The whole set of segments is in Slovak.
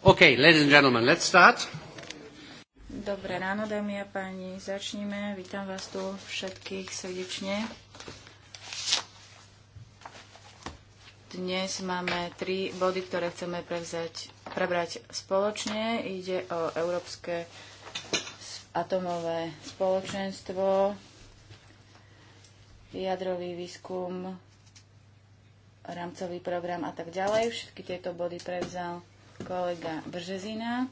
Okay, ladies and gentlemen, let's start. Dobré ráno, dámy a páni, začníme. Vítam vás tu všetkých srdečne. Dnes máme tri body, ktoré chceme prevzať, prebrať spoločne. Ide o Európske atomové spoločenstvo, jadrový výskum, rámcový program a tak ďalej. Všetky tieto body prevzal kolega Bržezina.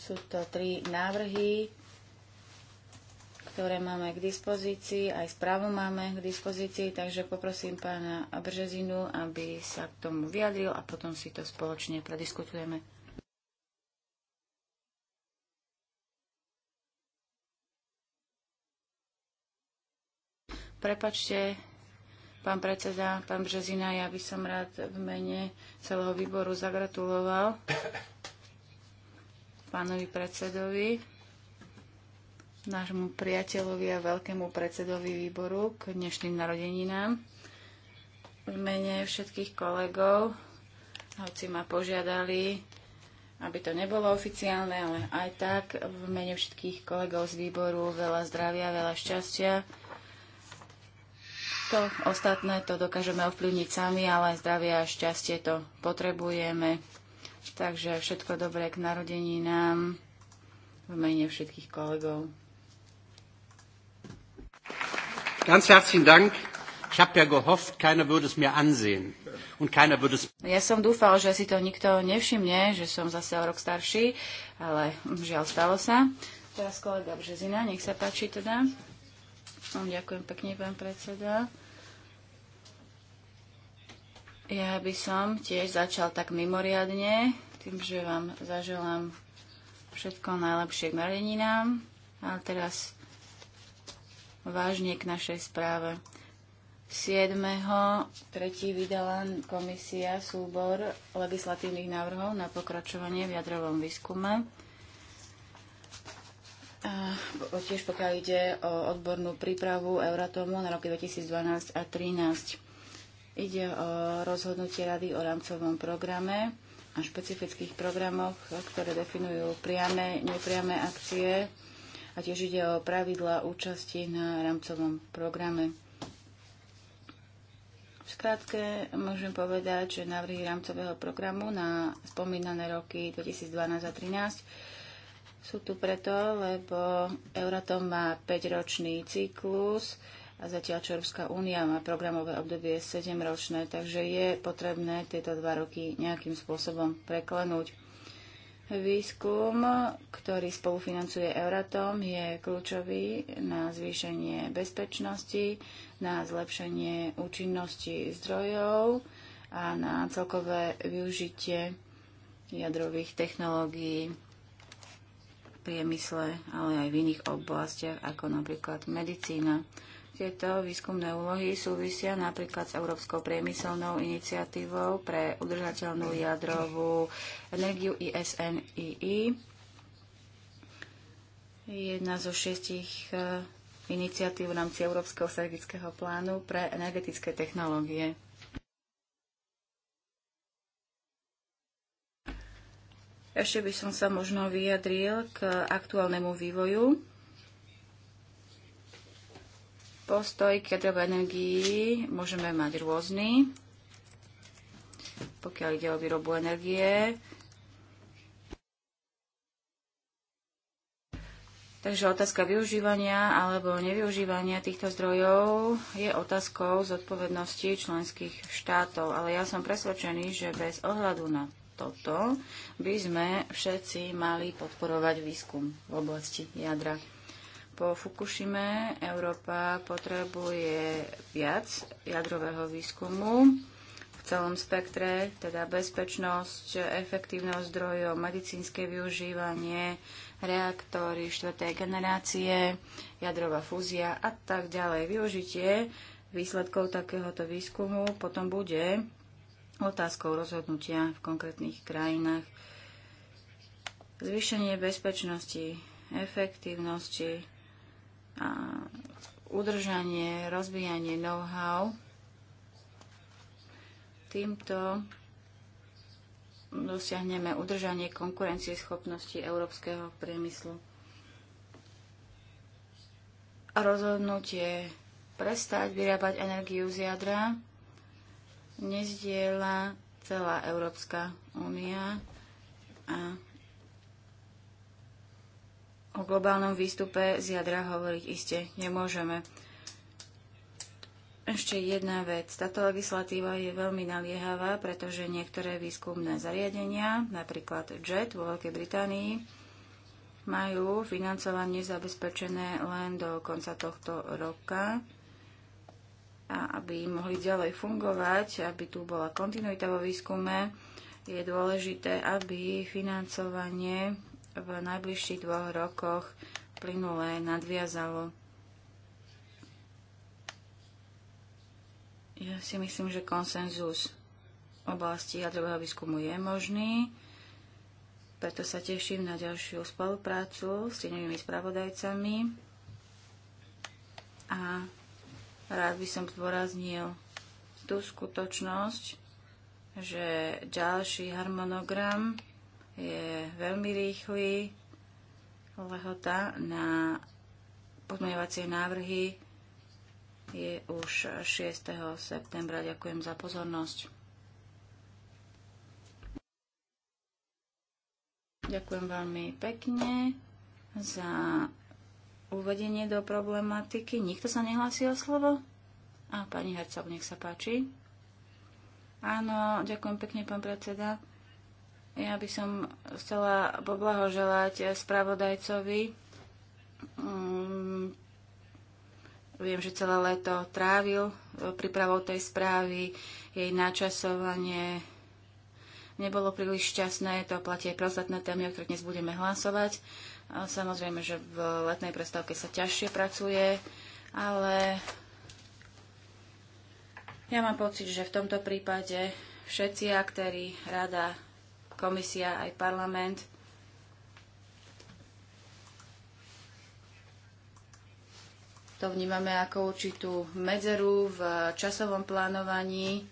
Sú to tri návrhy, ktoré máme k dispozícii, aj správu máme k dispozícii, takže poprosím pána Bržezinu, aby sa k tomu vyjadril a potom si to spoločne prediskutujeme. Prepačte, Pán predseda, pán Březina, ja by som rád v mene celého výboru zagratuloval pánovi predsedovi, nášmu priateľovi a veľkému predsedovi výboru k dnešným narodeninám. V mene všetkých kolegov, hoci ma požiadali, aby to nebolo oficiálne, ale aj tak v mene všetkých kolegov z výboru veľa zdravia, veľa šťastia to ostatné to dokážeme ovplyvniť sami, ale zdravie a šťastie to potrebujeme. Takže všetko dobré k narodení nám v mene všetkých kolegov. Ganz herzlichen Dank. Ich habe ja gehofft, keiner würde es mir ansehen. Und keiner würde es... Ja som dúfal, že si to nikto nevšimne, že som zase o rok starší, ale žiaľ stalo sa. Teraz kolega Březina, nech sa páči teda. Ďakujem pekne, pán predseda. Ja by som tiež začal tak mimoriadne, tým, že vám zaželám všetko najlepšie k narodeninám. A teraz vážne k našej správe. 7.3. vydala komisia súbor legislatívnych návrhov na pokračovanie v jadrovom výskume tiež pokiaľ ide o odbornú prípravu Euratomu na roky 2012 a 2013. Ide o rozhodnutie Rady o rámcovom programe a špecifických programoch, ktoré definujú priame, nepriame akcie a tiež ide o pravidla účasti na rámcovom programe. V skratke môžem povedať, že návrhy rámcového programu na spomínané roky 2012 a 2013 sú tu preto, lebo Euratom má 5-ročný cyklus a zatiaľ čo Európska únia má programové obdobie 7-ročné, takže je potrebné tieto dva roky nejakým spôsobom preklenúť. Výskum, ktorý spolufinancuje Euratom, je kľúčový na zvýšenie bezpečnosti, na zlepšenie účinnosti zdrojov a na celkové využitie jadrových technológií priemysle, ale aj v iných oblastiach, ako napríklad medicína. Tieto výskumné úlohy súvisia napríklad s Európskou priemyselnou iniciatívou pre udržateľnú jadrovú energiu ISNII. Jedna zo šiestich eh, iniciatív v rámci Európskeho strategického plánu pre energetické technológie. Ešte by som sa možno vyjadril k aktuálnemu vývoju. Postoj k jadrovej energii môžeme mať rôzny. Pokiaľ ide o výrobu energie, Takže otázka využívania alebo nevyužívania týchto zdrojov je otázkou zodpovednosti členských štátov. Ale ja som presvedčený, že bez ohľadu na toto by sme všetci mali podporovať výskum v oblasti jadra. Po Fukushime Európa potrebuje viac jadrového výskumu v celom spektre, teda bezpečnosť, efektívnosť zdrojov, medicínske využívanie, reaktory štvrtej generácie, jadrová fúzia a tak ďalej. Využitie výsledkov takéhoto výskumu potom bude otázkou rozhodnutia v konkrétnych krajinách. Zvýšenie bezpečnosti, efektívnosti a udržanie, rozvíjanie know-how. Týmto dosiahneme udržanie konkurencieschopnosti európskeho priemyslu. A rozhodnutie prestať vyrábať energiu z jadra nezdieľa celá Európska únia a o globálnom výstupe z jadra hovoriť iste nemôžeme. Ešte jedna vec. Táto legislatíva je veľmi naliehavá, pretože niektoré výskumné zariadenia, napríklad JET vo Veľkej Británii, majú financovanie zabezpečené len do konca tohto roka a aby mohli ďalej fungovať, aby tu bola kontinuita vo výskume, je dôležité, aby financovanie v najbližších dvoch rokoch plynulé nadviazalo. Ja si myslím, že konsenzus v oblasti jadrového výskumu je možný, preto sa teším na ďalšiu spoluprácu s tieňovými spravodajcami a Rád by som zdôraznil tú skutočnosť, že ďalší harmonogram je veľmi rýchly. Lehota na pozmeňovacie návrhy je už 6. septembra. Ďakujem za pozornosť. Ďakujem veľmi pekne za uvedenie do problematiky. Nikto sa nehlasí o slovo? A pani Hercov, nech sa páči. Áno, ďakujem pekne, pán predseda. Ja by som chcela poblahoželať spravodajcovi. Mm, viem, že celé leto trávil prípravou tej správy, jej načasovanie nebolo príliš šťastné, to platí aj pre ostatné témy, o ktorých dnes budeme hlasovať. Uh, samozrejme, že v letnej prestávke sa ťažšie pracuje, ale ja mám pocit, že v tomto prípade všetci aktéry, rada, komisia aj parlament to vnímame ako určitú medzeru v časovom plánovaní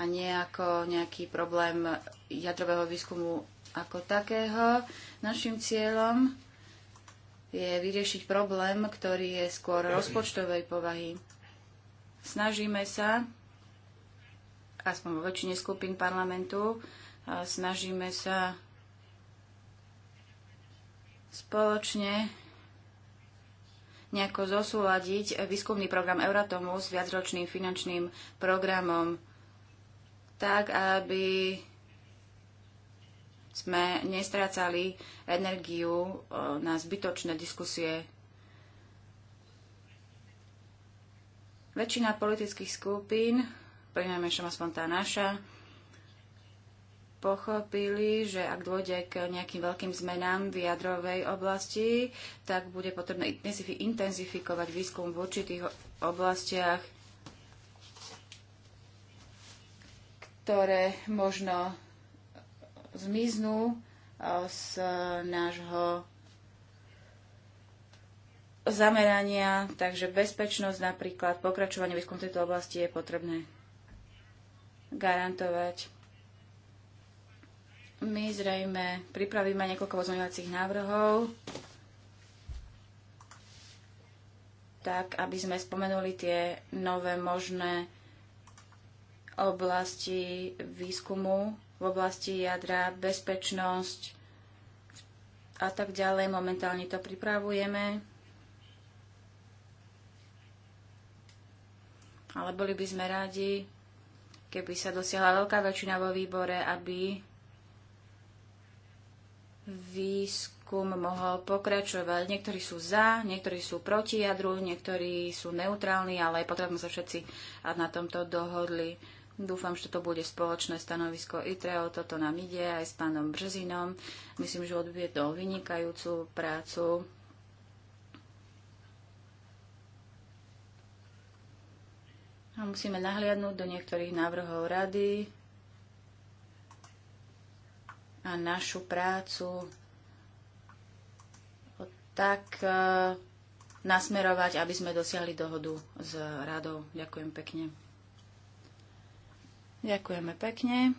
a nie ako nejaký problém jadrového výskumu ako takého. Našim cieľom je vyriešiť problém, ktorý je skôr rozpočtovej povahy. Snažíme sa, aspoň vo väčšine skupín parlamentu, snažíme sa spoločne nejako zosúľadiť výskumný program Euratomu s viacročným finančným programom tak, aby sme nestrácali energiu e, na zbytočné diskusie. Väčšina politických skupín, pri najmenšom aspoň tá naša, pochopili, že ak dôjde k nejakým veľkým zmenám v jadrovej oblasti, tak bude potrebné intenzifikovať výskum v určitých oblastiach, ktoré možno zmiznú uh, z nášho zamerania, takže bezpečnosť napríklad, pokračovanie výskumu tejto oblasti je potrebné garantovať. My zrejme pripravíme niekoľko pozmeňovacích návrhov, tak aby sme spomenuli tie nové možné oblasti výskumu, v oblasti jadra, bezpečnosť a tak ďalej. Momentálne to pripravujeme. Ale boli by sme radi, keby sa dosiahla veľká väčšina vo výbore, aby výskum mohol pokračovať. Niektorí sú za, niektorí sú proti jadru, niektorí sú neutrálni, ale potrebné sa všetci na tomto dohodli. Dúfam, že to bude spoločné stanovisko o Toto nám ide aj s pánom Brzinom. Myslím, že odviedol vynikajúcu prácu. A musíme nahliadnúť do niektorých návrhov rady a našu prácu tak e, nasmerovať, aby sme dosiahli dohodu s radou. Ďakujem pekne. Ďakujeme pekne.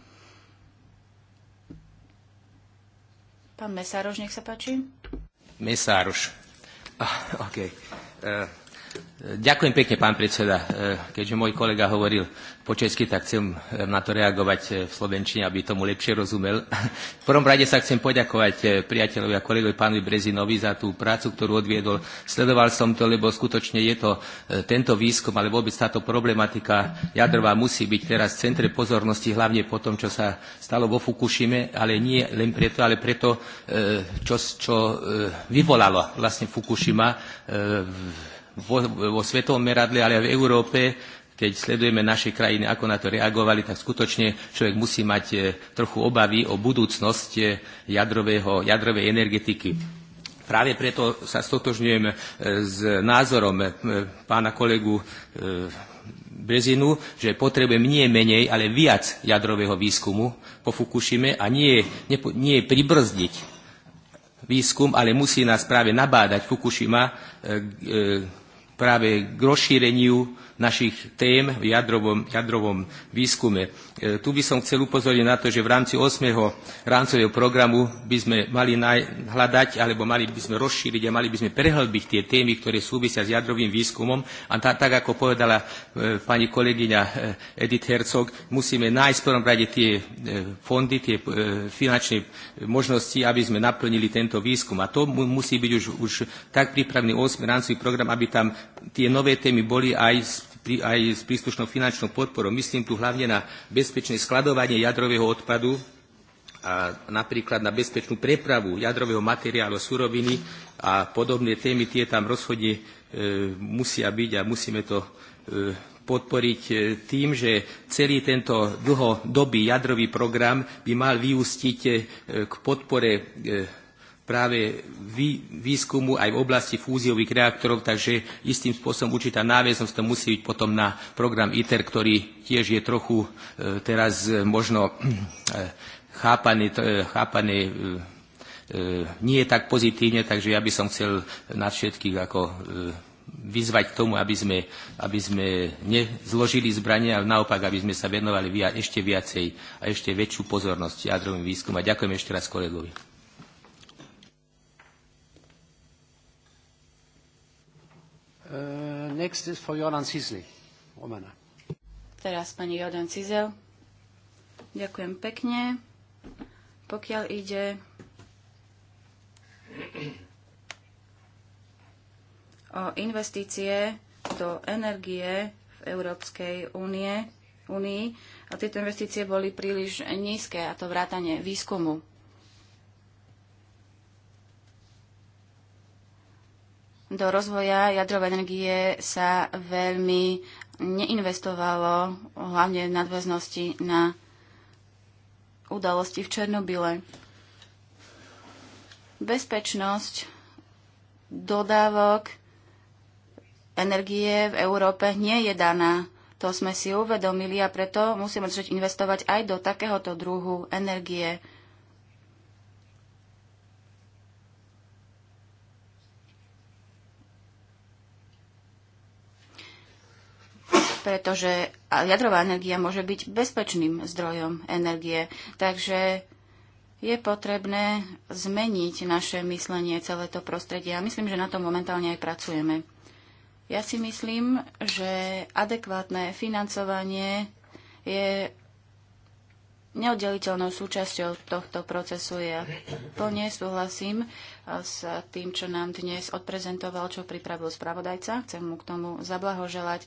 Pán Mesároš, nech sa páči. Mesároš. Ah, OK. Uh, Ďakujem pekne, pán predseda. E, keďže môj kolega hovoril po česky, tak chcem e, na to reagovať e, v slovenčine, aby tomu lepšie rozumel. V prvom rade sa chcem poďakovať priateľovi a kolegovi pánovi Brezinovi za tú prácu, ktorú odviedol. Sledoval som to, lebo skutočne je to tento výskum, ale vôbec táto problematika jadrová musí byť teraz v centre pozornosti, hlavne po tom, čo sa stalo vo Fukushime, ale nie len preto, ale preto, čo, čo vyvolalo vlastne Fukushima v vo, vo svetovom meradle, ale aj v Európe, keď sledujeme naše krajiny, ako na to reagovali, tak skutočne človek musí mať e, trochu obavy o budúcnosť e, jadrového, jadrovej energetiky. Práve preto sa stotožňujem e, s názorom pána kolegu Brezinu, že potrebujem nie menej, ale viac jadrového výskumu po Fukushime a nie, nie, nie pribrzdiť výskum, ale musí nás práve nabádať Fukushima práve k rozšíreniu našich tém v jadrovom, jadrovom výskume. E, tu by som chcel upozorniť na to, že v rámci 8. rámcového programu by sme mali naj, hľadať, alebo mali by sme rozšíriť a mali by sme prehlbiť tie témy, ktoré súvisia s jadrovým výskumom. A tá, tak, ako povedala e, pani kolegyňa e, Edith Herzog, musíme nájsť v prvom rade tie e, fondy, tie e, finančné možnosti, aby sme naplnili tento výskum. A to musí byť už, už tak pripravený 8. rámcový program, aby tam tie nové témy boli aj aj s príslušnou finančnou podporou. Myslím tu hlavne na bezpečné skladovanie jadrového odpadu a napríklad na bezpečnú prepravu jadrového materiálu, suroviny a podobné témy, tie tam rozhodne e, musia byť a musíme to e, podporiť e, tým, že celý tento dlhodobý jadrový program by mal vyústiť e, k podpore e, práve výskumu aj v oblasti fúziových reaktorov, takže istým spôsobom určitá náväznosť to musí byť potom na program ITER, ktorý tiež je trochu e, teraz možno e, chápaný, e, chápaný nie je tak pozitívne, takže ja by som chcel na všetkých ako vyzvať k tomu, aby sme, aby sme nezložili zbranie, ale naopak, aby sme sa venovali ešte viacej a ešte väčšiu pozornosť jadrovým výskumom. A ďakujem ešte raz kolegovi. Uh, next is for Joran Cizli, Romana. Teraz pani Jordan Cizel. Ďakujem pekne. Pokiaľ ide o investície do energie v Európskej únie, únii a tieto investície boli príliš nízke, a to vrátanie výskumu. do rozvoja jadrovej energie sa veľmi neinvestovalo, hlavne v nadväznosti na udalosti v Černobyle. Bezpečnosť dodávok energie v Európe nie je daná. To sme si uvedomili a preto musíme začať investovať aj do takéhoto druhu energie. pretože jadrová energia môže byť bezpečným zdrojom energie. Takže je potrebné zmeniť naše myslenie, celé to prostredie. A myslím, že na tom momentálne aj pracujeme. Ja si myslím, že adekvátne financovanie je neoddeliteľnou súčasťou tohto procesu. Ja plne súhlasím eh, s tým, čo nám dnes odprezentoval, čo pripravil spravodajca. Chcem mu k tomu zablahoželať.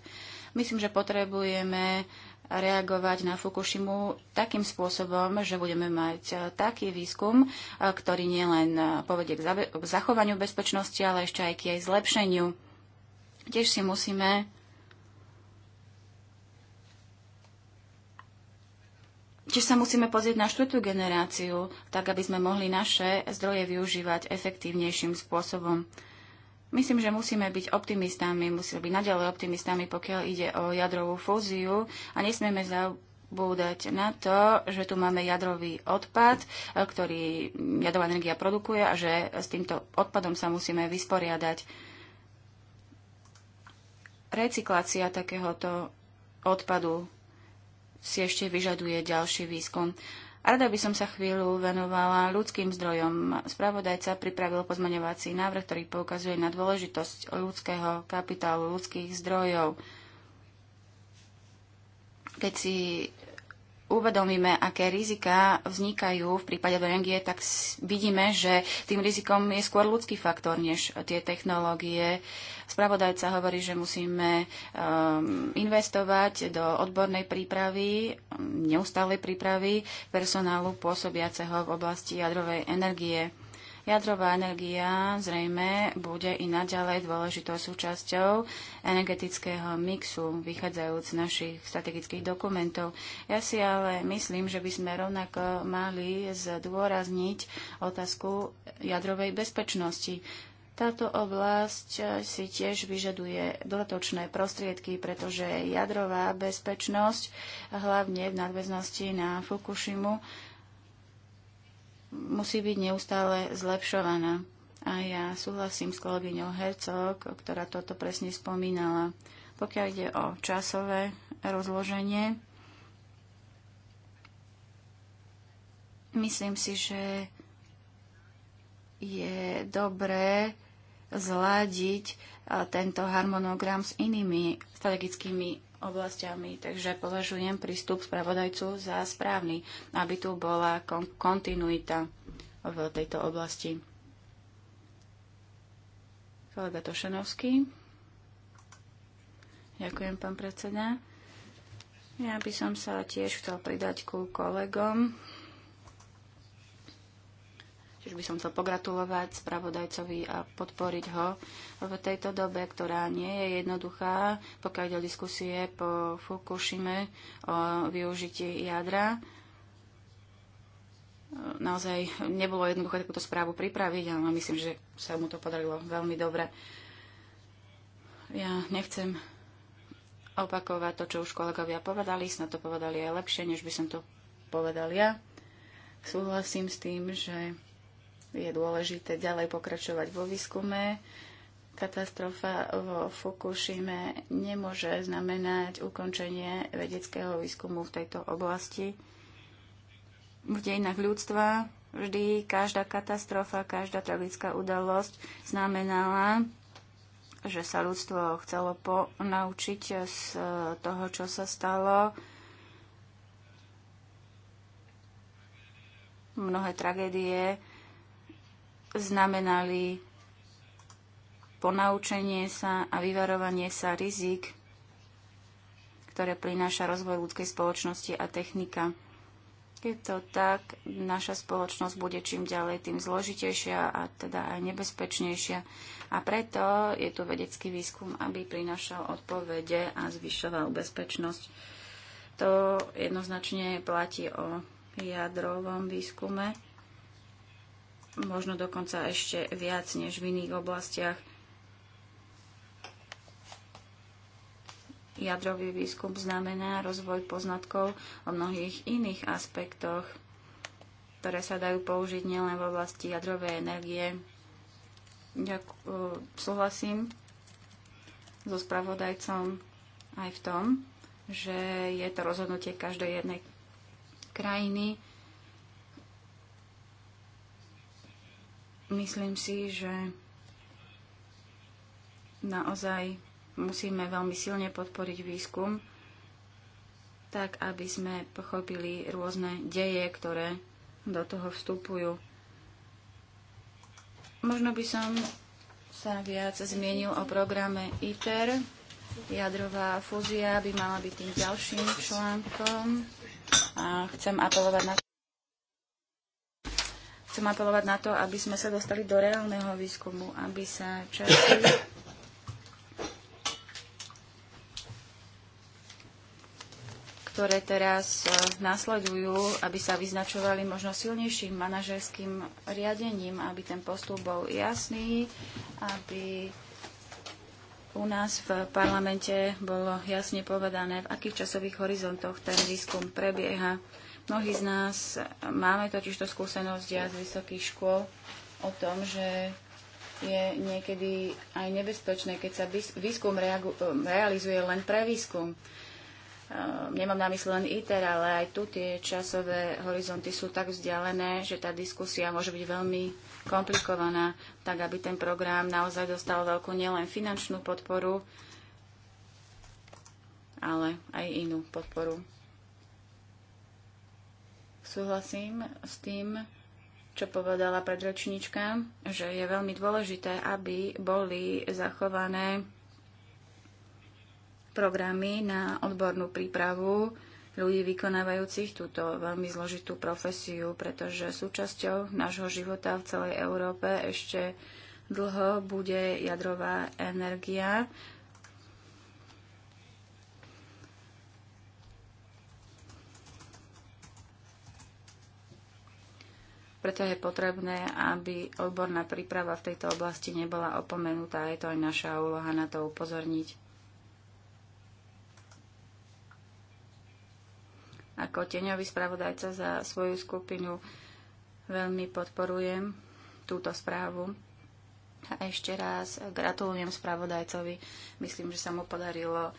Myslím, že potrebujeme reagovať na Fukushimu takým spôsobom, že budeme mať e, taký výskum, e, ktorý nielen e, povedie k zachovaniu bezpečnosti, ale ešte aj k jej zlepšeniu. Tiež si musíme Čiže sa musíme pozrieť na štvrtú generáciu, tak aby sme mohli naše zdroje využívať efektívnejším spôsobom. Myslím, že musíme byť optimistami, musíme byť naďalej optimistami, pokiaľ ide o jadrovú fúziu a nesmieme zabúdať na to, že tu máme jadrový odpad, e, ktorý jadrová energia produkuje a že s týmto odpadom sa musíme vysporiadať. Recyklácia takéhoto odpadu si ešte vyžaduje ďalší výskum. Rada by som sa chvíľu venovala ľudským zdrojom. Spravodajca pripravil pozmaňovací návrh, ktorý poukazuje na dôležitosť ľudského kapitálu, ľudských zdrojov. Keď si uvedomíme, aké rizika vznikajú v prípade Berengie, tak vidíme, že tým rizikom je skôr ľudský faktor, než tie technológie. Spravodajca hovorí, že musíme um, investovať do odbornej prípravy, ehm, neustálej prípravy personálu pôsobiaceho v oblasti jadrovej energie. Jadrová energia zrejme bude i naďalej dôležitou súčasťou energetického mixu, vychádzajúc z našich strategických dokumentov. Ja si ale myslím, že by sme rovnako mali zdôrazniť otázku jadrovej bezpečnosti. Táto oblasť si tiež vyžaduje dodatočné prostriedky, pretože jadrová bezpečnosť, hlavne v nadväznosti na Fukushimu, musí byť neustále zlepšovaná. A ja súhlasím s kolegyňou Hercog, ktorá toto presne spomínala. Pokiaľ ide o časové rozloženie, myslím si, že je dobré zladiť tento harmonogram s inými strategickými oblastiami, takže považujem prístup spravodajcu za správny, aby tu bola kon- kontinuita v tejto oblasti. Kolega Tošenovský. Ďakujem, pán predseda. Ja by som sa tiež chcel pridať ku kolegom Čiže by som chcel pogratulovať spravodajcovi a podporiť ho v tejto dobe, ktorá nie je jednoduchá, pokiaľ ide o diskusie po Fukushime o využití jadra. Naozaj nebolo jednoduché takúto správu pripraviť, ale myslím, že sa mu to podarilo veľmi dobre. Ja nechcem opakovať to, čo už kolegovia povedali, snad to povedali aj lepšie, než by som to povedal ja. Súhlasím s tým, že je dôležité ďalej pokračovať vo výskume. Katastrofa vo Fukushime nemôže znamenať ukončenie vedeckého výskumu v tejto oblasti. V dejinách ľudstva vždy každá katastrofa, každá tragická udalosť znamenala, že sa ľudstvo chcelo ponaučiť z toho, čo sa stalo. Mnohé tragédie znamenali ponaučenie sa a vyvarovanie sa rizik, ktoré prináša rozvoj ľudskej spoločnosti a technika. Je to tak, naša spoločnosť bude čím ďalej tým zložitejšia a teda aj nebezpečnejšia. A preto je tu vedecký výskum, aby prinášal odpovede a zvyšoval bezpečnosť. To jednoznačne platí o jadrovom výskume možno dokonca ešte viac než v iných oblastiach. Jadrový výskum znamená rozvoj poznatkov o mnohých iných aspektoch, ktoré sa dajú použiť nielen v oblasti jadrovej energie. Ďakujem, súhlasím so spravodajcom aj v tom, že je to rozhodnutie každej jednej krajiny, Myslím si, že naozaj musíme veľmi silne podporiť výskum, tak aby sme pochopili rôzne deje, ktoré do toho vstupujú. Možno by som sa viac zmienil o programe ITER. Jadrová fúzia by mala byť tým ďalším článkom. A chcem apelovať na Chcem apelovať na to, aby sme sa dostali do reálneho výskumu, aby sa časy ktoré teraz e, nasledujú, aby sa vyznačovali možno silnejším manažerským riadením, aby ten postup bol jasný, aby u nás v parlamente bolo jasne povedané, v akých časových horizontoch ten výskum prebieha. Mnohí z nás máme totiž to skúsenosť ja z vysokých škôl o tom, že je niekedy aj nebezpečné, keď sa výskum e, realizuje len pre výskum. E, nemám na mysli len ITER, ale aj tu tie časové horizonty sú tak vzdialené, že tá diskusia môže byť veľmi komplikovaná, tak aby ten program naozaj dostal veľkú nielen finančnú podporu, ale aj inú podporu súhlasím s tým, čo povedala predrečníčka, že je veľmi dôležité, aby boli zachované programy na odbornú prípravu ľudí vykonávajúcich túto veľmi zložitú profesiu, pretože súčasťou nášho života v celej Európe ešte dlho bude jadrová energia Preto je potrebné, aby odborná príprava v tejto oblasti nebola opomenutá. Je to aj naša úloha na to upozorniť. Ako teňový spravodajca za svoju skupinu veľmi podporujem túto správu. A ešte raz gratulujem spravodajcovi. Myslím, že sa mu podarilo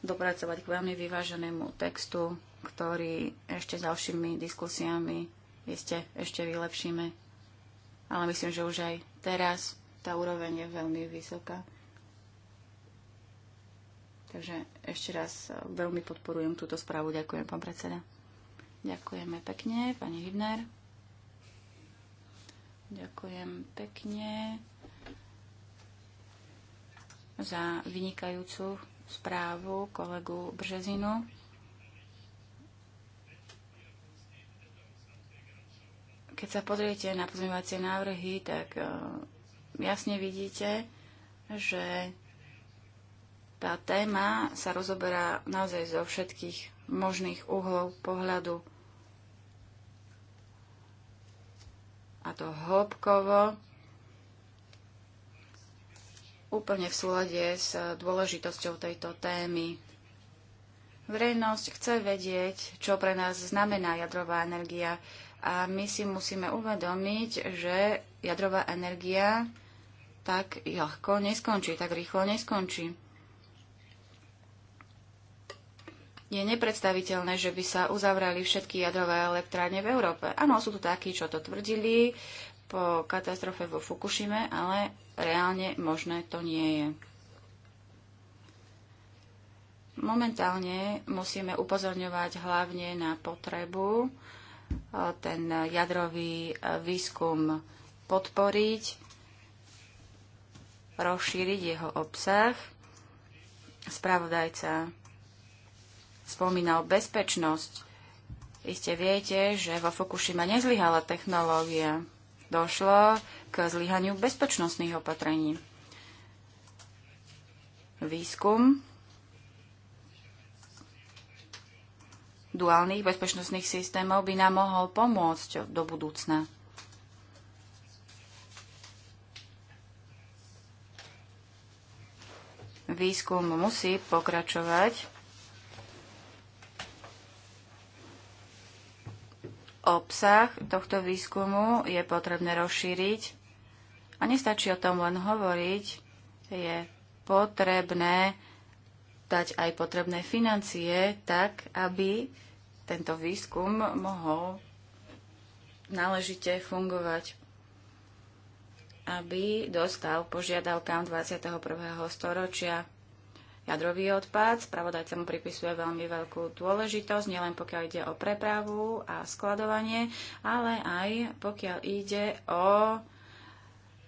dopracovať k veľmi vyváženému textu, ktorý ešte s ďalšími diskusiami iste ešte vylepšíme. Ale myslím, že už aj teraz tá úroveň je veľmi vysoká. Takže ešte raz e, veľmi podporujem túto správu. Ďakujem, pán predseda. Ďakujeme pekne, pani Hybner. Ďakujem pekne za vynikajúcu správu kolegu Březinu. Keď sa pozriete na pozmeňovacie návrhy, tak e, jasne vidíte, že tá téma sa rozoberá naozaj zo všetkých možných uhlov pohľadu. A to hĺbkovo, úplne v súlade s dôležitosťou tejto témy. Verejnosť chce vedieť, čo pre nás znamená jadrová energia. A my si musíme uvedomiť, že jadrová energia tak ľahko neskončí, tak rýchlo neskončí. Je nepredstaviteľné, že by sa uzavrali všetky jadrové elektrárne v Európe. Áno, sú tu takí, čo to tvrdili po katastrofe vo Fukushime, ale reálne možné to nie je. Momentálne musíme upozorňovať hlavne na potrebu ten jadrový e, výskum podporiť, rozšíriť jeho obsah. Spravodajca spomínal bezpečnosť. Iste viete, že vo Fukushima nezlyhala technológia. Došlo k zlyhaniu bezpečnostných opatrení. Výskum duálnych bezpečnostných systémov by nám mohol pomôcť do budúcna. Výskum musí pokračovať. Obsah tohto výskumu je potrebné rozšíriť a nestačí o tom len hovoriť, je potrebné dať aj potrebné financie tak, aby tento výskum mohol náležite fungovať, aby dostal požiadavkám 21. storočia. Jadrový odpad, spravodajca mu pripisuje veľmi veľkú dôležitosť, nielen pokiaľ ide o prepravu a skladovanie, ale aj pokiaľ ide o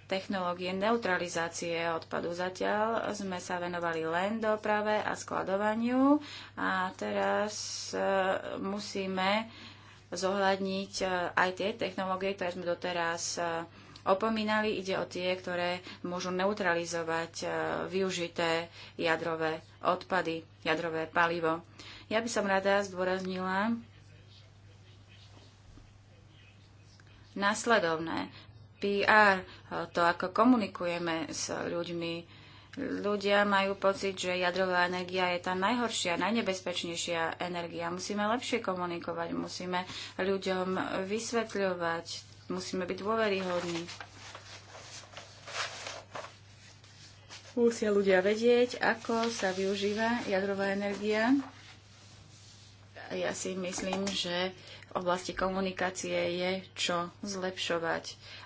technológie neutralizácie odpadu. Zatiaľ sme sa venovali len doprave a skladovaniu a teraz e, musíme zohľadniť e, aj tie technológie, ktoré sme doteraz e, opomínali. Ide o tie, ktoré môžu neutralizovať využité jadrové odpady, jadrové palivo. Ja by som rada zdôraznila nasledovné. PR, to ako komunikujeme s ľuďmi. Ľudia majú pocit, že jadrová energia je tá najhoršia, najnebezpečnejšia energia. Musíme lepšie komunikovať, musíme ľuďom vysvetľovať, musíme byť dôveryhodní. Musia ľudia vedieť, ako sa využíva jadrová energia. Ja si myslím, že oblasti komunikácie je čo zlepšovať.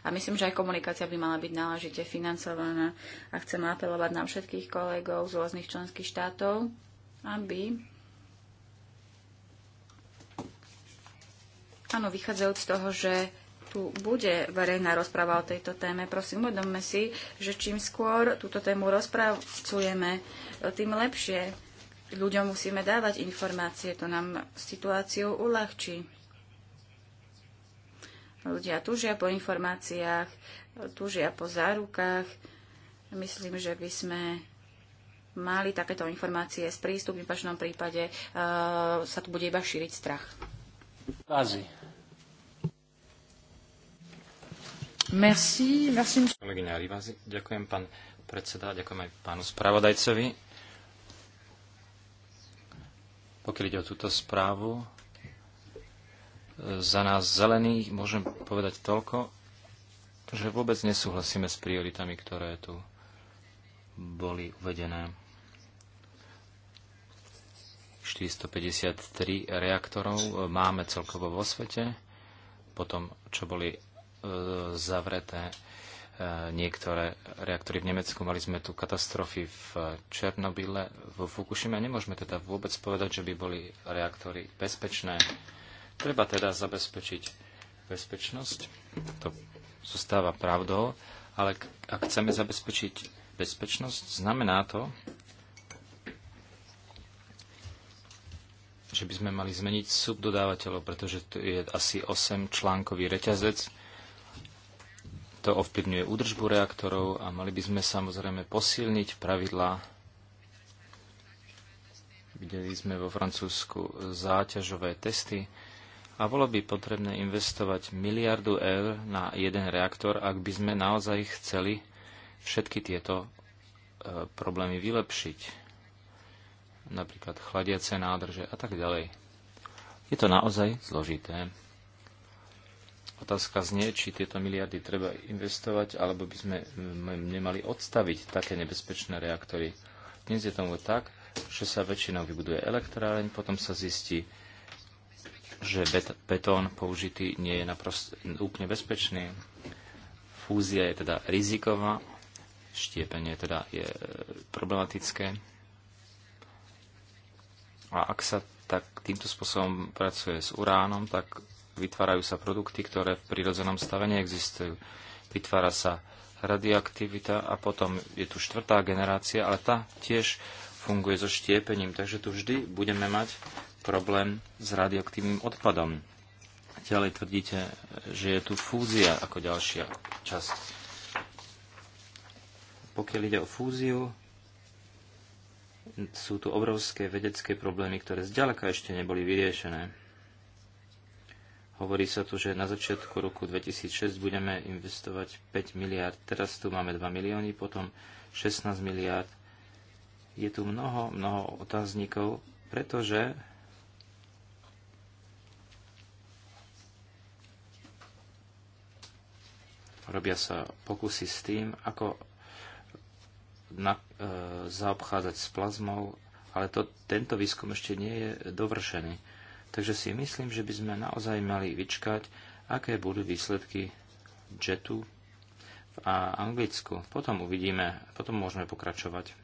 A myslím, že aj komunikácia by mala byť náležite financovaná. A chcem apelovať na všetkých kolegov z rôznych členských štátov, aby Áno, vychádzajúc z toho, že tu bude verejná rozpráva o tejto téme, prosím, uvedomme si, že čím skôr túto tému rozpracujeme, tým lepšie. Ľuďom musíme dávať informácie, to nám situáciu uľahčí. Ľudia tužia po informáciách, tužia po zárukách. Myslím, že by sme mali takéto informácie s prístup. V opačnom prípade uh, sa tu bude iba šíriť strach. Vázi. Merci, merci. Kolegyňa Rivazi, ďakujem pán predseda, ďakujem aj pánu spravodajcovi. Pokiaľ ide o túto správu, za nás zelených môžem povedať toľko, že vôbec nesúhlasíme s prioritami, ktoré tu boli uvedené. 453 reaktorov máme celkovo vo svete, potom čo boli e, zavreté e, niektoré reaktory v Nemecku. Mali sme tu katastrofy v Černobyle, v Fukushime. Nemôžeme teda vôbec povedať, že by boli reaktory bezpečné. Treba teda zabezpečiť bezpečnosť. To zostáva pravdou, ale ak chceme zabezpečiť bezpečnosť, znamená to, že by sme mali zmeniť subdodávateľov, pretože to je asi 8 článkový reťazec. To ovplyvňuje údržbu reaktorov a mali by sme samozrejme posilniť pravidlá. Videli sme vo Francúzsku záťažové testy, a bolo by potrebné investovať miliardu eur na jeden reaktor, ak by sme naozaj chceli všetky tieto e, problémy vylepšiť. Napríklad chladiace nádrže a tak ďalej. Je to naozaj zložité. Otázka znie, či tieto miliardy treba investovať, alebo by sme nemali odstaviť také nebezpečné reaktory. Dnes je tomu tak, že sa väčšinou vybuduje elektráreň, potom sa zistí, že betón použitý nie je naprosto, úplne bezpečný. Fúzia je teda riziková, štiepenie teda je e, problematické. A ak sa tak týmto spôsobom pracuje s uránom, tak vytvárajú sa produkty, ktoré v prírodzenom stave neexistujú. Vytvára sa radioaktivita a potom je tu štvrtá generácia, ale tá tiež funguje so štiepením, takže tu vždy budeme mať problém s radioaktívnym odpadom. Ďalej tvrdíte, že je tu fúzia ako ďalšia časť. Pokiaľ ide o fúziu, sú tu obrovské vedecké problémy, ktoré zďaleka ešte neboli vyriešené. Hovorí sa tu, že na začiatku roku 2006 budeme investovať 5 miliard, teraz tu máme 2 milióny, potom 16 miliard. Je tu mnoho, mnoho otáznikov, pretože Robia sa pokusy s tým, ako na, e, zaobchádzať s plazmou, ale to, tento výskum ešte nie je dovršený. Takže si myslím, že by sme naozaj mali vyčkať, aké budú výsledky jetu v Anglicku. Potom uvidíme, potom môžeme pokračovať.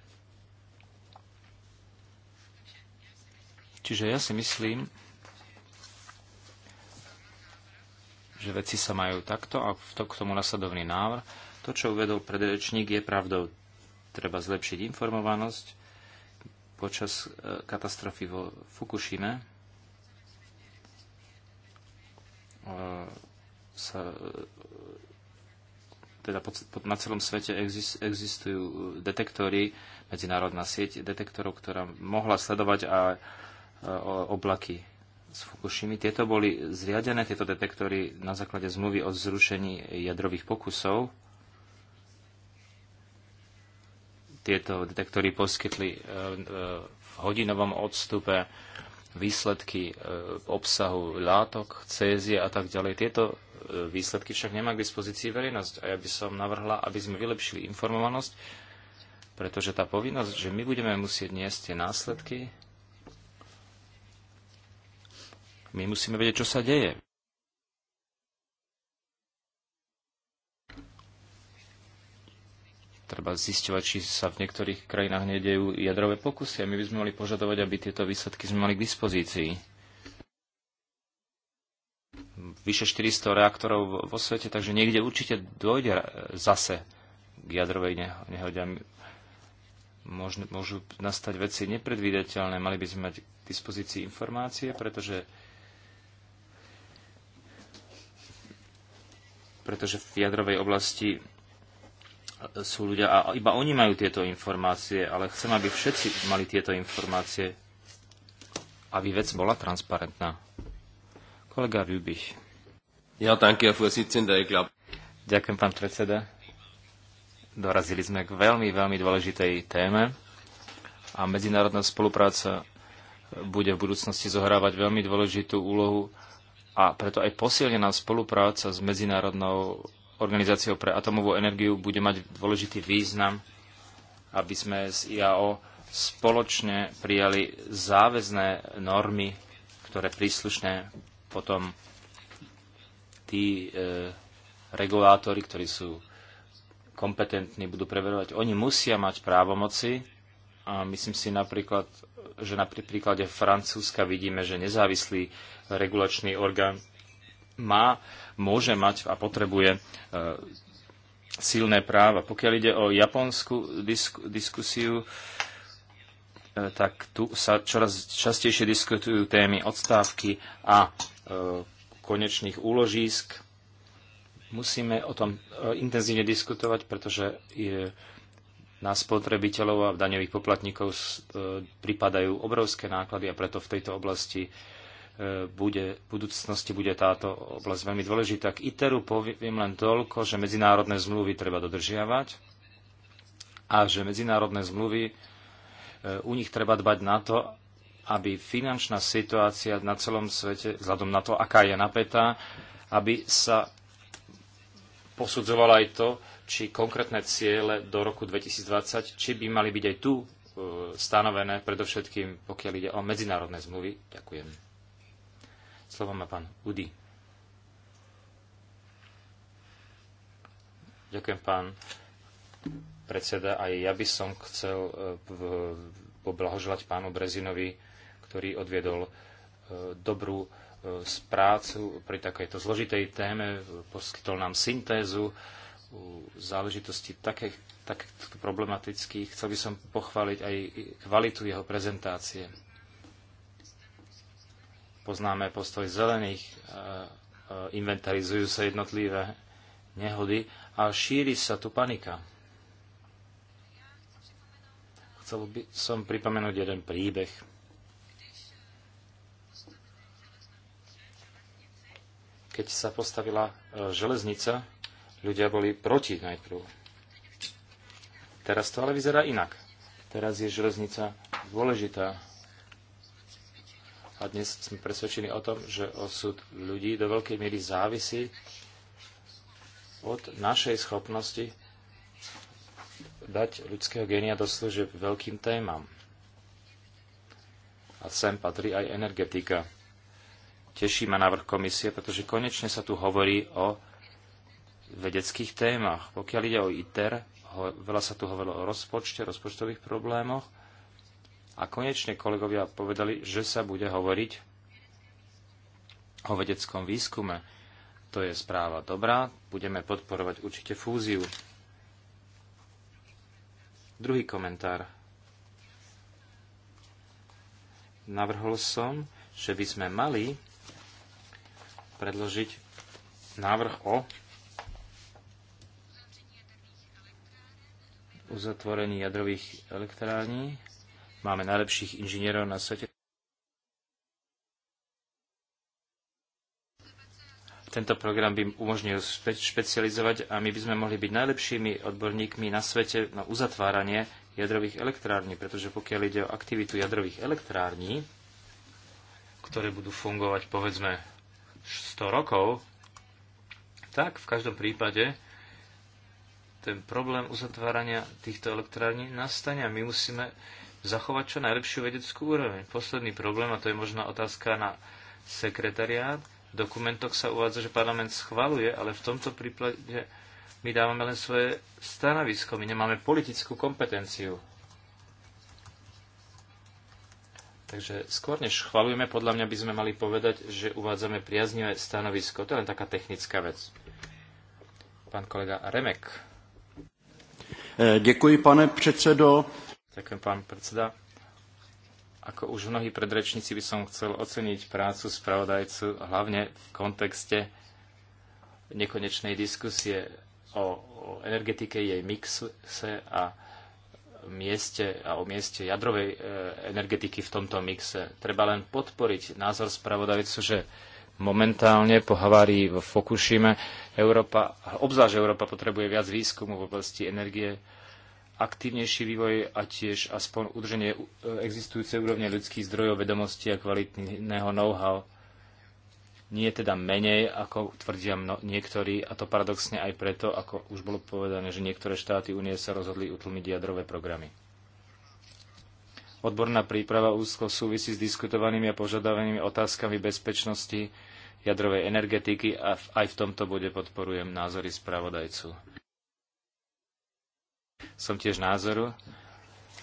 Čiže ja si myslím, že veci sa majú takto a to, k tomu nasledovný návrh. To, čo uvedol predrečník, je pravdou. Treba zlepšiť informovanosť počas e, katastrofy vo Fukushime. E, sa, e, teda na celom svete existujú detektory, medzinárodná sieť detektorov, ktorá mohla sledovať a oblaky z Fukushimy. Tieto boli zriadené, tieto detektory, na základe zmluvy o zrušení jadrových pokusov. Tieto detektory poskytli e, e, v hodinovom odstupe výsledky e, obsahu látok, cézie a tak ďalej. Tieto výsledky však nemá k dispozícii verejnosť a ja by som navrhla, aby sme vylepšili informovanosť, pretože tá povinnosť, že my budeme musieť niesť tie následky, My musíme vedieť, čo sa deje. Treba zistiovať, či sa v niektorých krajinách nedejú jadrové pokusy a my by sme mali požadovať, aby tieto výsledky sme mali k dispozícii. Vyše 400 reaktorov vo svete, takže niekde určite dôjde zase k jadrovej nehode môžu nastať veci nepredvídateľné. Mali by sme mať k dispozícii informácie, pretože pretože v jadrovej oblasti sú ľudia a iba oni majú tieto informácie, ale chcem, aby všetci mali tieto informácie, aby vec bola transparentná. Kolega Rübich. Ja, danke, Herr Vorsitzender, ich glaub. Ďakujem, pán predseda. Dorazili sme k veľmi, veľmi dôležitej téme a medzinárodná spolupráca bude v budúcnosti zohrávať veľmi dôležitú úlohu a preto aj posilnená spolupráca s Medzinárodnou organizáciou pre atomovú energiu bude mať dôležitý význam, aby sme z IAO spoločne prijali záväzné normy, ktoré príslušné potom tí e, regulátori, ktorí sú kompetentní, budú preverovať. Oni musia mať právomoci a myslím si napríklad že na príklade Francúzska vidíme, že nezávislý regulačný orgán má, môže mať a potrebuje e, silné práva. Pokiaľ ide o japonskú diskusiu, e, tak tu sa čoraz častejšie diskutujú témy odstávky a e, konečných úložísk. Musíme o tom intenzívne diskutovať, pretože je, na spotrebiteľov a daňových poplatníkov e, pripadajú obrovské náklady a preto v tejto oblasti e, bude, v budúcnosti bude táto oblasť veľmi dôležitá. K ITERu poviem len toľko, že medzinárodné zmluvy treba dodržiavať a že medzinárodné zmluvy, e, u nich treba dbať na to, aby finančná situácia na celom svete, vzhľadom na to, aká je napätá, aby sa posudzovala aj to, či konkrétne ciele do roku 2020, či by mali byť aj tu e, stanovené, predovšetkým pokiaľ ide o medzinárodné zmluvy. Ďakujem. Slovo má pán Udy. Ďakujem, pán predseda. Aj ja by som chcel e, poblahoželať pánu Brezinovi, ktorý odviedol e, dobrú prácu pri takejto zložitej téme, poskytol nám syntézu u záležitosti takých, tak problematických. Chcel by som pochváliť aj kvalitu jeho prezentácie. Poznáme postoj zelených, inventarizujú sa jednotlivé nehody a šíri sa tu panika. Chcel by som pripomenúť jeden príbeh. Keď sa postavila e, železnica, Ľudia boli proti najprv. Teraz to ale vyzerá inak. Teraz je železnica dôležitá. A dnes sme presvedčení o tom, že osud ľudí do veľkej miery závisí od našej schopnosti dať ľudského genia do služieb veľkým témam. A sem patrí aj energetika. Teší ma návrh komisie, pretože konečne sa tu hovorí o vedeckých témach. Pokiaľ ide o ITER, ho, veľa sa tu hovorilo o rozpočte, rozpočtových problémoch a konečne kolegovia povedali, že sa bude hovoriť o vedeckom výskume. To je správa dobrá, budeme podporovať určite fúziu. Druhý komentár. Navrhol som, že by sme mali predložiť návrh o uzatvorení jadrových elektrární. Máme najlepších inžinierov na svete. Tento program by umožnil špe- špecializovať a my by sme mohli byť najlepšími odborníkmi na svete na uzatváranie jadrových elektrární, pretože pokiaľ ide o aktivitu jadrových elektrární, ktoré budú fungovať povedzme 100 rokov, tak v každom prípade ten problém uzatvárania týchto elektrární nastane a my musíme zachovať čo najlepšiu vedeckú úroveň. Posledný problém, a to je možná otázka na sekretariát, v dokumentoch sa uvádza, že parlament schvaluje, ale v tomto prípade my dávame len svoje stanovisko, my nemáme politickú kompetenciu. Takže skôr než chvalujeme, podľa mňa by sme mali povedať, že uvádzame priaznivé stanovisko. To je len taká technická vec. Pán kolega Remek. Eh, děkuji, pane předsedo. Ďakujem, pán predseda. Ako už mnohí predrečníci by som chcel oceniť prácu spravodajcu, hlavne v kontexte nekonečnej diskusie o, o energetike, jej mixe a mieste a o mieste jadrovej eh, energetiky v tomto mixe. Treba len podporiť názor spravodajcu, že momentálne po havárii v Fukushime. Európa, obzvlášť Európa potrebuje viac výskumu v oblasti energie, aktívnejší vývoj a tiež aspoň udrženie existujúcej úrovne ľudských zdrojov, vedomostí a kvalitného know-how. Nie teda menej, ako tvrdia mno, niektorí, a to paradoxne aj preto, ako už bolo povedané, že niektoré štáty únie sa rozhodli utlmiť jadrové programy. Odborná príprava úzko súvisí s diskutovanými a požadovanými otázkami bezpečnosti jadrovej energetiky a aj v tomto bode podporujem názory spravodajcu. Som tiež názoru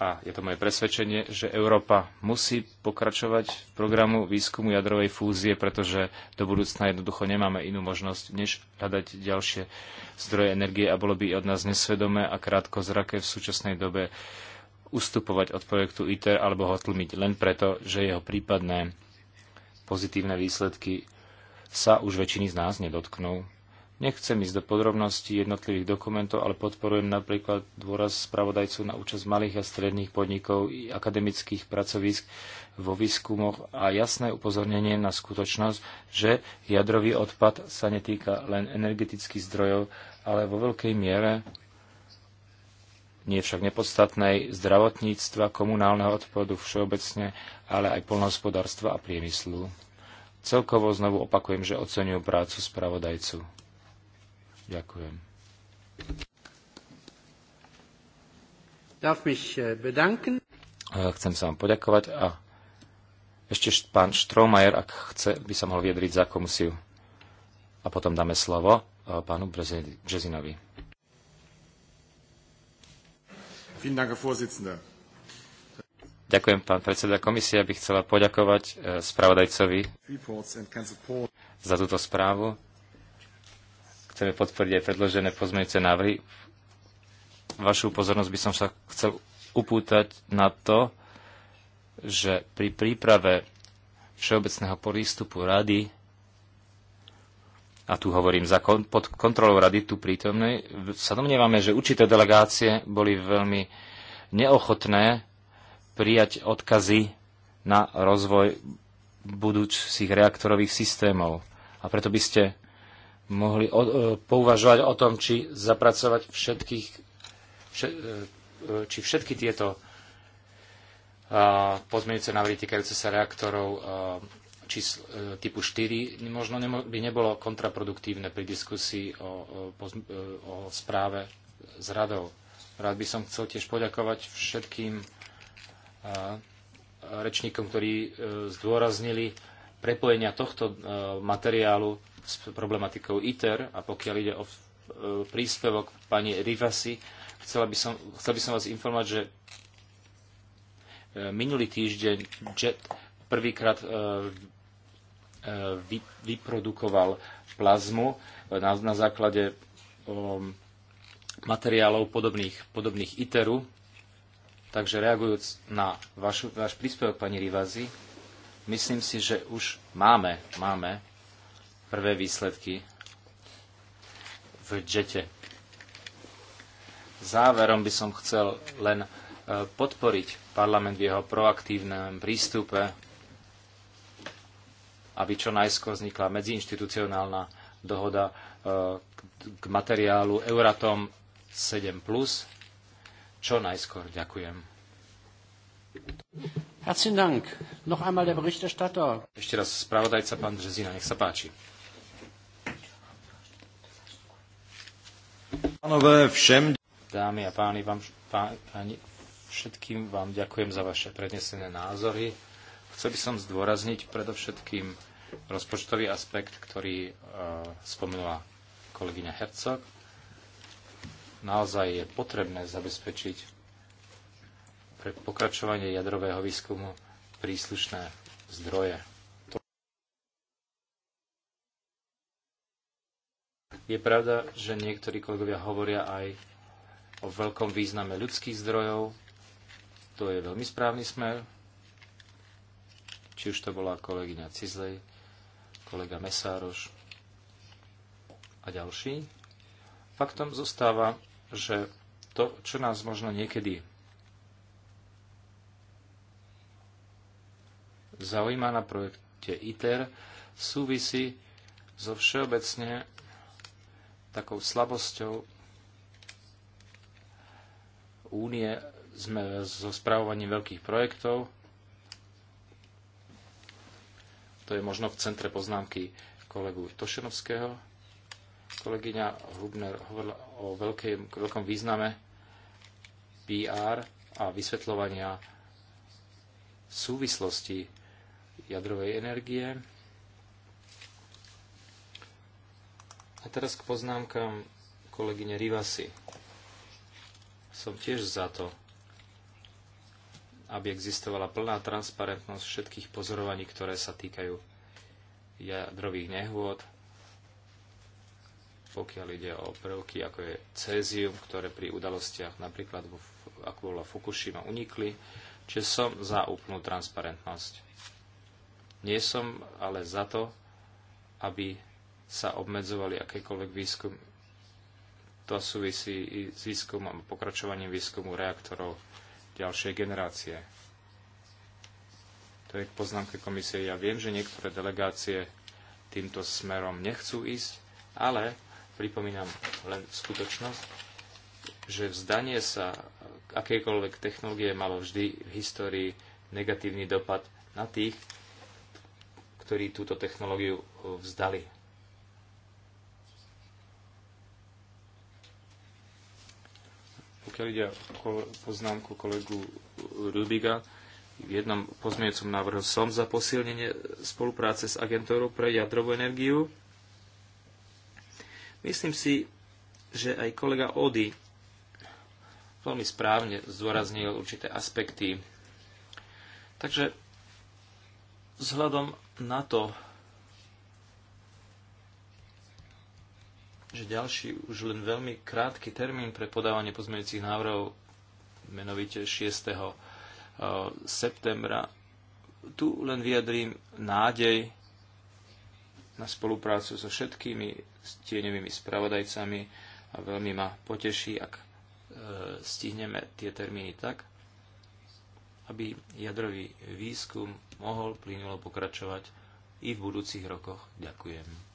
a je to moje presvedčenie, že Európa musí pokračovať v programu výskumu jadrovej fúzie, pretože do budúcna jednoducho nemáme inú možnosť, než hľadať ďalšie zdroje energie a bolo by od nás nesvedomé a krátko zrake v súčasnej dobe ustupovať od projektu ITER alebo ho tlmiť len preto, že jeho prípadné pozitívne výsledky sa už väčšiny z nás nedotknú. Nechcem ísť do podrobností jednotlivých dokumentov, ale podporujem napríklad dôraz spravodajcu na účasť malých a stredných podnikov i akademických pracovisk vo výskumoch a jasné upozornenie na skutočnosť, že jadrový odpad sa netýka len energetických zdrojov, ale vo veľkej miere nie však nepodstatnej, zdravotníctva, komunálneho odpadu všeobecne, ale aj polnohospodárstva a priemyslu. Celkovo znovu opakujem, že ocenujú prácu spravodajcu. Ďakujem. Eh, eh, chcem sa vám poďakovať a ešte pán Štromajer, ak chce, by sa mohol viedriť za komisiu. A potom dáme slovo eh, pánu Brzezinovi. Ďakujem, pán predseda. Komisia by chcela poďakovať eh, spravodajcovi za túto správu. Chceme podporiť aj predložené pozmeňujúce návrhy. Vašu pozornosť by som sa chcel upútať na to, že pri príprave všeobecného prístupu rady a tu hovorím za kon- pod kontrolou rady tu prítomnej, sa domnievame, že určité delegácie boli veľmi neochotné prijať odkazy na rozvoj budúcich reaktorových systémov. A preto by ste mohli o, o, e, pouvažovať o tom, či zapracovať všetkých, všet, e, e, či všetky tieto a, pozmeňujúce návrhy týkajúce sa reaktorov čísl, e, typu 4 možno by nebolo kontraproduktívne pri diskusii o, o, e, o správe s radou. Rád by som chcel tiež poďakovať všetkým e, rečníkom, ktorí zdôraznili prepojenia tohto materiálu s problematikou ITER a pokiaľ ide o príspevok pani Rivasi, chcel by som, chcel by som vás informovať, že minulý týždeň JET prvýkrát Eh, vy, vyprodukoval plazmu eh, na, na základe um, materiálov podobných, podobných ITERu. Takže reagujúc na vašu, váš príspevok, pani Rivazi, myslím si, že už máme, máme prvé výsledky v džete. Záverom by som chcel len eh, podporiť parlament v jeho proaktívnom prístupe aby čo najskôr vznikla medziinštitucionálna dohoda e, k materiálu Euratom 7+. Čo najskôr. Ďakujem. Herzlichen Dank. Noch einmal der Berichterstatter. Ešte raz spravodajca, pán Březina, nech sa páči. Pánové, všem... Dámy a páni, vám, páni, všetkým vám ďakujem za vaše prednesené názory. Chcel by som zdôrazniť predovšetkým rozpočtový aspekt, ktorý e, spomenula kolegyňa Hercog. Naozaj je potrebné zabezpečiť pre pokračovanie jadrového výskumu príslušné zdroje. Je pravda, že niektorí kolegovia hovoria aj o veľkom význame ľudských zdrojov. To je veľmi správny smer. Či už to bola kolegyňa Cizlej, kolega Mesároš a ďalší. Faktom zostáva, že to, čo nás možno niekedy zaujíma na projekte ITER, súvisí so všeobecne takou slabosťou únie sme so správovaním veľkých projektov, To je možno v centre poznámky kolegu Tošenovského. Kolegyňa Hubner hovorila o veľkém, veľkom význame PR a vysvetľovania súvislosti jadrovej energie. A teraz k poznámkam kolegyne Rivasi. Som tiež za to, aby existovala plná transparentnosť všetkých pozorovaní, ktoré sa týkajú jadrových nehôd, pokiaľ ide o prvky, ako je cézium, ktoré pri udalostiach napríklad vo, ako bola Fukushima, unikli, čiže som za úplnú transparentnosť. Nie som ale za to, aby sa obmedzovali akékoľvek výskum. To súvisí i s výskumom a pokračovaním výskumu reaktorov ďalšej generácie. To je k poznámke komisie. Ja viem, že niektoré delegácie týmto smerom nechcú ísť, ale pripomínam len skutočnosť, že vzdanie sa akejkoľvek technológie malo vždy v histórii negatívny dopad na tých, ktorí túto technológiu vzdali. Pokiaľ ide o poznámku kolegu Rubiga, v jednom pozmeňujúcom návrhu som za posilnenie spolupráce s agentúrou pre jadrovú energiu. Myslím si, že aj kolega Ody veľmi správne zdôraznil určité aspekty. Takže vzhľadom na to, že ďalší už len veľmi krátky termín pre podávanie pozmeňujúcich návrhov, menovite 6. Eh, septembra. Tu len vyjadrím nádej na spoluprácu so všetkými stieňovými spravodajcami a veľmi ma poteší, ak eh, stihneme tie termíny tak, aby jadrový výskum mohol plynulo pokračovať i v budúcich rokoch. Ďakujem.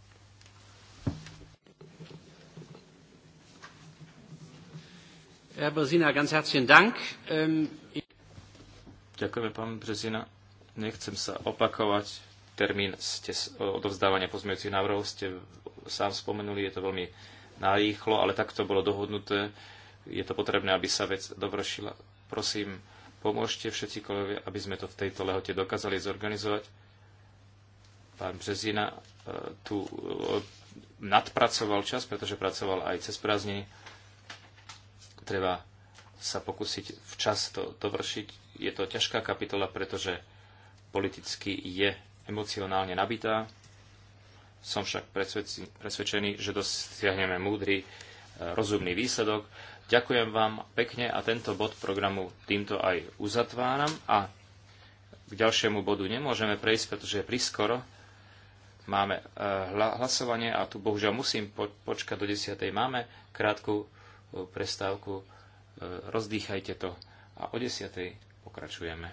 Herr Brzina, ganz herzlichen Dank. Ähm, Ďakujeme, pán Brzina. Nechcem sa opakovať. Termín ste odovzdávania pozmeňujúcich návrhov ste sám spomenuli, je to veľmi narýchlo, ale takto bolo dohodnuté. Je to potrebné, aby sa vec dovršila. Prosím, pomôžte všetci kolegovia, aby sme to v tejto lehote dokázali zorganizovať. Pán Březina e, tu e, nadpracoval čas, pretože pracoval aj cez prázdniny treba sa pokúsiť včas to dovršiť. Je to ťažká kapitola, pretože politicky je emocionálne nabitá. Som však presvedčený, že dosiahneme múdry, e, rozumný výsledok. Ďakujem vám pekne a tento bod programu týmto aj uzatváram a k ďalšiemu bodu nemôžeme prejsť, pretože je priskoro. Máme e, hlasovanie a tu bohužiaľ musím počkať do 10. Máme krátku prestávku. E, rozdýchajte to a o desiatej pokračujeme.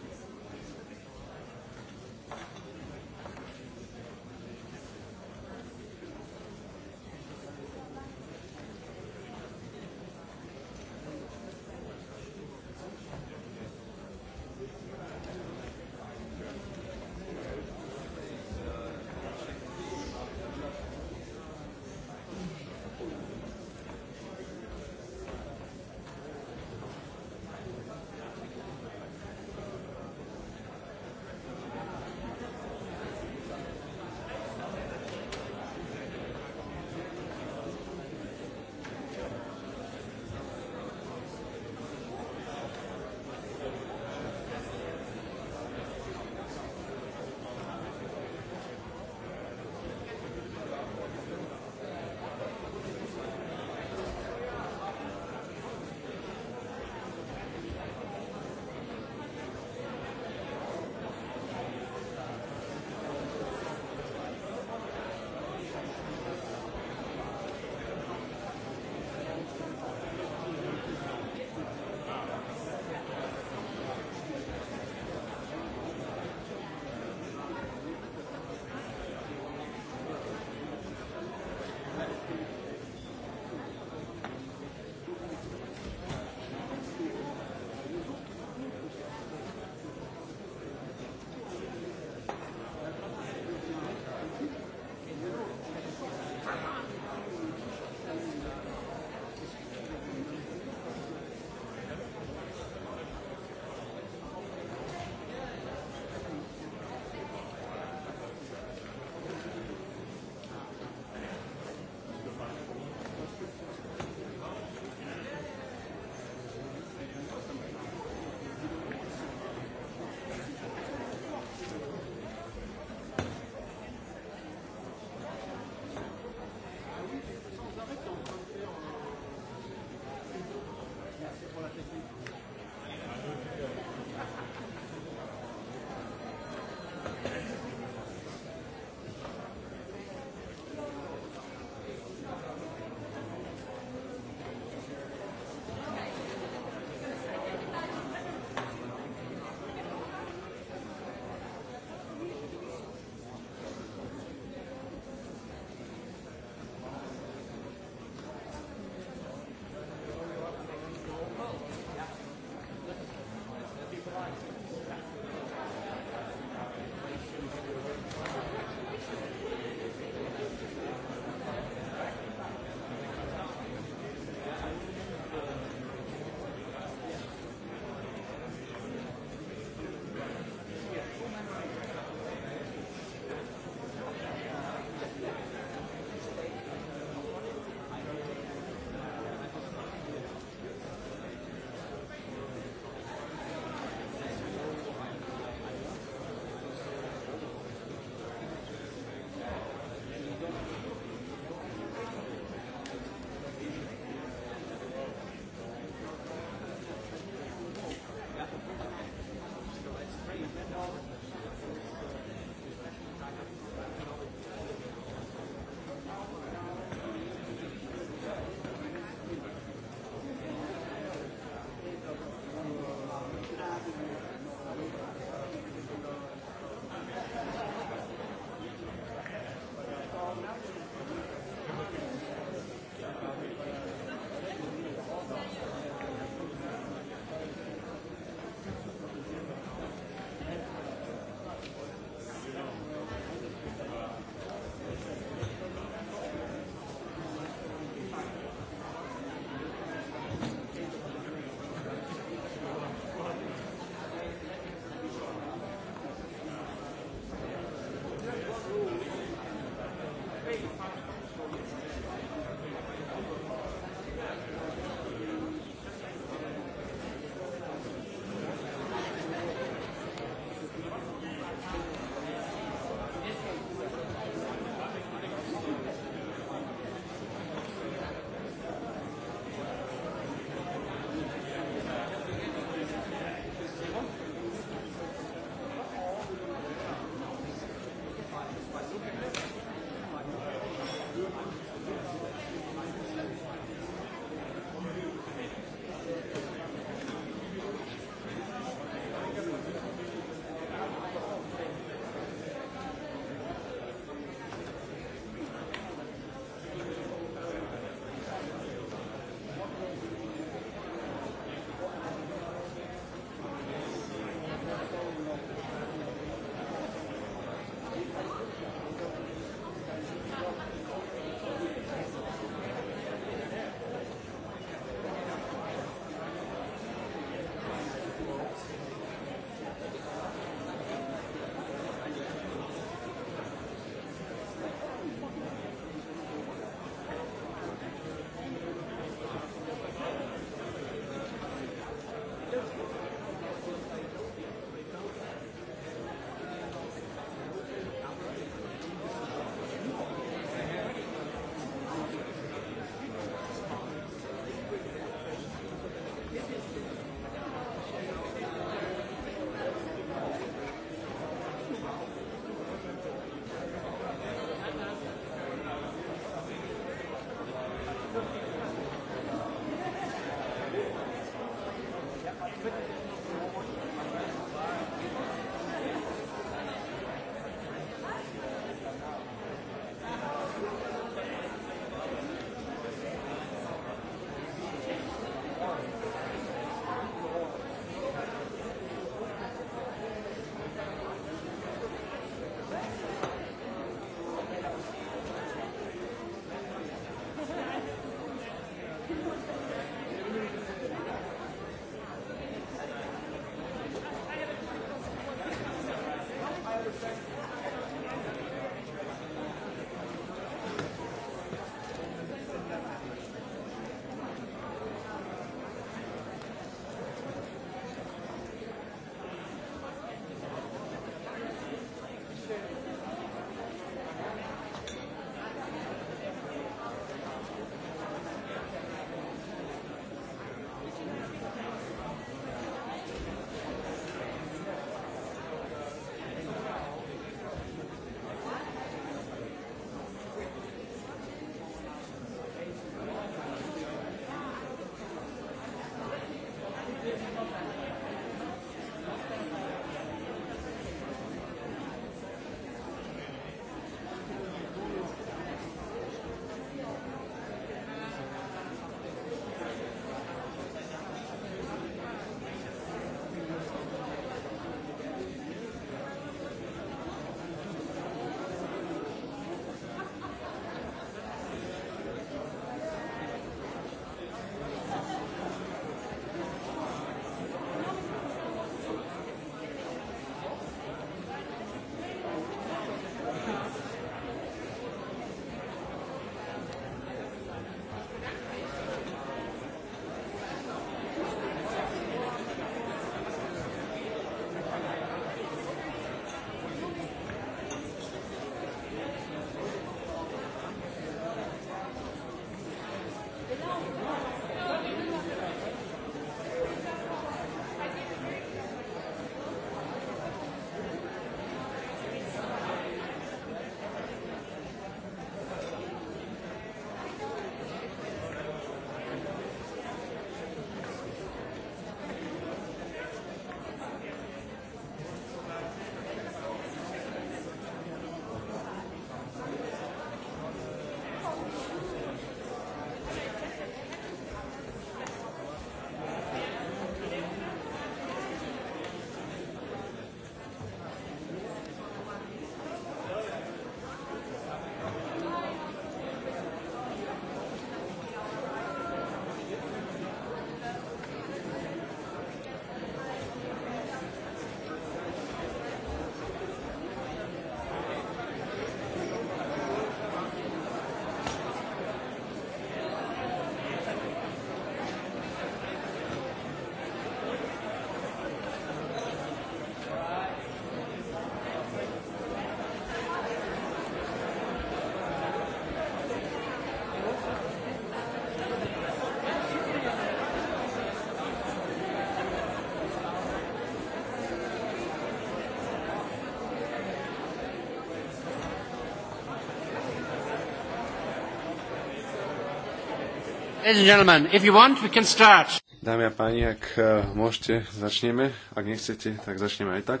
Dámy a páni, ak e, môžete, začneme. Ak nechcete, tak začneme aj tak.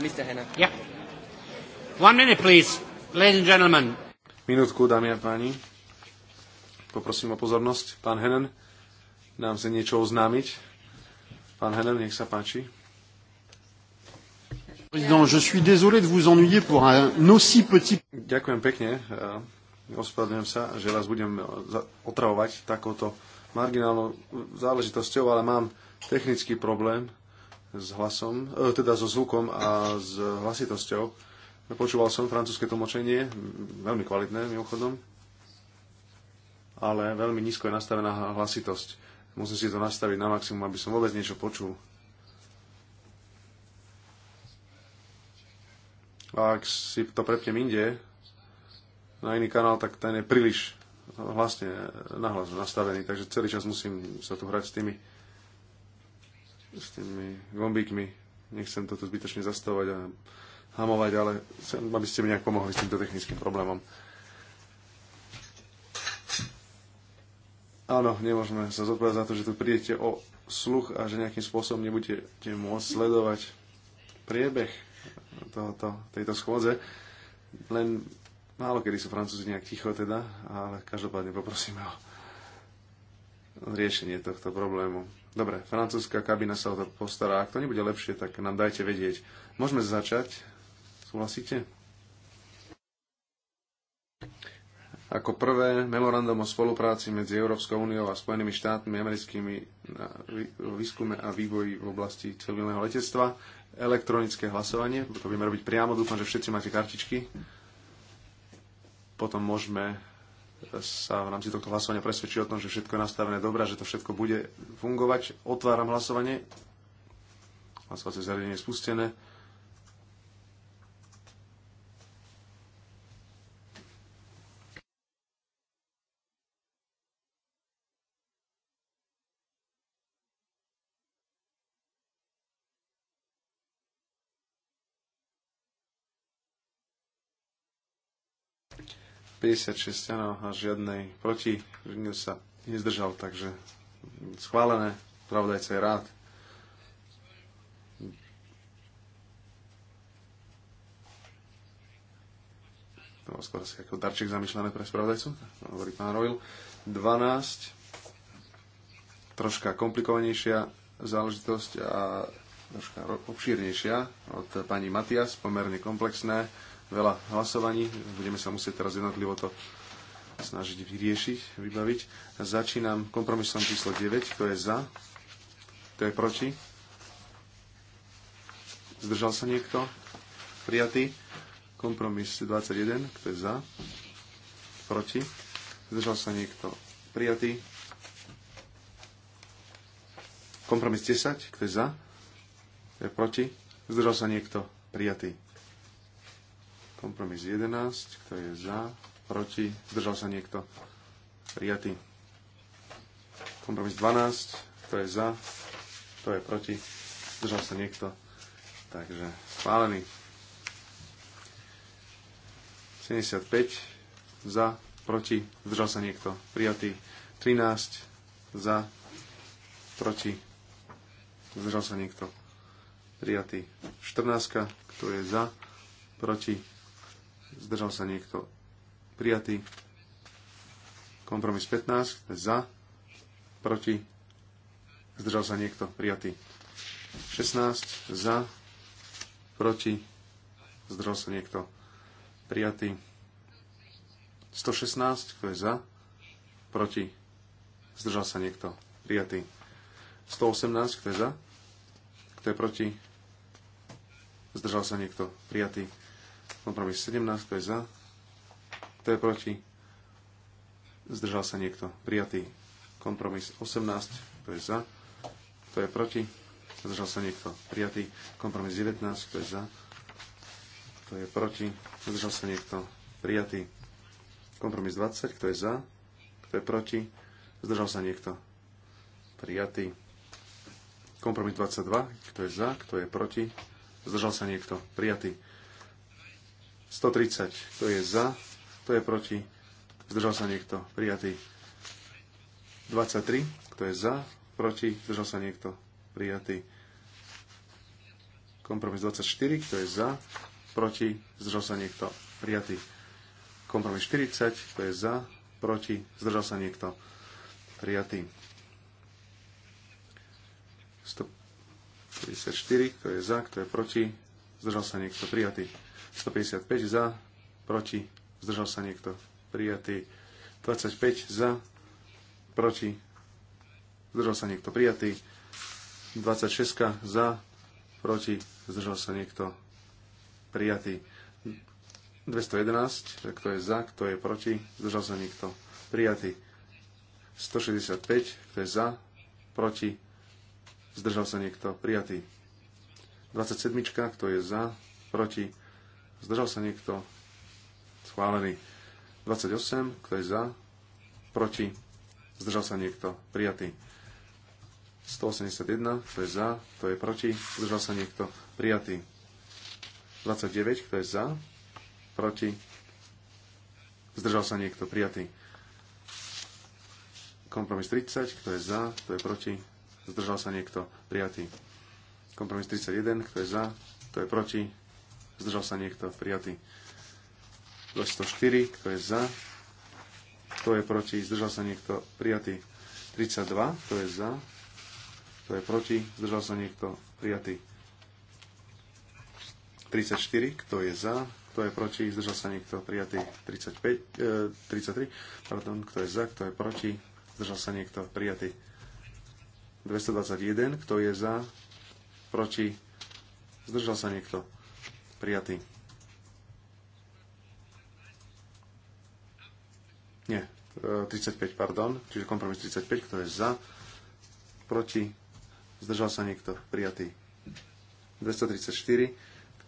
Mr. Hanna. Yeah. One minute, please, ladies and gentlemen. Minútku, dámy a páni. Poprosím o pozornosť. Pán Henen, nám sa niečo oznámiť. Pán Henen, nech sa páči. Président, je suis désolé de vous ennuyer pour un aussi petit... Ďakujem pekne, e, ospravedlňujem sa, že vás budem e, otravovať takouto marginálnou záležitosťou, ale mám technický problém s hlasom, e, teda so zvukom a s hlasitosťou. Počúval som francúzske tlmočenie, veľmi kvalitné mimochodom, ale veľmi nízko je nastavená hlasitosť. Musím si to nastaviť na maximum, aby som vôbec niečo počul. ak si to prepnem inde, na iný kanál, tak ten je príliš hlasne nahlas nastavený, takže celý čas musím sa tu hrať s tými s tými gombíkmi. Nechcem toto zbytočne zastavovať a hamovať, ale chcem, aby ste mi nejak pomohli s týmto technickým problémom. Áno, nemôžeme sa zodpovedať za to, že tu prídete o sluch a že nejakým spôsobom nebudete môcť sledovať priebeh tohoto, tejto schôdze. Len Málo kedy sú Francúzi nejak ticho teda, ale každopádne poprosíme o riešenie tohto problému. Dobre, francúzska kabina sa o to postará. Ak to nebude lepšie, tak nám dajte vedieť. Môžeme začať? Súhlasíte? Ako prvé, memorandum o spolupráci medzi Európskou úniou a Spojenými štátmi americkými na výskume a vývoji v oblasti civilného letectva. Elektronické hlasovanie, to budeme robiť priamo, dúfam, že všetci máte kartičky potom môžeme sa v rámci tohto hlasovania presvedčiť o tom, že všetko je nastavené dobre, že to všetko bude fungovať. Otváram hlasovanie. Hlasovacie zariadenie je spustené. 56, áno, a žiadnej proti, nikto sa nezdržal, takže schválené, pravdajca je rád. To bolo skôr asi ako darček zamýšľané pre spravodajcu, hovorí pán Royal. 12, troška komplikovanejšia záležitosť a troška obšírnejšia od pani Matias, pomerne komplexné veľa hlasovaní. Budeme sa musieť teraz jednotlivo to snažiť vyriešiť, vybaviť. Začínam kompromisom číslo 9. Kto je za? Kto je proti? Zdržal sa niekto? Prijatý. Kompromis 21. Kto je za? Proti? Zdržal sa niekto? Prijatý. Kompromis 10. Kto je za? Kto je proti? Zdržal sa niekto? Prijatý. Kompromis 11, kto je za, proti, zdržal sa niekto, prijatý. Kompromis 12, kto je za, kto je proti, zdržal sa niekto, takže schválený. 75 za, proti, zdržal sa niekto, prijatý. 13 za, proti, zdržal sa niekto, prijatý. 14, kto je za, proti, zdržal sa niekto prijatý. Kompromis 15, za, proti, zdržal sa niekto prijatý. 16, za, proti, zdržal sa niekto prijatý. 116, kto je za, proti, zdržal sa niekto prijatý. 118, kto je za, kto je proti, zdržal sa niekto prijatý. Kompromis 17, kto je za, kto je proti, zdržal sa niekto, prijatý. Kompromis 18, kto je za, kto je proti, zdržal sa niekto, prijatý. Kompromis 19, kto je za, kto je proti, zdržal sa niekto, prijatý. Kompromis 20, kto je za, kto je proti, zdržal sa niekto, prijatý. Kompromis 22, kto je za, kto je proti, zdržal sa niekto, prijatý. 130. Kto je za? to je proti? Zdržal sa niekto? Prijatý. 23. to je za? Proti? Zdržal sa niekto? Prijatý. Kompromis 24. Kto je za? Proti? Zdržal sa niekto? Prijatý. Kompromis 40. Kto je za? Proti? Zdržal sa niekto? Prijatý. 154. Kto je za? Kto je proti? zdržal sa niekto, prijatý. 155 za, proti, zdržal sa niekto, prijatý. 25 za, proti, zdržal sa niekto, prijatý. 26 za, proti, zdržal sa niekto, prijatý. 211, kto je za, kto je proti, zdržal sa niekto, prijatý. 165, kto je za, proti, zdržal sa niekto, prijatý. 27. Kto je za? Proti? Zdržal sa niekto? Schválený. 28. Kto je za? Proti? Zdržal sa niekto? Prijatý. 181. Kto je za? Kto je proti? Zdržal sa niekto? Prijatý. 29. Kto je za? Proti? Zdržal sa niekto? Prijatý. Kompromis 30. Kto je za? Kto je proti? Zdržal sa niekto? Prijatý. Kompromis 31, kto je za, kto je proti, zdržal sa niekto, prijatý. 204, kto je za, kto je proti, zdržal sa niekto, prijatý. 32, kto je za, kto je proti, zdržal sa niekto, prijatý. 34, kto je za, kto je proti, zdržal sa niekto, prijatý 35, e, 33, pardon, kto je za, kto je proti, zdržal sa niekto, prijatý 221, kto je za, proti, zdržal sa niekto, prijatý. Nie, 35, e, pardon, čiže kompromis 35, kto je za, proti, zdržal sa niekto, prijatý. 234,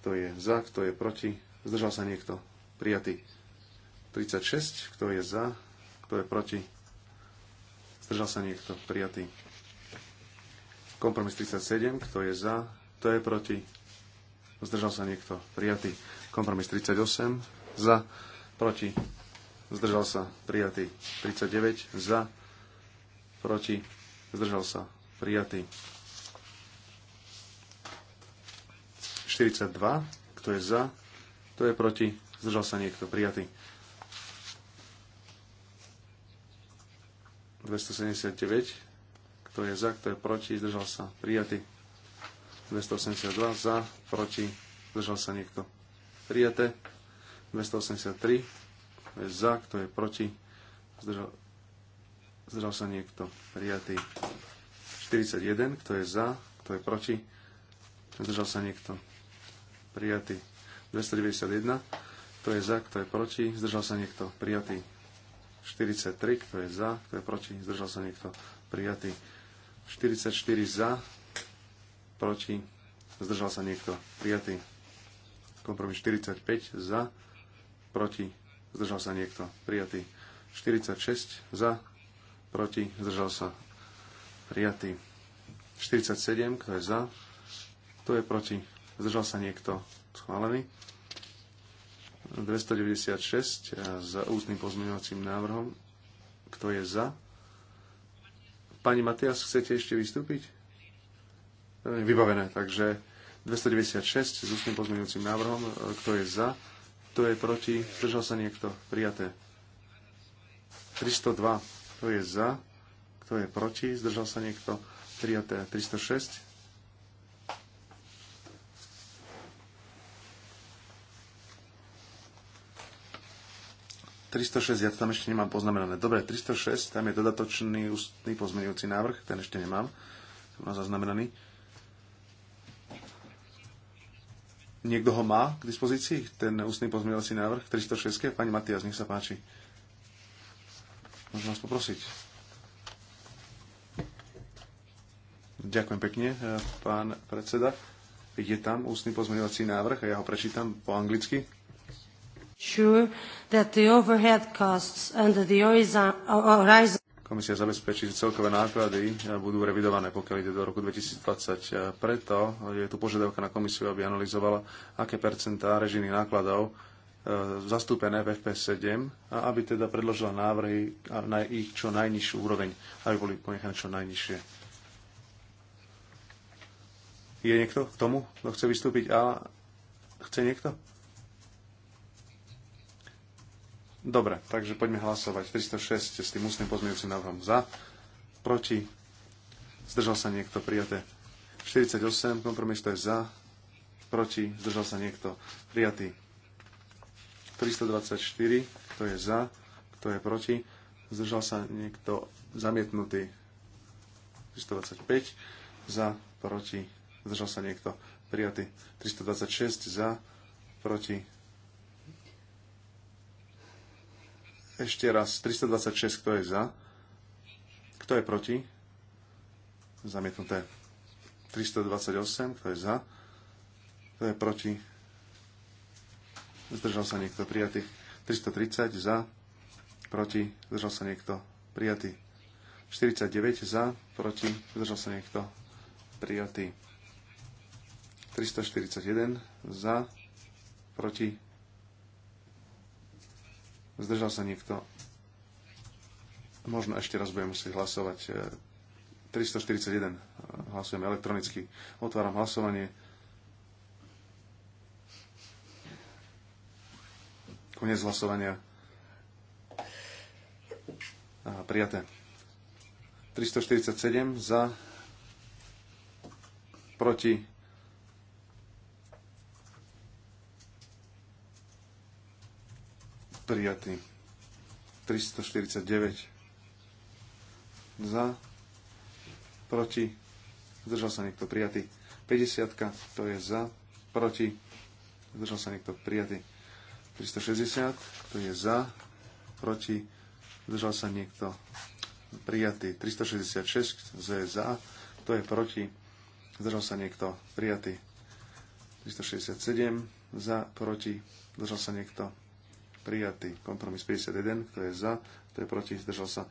kto je za, kto je proti, zdržal sa niekto, prijatý. 36, kto je za, kto je proti, zdržal sa niekto, prijatý. Kompromis 37, kto je za, kto je proti. Zdržal sa niekto. Prijatý. Kompromis 38, za, proti. Zdržal sa. Prijatý. 39, za, proti. Zdržal sa. Prijatý. 42, kto je za, kto je proti. Zdržal sa niekto. Prijatý. 279, kto je za, kto je proti, zdržal sa prijatý. 282 za, proti, zdržal sa niekto. Prijaté. 283 kto je za, kto je proti, zdržal, zdržal sa niekto. Prijatý. 41 kto je za, kto je proti, zdržal sa niekto. Prijatý. 291 kto je za, kto je proti, zdržal sa niekto. Prijatý. 43, kto je za, kto je proti, zdržal sa niekto, prijatý. 44 za, proti, zdržal sa niekto, prijatý. Kompromis 45 za, proti, zdržal sa niekto, prijatý. 46 za, proti, zdržal sa, prijatý. 47, kto je za, kto je proti, zdržal sa niekto, schválený. 296 eh, s ústnym pozmeňovacím návrhom, kto je za, Pani Matias, chcete ešte vystúpiť? No, vybavené, takže 296 s ústnym pozmeňujúcim návrhom. E, kto je za? Kto je proti? Zdržal sa niekto? Prijaté. 302. Kto je za? Kto je proti? Zdržal sa niekto? Prijaté. 306. 306, ja to tam ešte nemám poznamenané. Dobre, 306, tam je dodatočný ústny pozmeňujúci návrh, ten ešte nemám. Tu zaznamenaný. Niekto ho má k dispozícii, ten ústny pozmeňovací návrh 306? Pani Matias, nech sa páči. Môžem vás poprosiť. Ďakujem pekne, pán predseda. Je tam ústny pozmeňovací návrh a ja ho prečítam po anglicky that the overhead costs under the horizon Komisia zabezpečí, že celkové náklady eh, budú revidované, pokiaľ ide do roku 2020. Eh, preto je tu požiadavka na komisiu, aby analyzovala, aké percentá režiny nákladov eh, zastúpené v FP7 a aby teda predložila návrhy na ich čo najnižšiu úroveň, aby boli ponechané čo najnižšie. Je niekto k tomu, kto chce vystúpiť? A chce niekto? Dobre, takže poďme hlasovať. 306 s tým ústnym pozmeňujúcim návrhom za, proti, zdržal sa niekto, prijaté. 48, kompromis to je za, proti, zdržal sa niekto, prijatý. 324, kto je za, kto je proti, zdržal sa niekto, zamietnutý. 325, za, proti, zdržal sa niekto, prijatý. 326, za, proti, Ešte raz, 326, kto je za? Kto je proti? Zamietnuté. 328, kto je za? Kto je proti? Zdržal sa niekto prijatý. 330 za, proti, zdržal sa niekto prijatý. 49 za, proti, zdržal sa niekto prijatý. 341 za, proti, Zdržal sa nikto. Možno ešte raz budem musieť hlasovať. 341. E, hlasujem elektronicky. Otváram hlasovanie. Konec hlasovania. Aha, prijaté. 347 za, proti prijatý. 349 za, proti, zdržal sa niekto prijatý. 50, to je za, proti, zdržal sa niekto prijatý. 360, to je za, proti, zdržal sa niekto prijatý. 366, to je za, to je proti, zdržal sa niekto prijatý. 367, za, proti, zdržal sa niekto prijatý. Kompromis 51, kto je za, kto je proti, zdržal sa,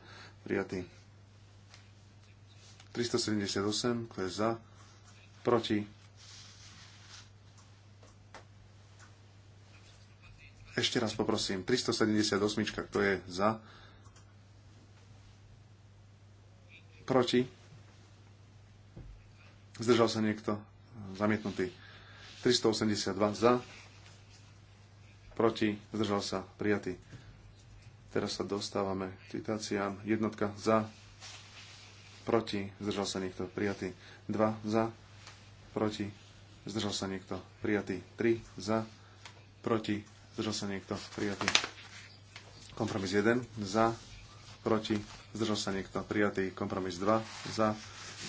prijatý. 378, kto je za, proti. Ešte raz poprosím, 378, kto je za, proti. Zdržal sa niekto, zamietnutý. 382 za, proti, zdržal sa, prijatý. Teraz sa dostávame k citáciám. Jednotka za, proti, zdržal sa niekto, prijatý. Dva za, proti, zdržal sa niekto, prijatý. 3 za, proti, zdržal sa niekto, prijatý. Kompromis 1 za, proti, zdržal sa niekto, prijatý. Kompromis 2 za,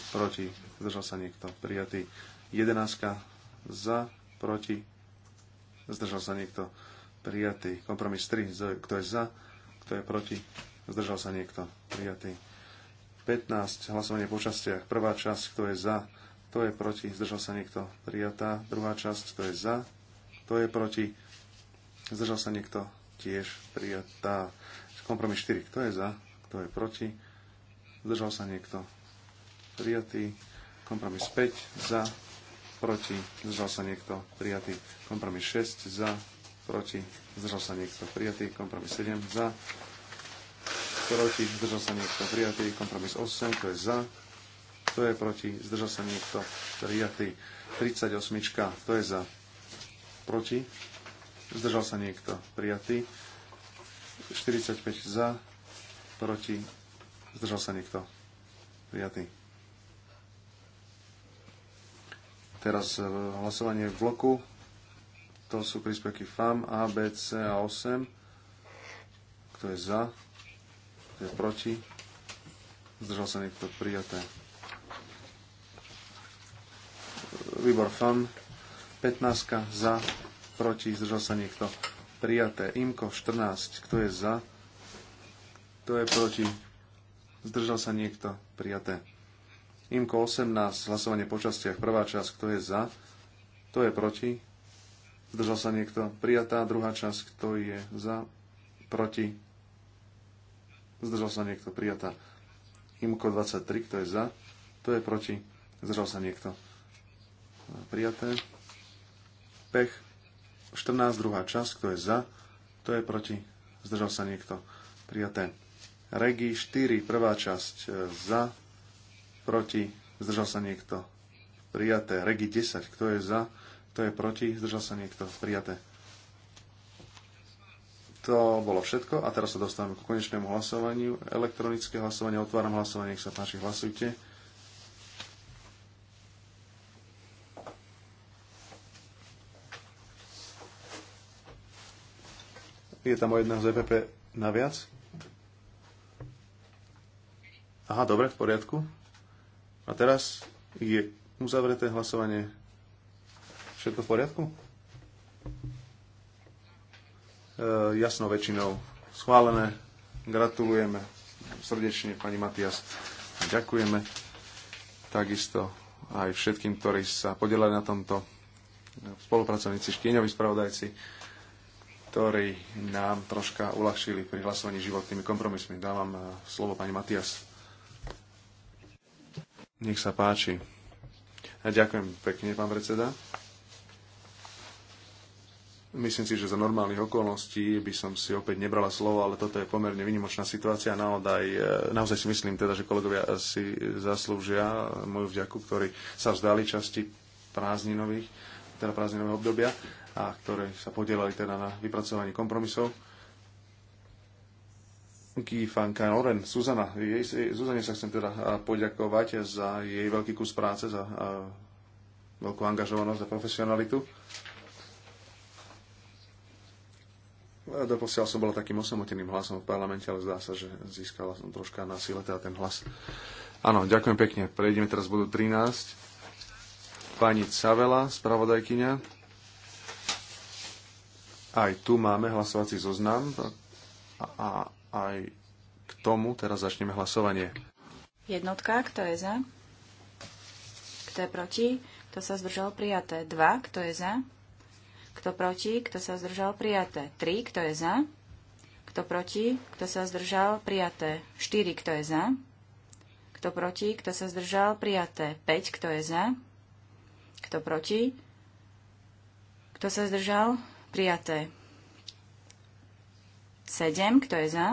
proti, zdržal sa niekto, prijatý. 11 za, proti, zdržal sa niekto, prijatý. Kompromis 3, kto je za, kto je proti, zdržal sa niekto, prijatý. 15, hlasovanie po častiach. Prvá časť, kto je za, kto je proti, zdržal sa niekto, prijatá. Druhá časť, kto je za, kto je proti, zdržal sa niekto, tiež prijatá. Kompromis 4, kto je za, kto je proti, zdržal sa niekto, prijatý. Kompromis 5, za, proti, zdržal sa niekto, prijatý. Kompromis 6, za, proti, zdržal sa niekto prijatý, kompromis 7 za, proti, zdržal sa niekto prijatý, kompromis 8, to je za, to je proti, zdržal sa niekto prijatý, 38, to je za, proti, zdržal sa niekto prijatý, 45 za, proti, zdržal sa niekto prijatý. Teraz e, hlasovanie v bloku to sú príspevky FAM, A, B, C a 8. Kto je za? Kto je proti? Zdržal sa niekto prijaté. Výbor FAM. 15 za, proti, zdržal sa niekto prijaté. IMKO 14, kto je za? Kto je proti? Zdržal sa niekto prijaté. IMKO 18, hlasovanie po častiach, prvá časť, kto je za? Kto je proti? Zdržal sa niekto? Prijatá. Druhá časť. Kto je za? Proti? Zdržal sa niekto? Prijatá. Imko 23. Kto je za? Kto je proti? Zdržal sa niekto? Prijaté. Pech 14. Druhá časť. Kto je za? Kto je proti? Zdržal sa niekto? Prijaté. Regi 4. Prvá časť. E, za? Proti? Zdržal sa niekto? Prijaté. Regi 10. Kto je za? Kto je proti? Zdržal sa niekto? Prijaté. To bolo všetko a teraz sa dostávame k konečnému hlasovaniu. Elektronické hlasovanie, otváram hlasovanie, nech sa páči, hlasujte. Je tam o jedného z EPP naviac? Aha, dobre, v poriadku. A teraz je uzavreté hlasovanie Všetko v poriadku? E, jasno, väčšinou schválené. Gratulujeme srdečne pani Matias. Ďakujeme takisto aj všetkým, ktorí sa podielali na tomto spolupracovníci, štieňoví spravodajci, ktorí nám troška uľahčili pri hlasovaní životnými kompromismi. Dávam e, slovo pani Matias. Nech sa páči. A ďakujem pekne, pán predseda. Myslím si, že za normálnych okolností by som si opäť nebrala slovo, ale toto je pomerne vynimočná situácia. Naozaj, e, naozaj si myslím teda, že kolegovia si zaslúžia moju vďaku, ktorí sa vzdali časti prázdninových, teda prázdninového obdobia a ktoré sa podielali teda na vypracovaní kompromisov. Guy van Suzana. Jej, Suzane sa chcem teda poďakovať za jej veľký kus práce, za e, veľkú angažovanosť, za profesionalitu. Doposiaľ som bola takým osamoteným hlasom v parlamente, ale zdá sa, že získala som troška na sile teda ten hlas. Áno, ďakujem pekne. Prejdeme teraz bodu 13. Pani Cavela, spravodajkyňa. Aj tu máme hlasovací zoznam a, a aj k tomu teraz začneme hlasovanie. Jednotka, kto je za? Kto je proti? Kto sa zdržal prijaté? Dva. kto je za? Kto proti? Kto sa zdržal? Prijaté. 3. Kto je za? Kto proti? Kto sa zdržal? Prijaté. 4. Kto je za? Kto proti? Kto sa zdržal? Prijaté. 5. Kto je za? Kto proti? Kto sa zdržal? Prijaté. 7. Kto je za?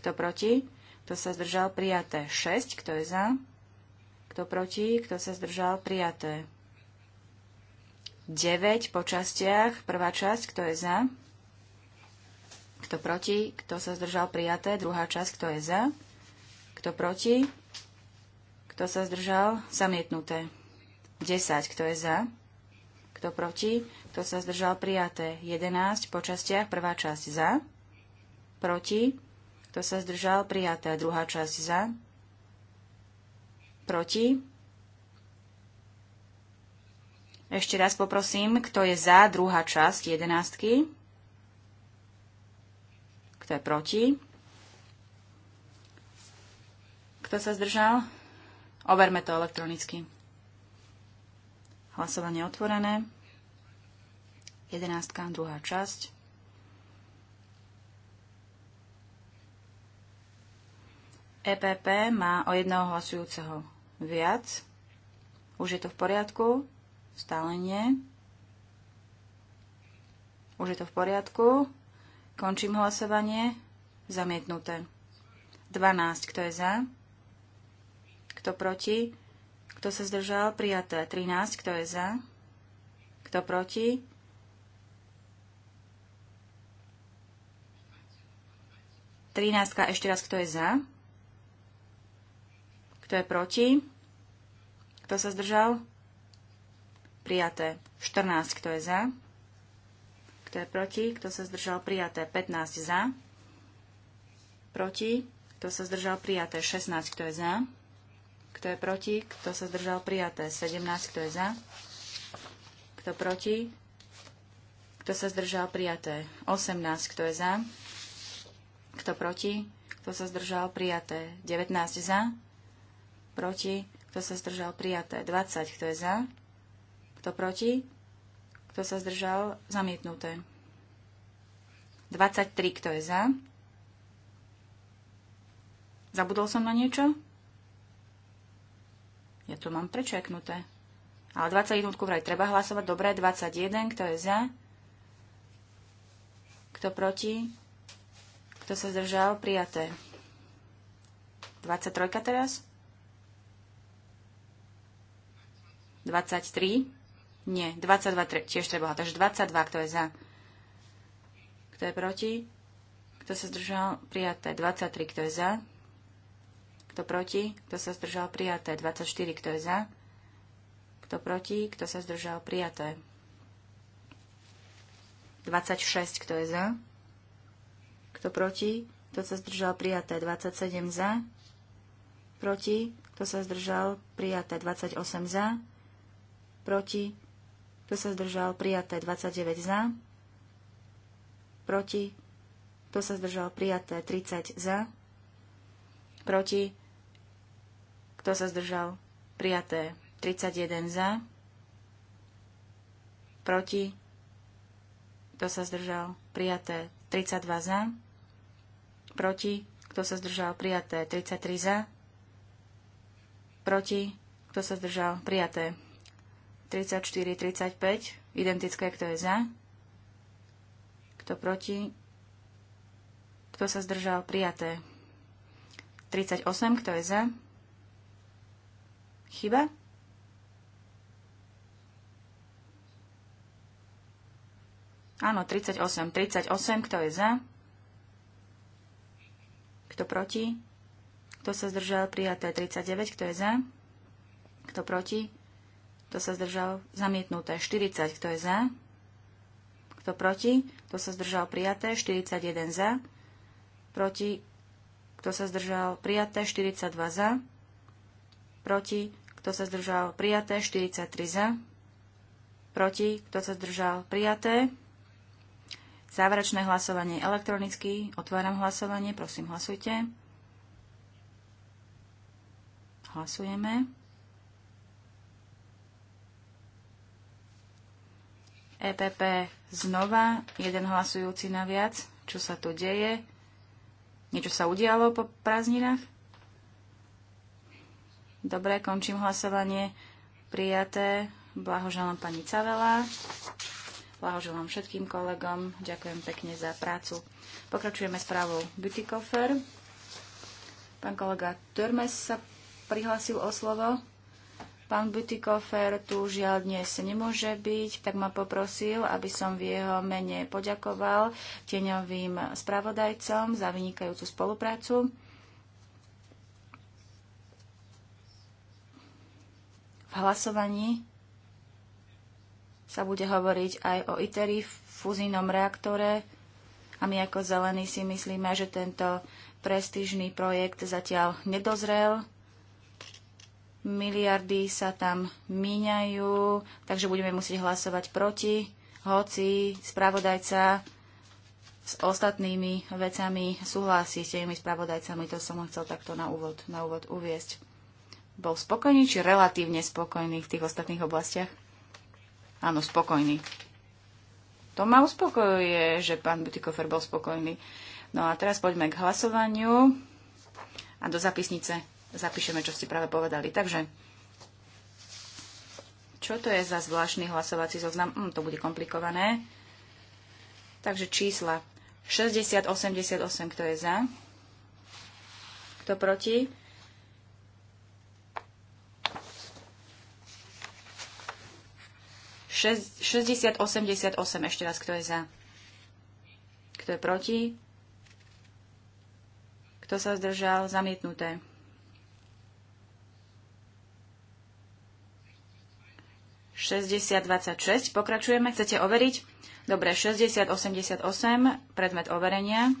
Kto proti? Kto sa zdržal? Prijaté. 6. Kto je za? Kto proti? Kto sa zdržal? Prijaté. 9 po častiach. Prvá časť, kto je za? Kto proti? Kto sa zdržal prijaté? Druhá časť, kto je za? Kto proti? Kto sa zdržal? Zamietnuté. 10, kto je za? Kto proti? Kto sa zdržal prijaté? 11 po častiach. Prvá časť za? Proti? Kto sa zdržal prijaté? Druhá časť za? Proti? Ešte raz poprosím, kto je za druhá časť jedenáctky? Kto je proti? Kto sa zdržal? Overme to elektronicky. Hlasovanie otvorené. Jedenáctka, druhá časť. EPP má o jedného hlasujúceho viac. Už je to v poriadku. Stále nie. Už je to v poriadku. Končím hlasovanie. Zamietnuté. 12. Kto je za? Kto proti? Kto sa zdržal? Prijaté. 13. Kto je za? Kto proti? Trináctka, ešte raz, kto je za? Kto je proti? Kto sa zdržal? prijaté. 14, kto je za, kto je proti, kto sa zdržal prijaté. 15 za, proti, kto sa zdržal prijaté. 16, kto je za, kto je proti, kto sa zdržal prijaté. 17, kto je za, kto proti, kto sa zdržal prijaté. 18, kto je za, kto proti, kto sa zdržal prijaté. 19 za, proti, kto sa zdržal prijaté. 20, kto je za, kto proti? Kto sa zdržal? Zamietnuté. 23. Kto je za? Zabudol som na niečo? Ja tu mám prečeknuté. Ale 21 vraj treba hlasovať. Dobre, 21. Kto je za? Kto proti? Kto sa zdržal? Prijaté. 23 teraz? 23. Nie, 22 tiež treba. Takže 22, kto je za? Kto je proti? Kto sa zdržal? Prijaté. 23, kto je za? Kto proti? Kto sa zdržal? Prijaté. 24, kto je za? Kto proti? Kto sa zdržal? Prijaté. 26, kto je za? Kto proti? Kto sa zdržal? Prijaté. 27 za? Proti? Kto sa zdržal? Prijaté. 28 za? Proti? Kto sa zdržal? Prijaté 29 za. Proti. Kto sa zdržal? Prijaté 30 za. Proti. Kto sa zdržal? Prijaté 31 za. Proti. Kto sa zdržal? Prijaté 32 za. Proti. Kto sa zdržal? Prijaté 33 za. Proti. Kto sa zdržal? Prijaté 34, 35, identické, kto je za, kto proti, kto sa zdržal, prijaté. 38, kto je za, chyba. Áno, 38, 38, kto je za, kto proti, kto sa zdržal, prijaté. 39, kto je za, kto proti, kto sa zdržal, zamietnuté. 40, kto je za, kto proti, kto sa zdržal, prijaté. 41 za, proti, kto sa zdržal, prijaté. 42 za, proti, kto sa zdržal, prijaté. 43 za, proti, kto sa zdržal, prijaté. Záverečné hlasovanie elektronicky. Otváram hlasovanie. Prosím, hlasujte. Hlasujeme. EPP znova, jeden hlasujúci naviac. Čo sa tu deje? Niečo sa udialo po prázdninách? Dobre, končím hlasovanie. Prijaté. Blahoželám pani Cavela. Blahoželám všetkým kolegom. Ďakujem pekne za prácu. Pokračujeme s správou Beauty Coffer. Pán kolega Törmes sa prihlásil o slovo. Pán Butikofer tu žiaľ dnes nemôže byť, tak ma poprosil, aby som v jeho mene poďakoval tieňovým spravodajcom za vynikajúcu spoluprácu. V hlasovaní sa bude hovoriť aj o ITERI v fuzínom reaktore a my ako zelení si myslíme, že tento prestížný projekt zatiaľ nedozrel miliardy sa tam míňajú, takže budeme musieť hlasovať proti, hoci spravodajca s ostatnými vecami súhlasí s tými spravodajcami. To som chcel takto na úvod, na úvod uviesť. Bol spokojný či relatívne spokojný v tých ostatných oblastiach? Áno, spokojný. To ma uspokojuje, že pán Butikofer bol spokojný. No a teraz poďme k hlasovaniu a do zapisnice zapíšeme, čo ste práve povedali. Takže, čo to je za zvláštny hlasovací zoznam? Hm, to bude komplikované. Takže čísla 60, 88, kto je za? Kto proti? Šes, 60, 88, ešte raz, kto je za? Kto je proti? Kto sa zdržal? Zamietnuté. 6026. Pokračujeme. Chcete overiť? Dobre, 6088. Predmet overenia.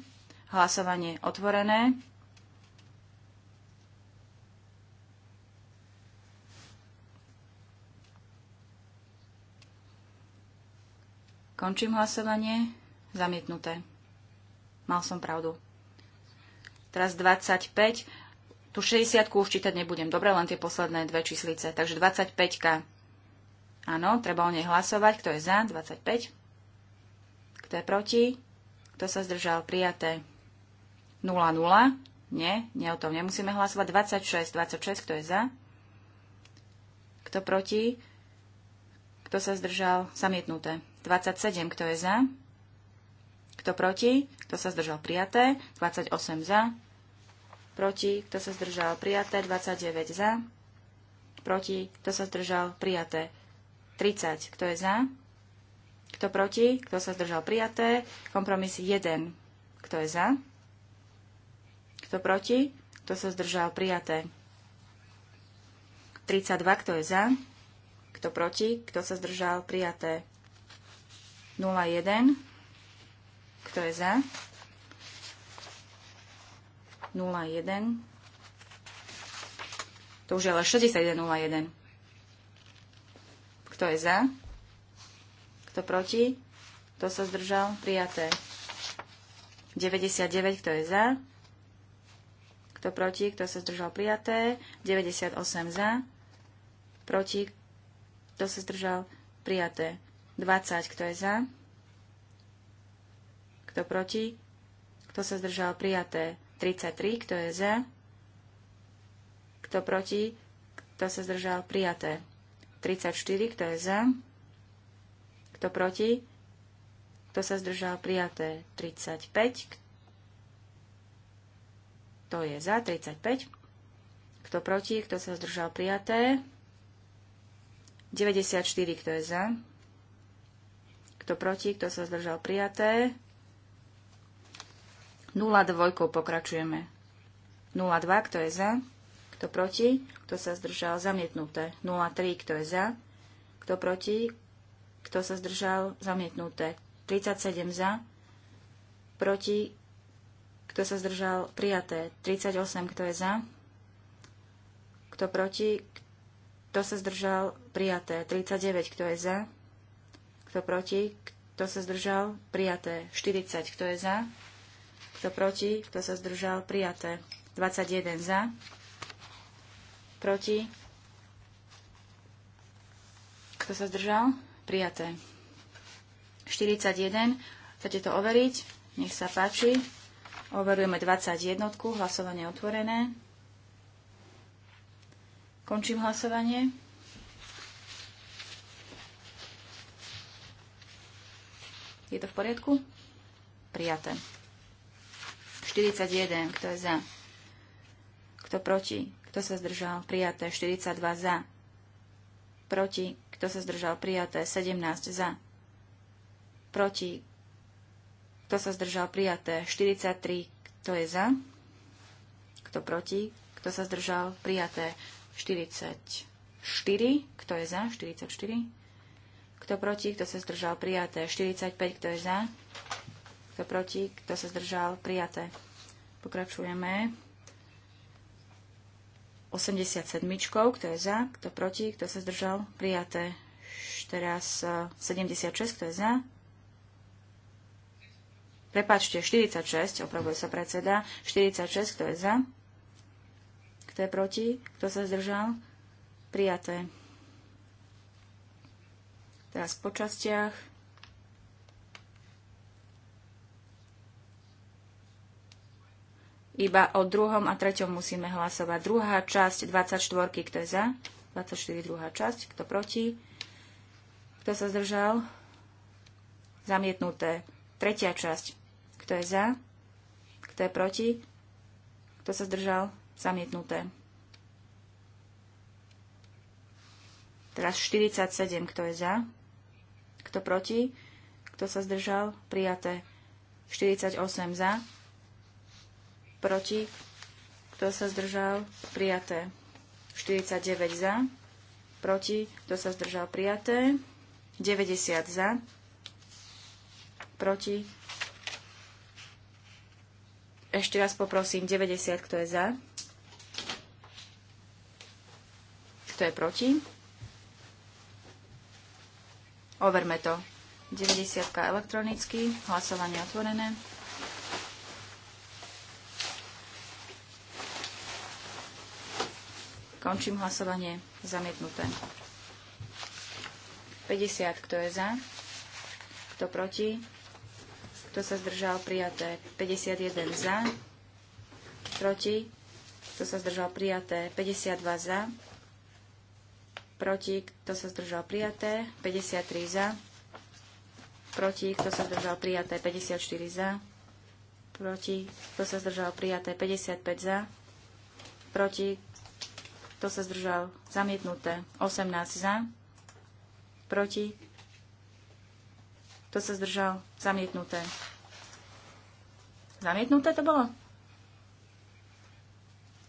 Hlasovanie otvorené. Končím hlasovanie. Zamietnuté. Mal som pravdu. Teraz 25. Tu 60 už čítať nebudem. Dobre, len tie posledné dve číslice. Takže 25. -ka. Áno, treba o nej hlasovať. Kto je za? 25. Kto je proti? Kto sa zdržal? Prijaté. 0, 0. Nie, nie o tom nemusíme hlasovať. 26, 26. Kto je za? Kto proti? Kto sa zdržal? Zamietnuté. 27. Kto je za? Kto proti? Kto sa zdržal? Prijaté. 28 za. Proti? Kto sa zdržal? Prijaté. 29 za. Proti? Kto sa zdržal? Prijaté. 30. Kto je za? Kto proti? Kto sa zdržal? Prijaté. Kompromis 1. Kto je za? Kto proti? Kto sa zdržal? Prijaté. 32. Kto je za? Kto proti? Kto sa zdržal? Prijaté. 01. Kto je za? 01. To už je ale 6101. Kto je za? Kto proti? Kto sa zdržal? Prijaté. 99, kto je za? Kto proti? Kto sa zdržal? Prijaté. 98 za. Proti? Kto sa zdržal? Prijaté. 20, kto je za? Kto proti? Kto sa zdržal? Prijaté. 33, kto je za? Kto proti? Kto sa zdržal? Prijaté. 34, kto je za, kto proti, kto sa zdržal, prijaté 35, kto je za, 35, kto proti, kto sa zdržal, prijaté 94, kto je za, kto proti, kto sa zdržal, prijaté 02 pokračujeme. 02, kto je za? Kto proti? Kto sa zdržal? Zamietnuté. 03. Kto je za? Kto proti? Kto sa zdržal? Zamietnuté. 37 za. Proti? Kto sa zdržal? Prijaté. 38. Kto je za? Kto proti? Kto sa zdržal? Prijaté. 39. Kto je za? Kto proti? Kto sa zdržal? Prijaté. 40. Kto je za? Kto proti? Kto sa zdržal? Prijaté. 21 za Proti? Kto sa zdržal? Prijaté. 41. Chcete to overiť? Nech sa páči. Overujeme 21. Hlasovanie otvorené. Končím hlasovanie. Je to v poriadku? Prijaté. 41. Kto je za? Kto proti? Kto sa zdržal? Prijaté 42 za. Proti. Kto sa zdržal? Prijaté 17 za. Proti. Kto sa zdržal? Prijaté 43. Kto je za? Kto proti? Kto sa zdržal? Prijaté 44. Kto je za? 44. Kto proti? Kto sa zdržal? Prijaté 45. Kto je za? Kto proti? Kto sa zdržal? Prijaté. Pokračujeme. 87, kto je za, kto proti, kto sa zdržal, prijaté. Teraz 76, e, kto je za. Prepačte, 46, opravuje sa predseda. 46, kto je za, kto je proti, kto sa zdržal, prijaté. Teraz po častiach. Iba o druhom a treťom musíme hlasovať. Druhá časť 24, kto je za? 24, druhá časť, kto proti? Kto sa zdržal? Zamietnuté. Tretia časť, kto je za? Kto je proti? Kto sa zdržal? Zamietnuté. Teraz 47, kto je za? Kto proti? Kto sa zdržal? Prijaté. 48 za proti, kto sa zdržal, prijaté. 49 za, proti, kto sa zdržal, prijaté. 90 za, proti. Ešte raz poprosím, 90, kto je za, kto je proti. Overme to. 90 elektronicky, hlasovanie otvorené. Končím hlasovanie. Zamietnuté. 50. Kto je za? Kto proti? Kto sa zdržal? Prijaté. 51 za. Proti? Kto sa zdržal? Prijaté. 52 za. Proti? Kto sa zdržal? Prijaté. 53 za. Proti? Kto sa zdržal? Prijaté. 54 za. Proti? Kto sa zdržal? Prijaté. 55 za. Proti? Kto sa zdržal? Zamietnuté. 18 za. Proti. Kto sa zdržal? Zamietnuté. Zamietnuté to bolo?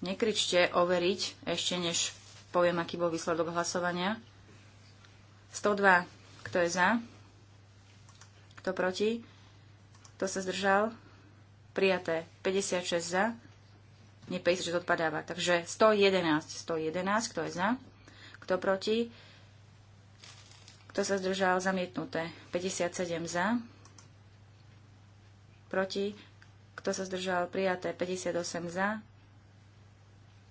Nekričte overiť, ešte než poviem, aký bol výsledok hlasovania. 102. Kto je za? Kto proti? Kto sa zdržal? Prijaté. 56 za nie 56 odpadáva. Takže 111, 111, kto je za, kto proti, kto sa zdržal, zamietnuté. 57 za, proti, kto sa zdržal, prijaté. 58 za,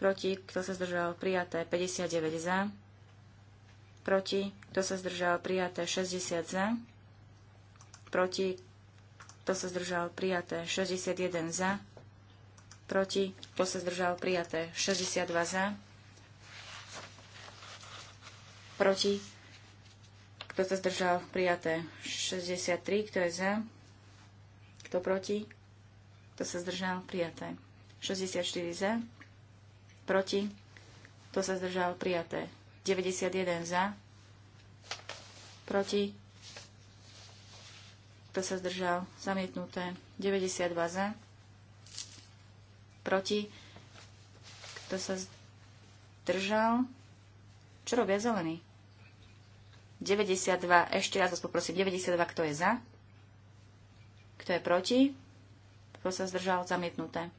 proti, kto sa zdržal, prijaté. 59 za, proti, kto sa zdržal, prijaté. 60 za, proti, kto sa zdržal, prijaté. 61 za, proti, kto sa zdržal, prijaté 62 za, proti, kto sa zdržal, prijaté 63, kto je za, kto proti, kto sa zdržal, prijaté 64 za, proti, kto sa zdržal, prijaté 91 za, proti, kto sa zdržal, zamietnuté 92 za, proti, kto sa zdržal. Čo robia zelení? 92, ešte raz vás poprosím, 92, kto je za? Kto je proti? Kto sa zdržal? Zamietnuté.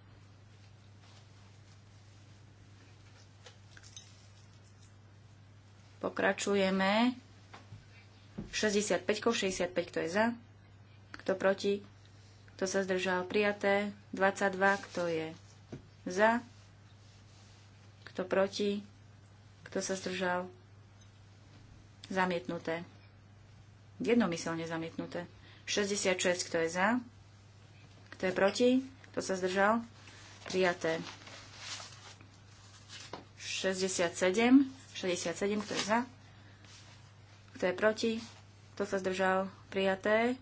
Pokračujeme. 65, 65, kto je za? Kto proti? Kto sa zdržal? Prijaté. 22, kto je za, kto proti, kto sa zdržal, zamietnuté. Jednomyselne zamietnuté. 66, kto je za, kto je proti, kto sa zdržal, prijaté. 67, 67, kto je za, kto je proti, kto sa zdržal, prijaté.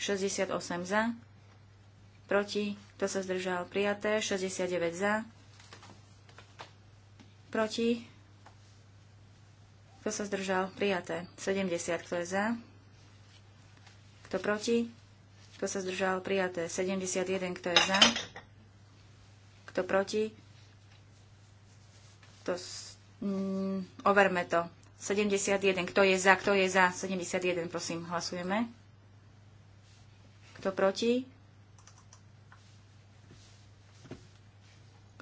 68 za, proti, kto sa zdržal, prijaté, 69 za, proti, kto sa zdržal, prijaté, 70, kto je za, kto proti, kto sa zdržal, prijaté, 71, kto je za, kto proti, kto... mm, overme to. 71. Kto je za? Kto je za? 71, prosím, hlasujeme. Kto proti?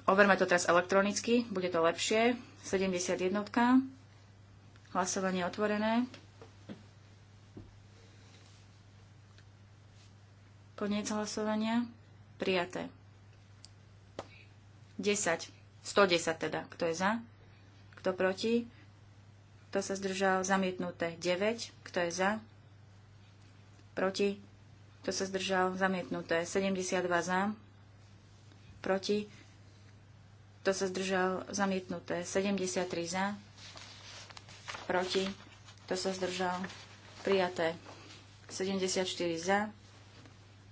Overme to teraz elektronicky, bude to lepšie. 71. Hlasovanie otvorené. Koniec hlasovania. Prijaté. 10. 110 teda. Kto je za? Kto proti? Kto sa zdržal? Zamietnuté. 9. Kto je za? Proti? Kto sa zdržal? Zamietnuté. 72 za. Proti? Kto sa zdržal? Zamietnuté. 73 za. Proti. Kto sa zdržal? Prijaté. 74 za.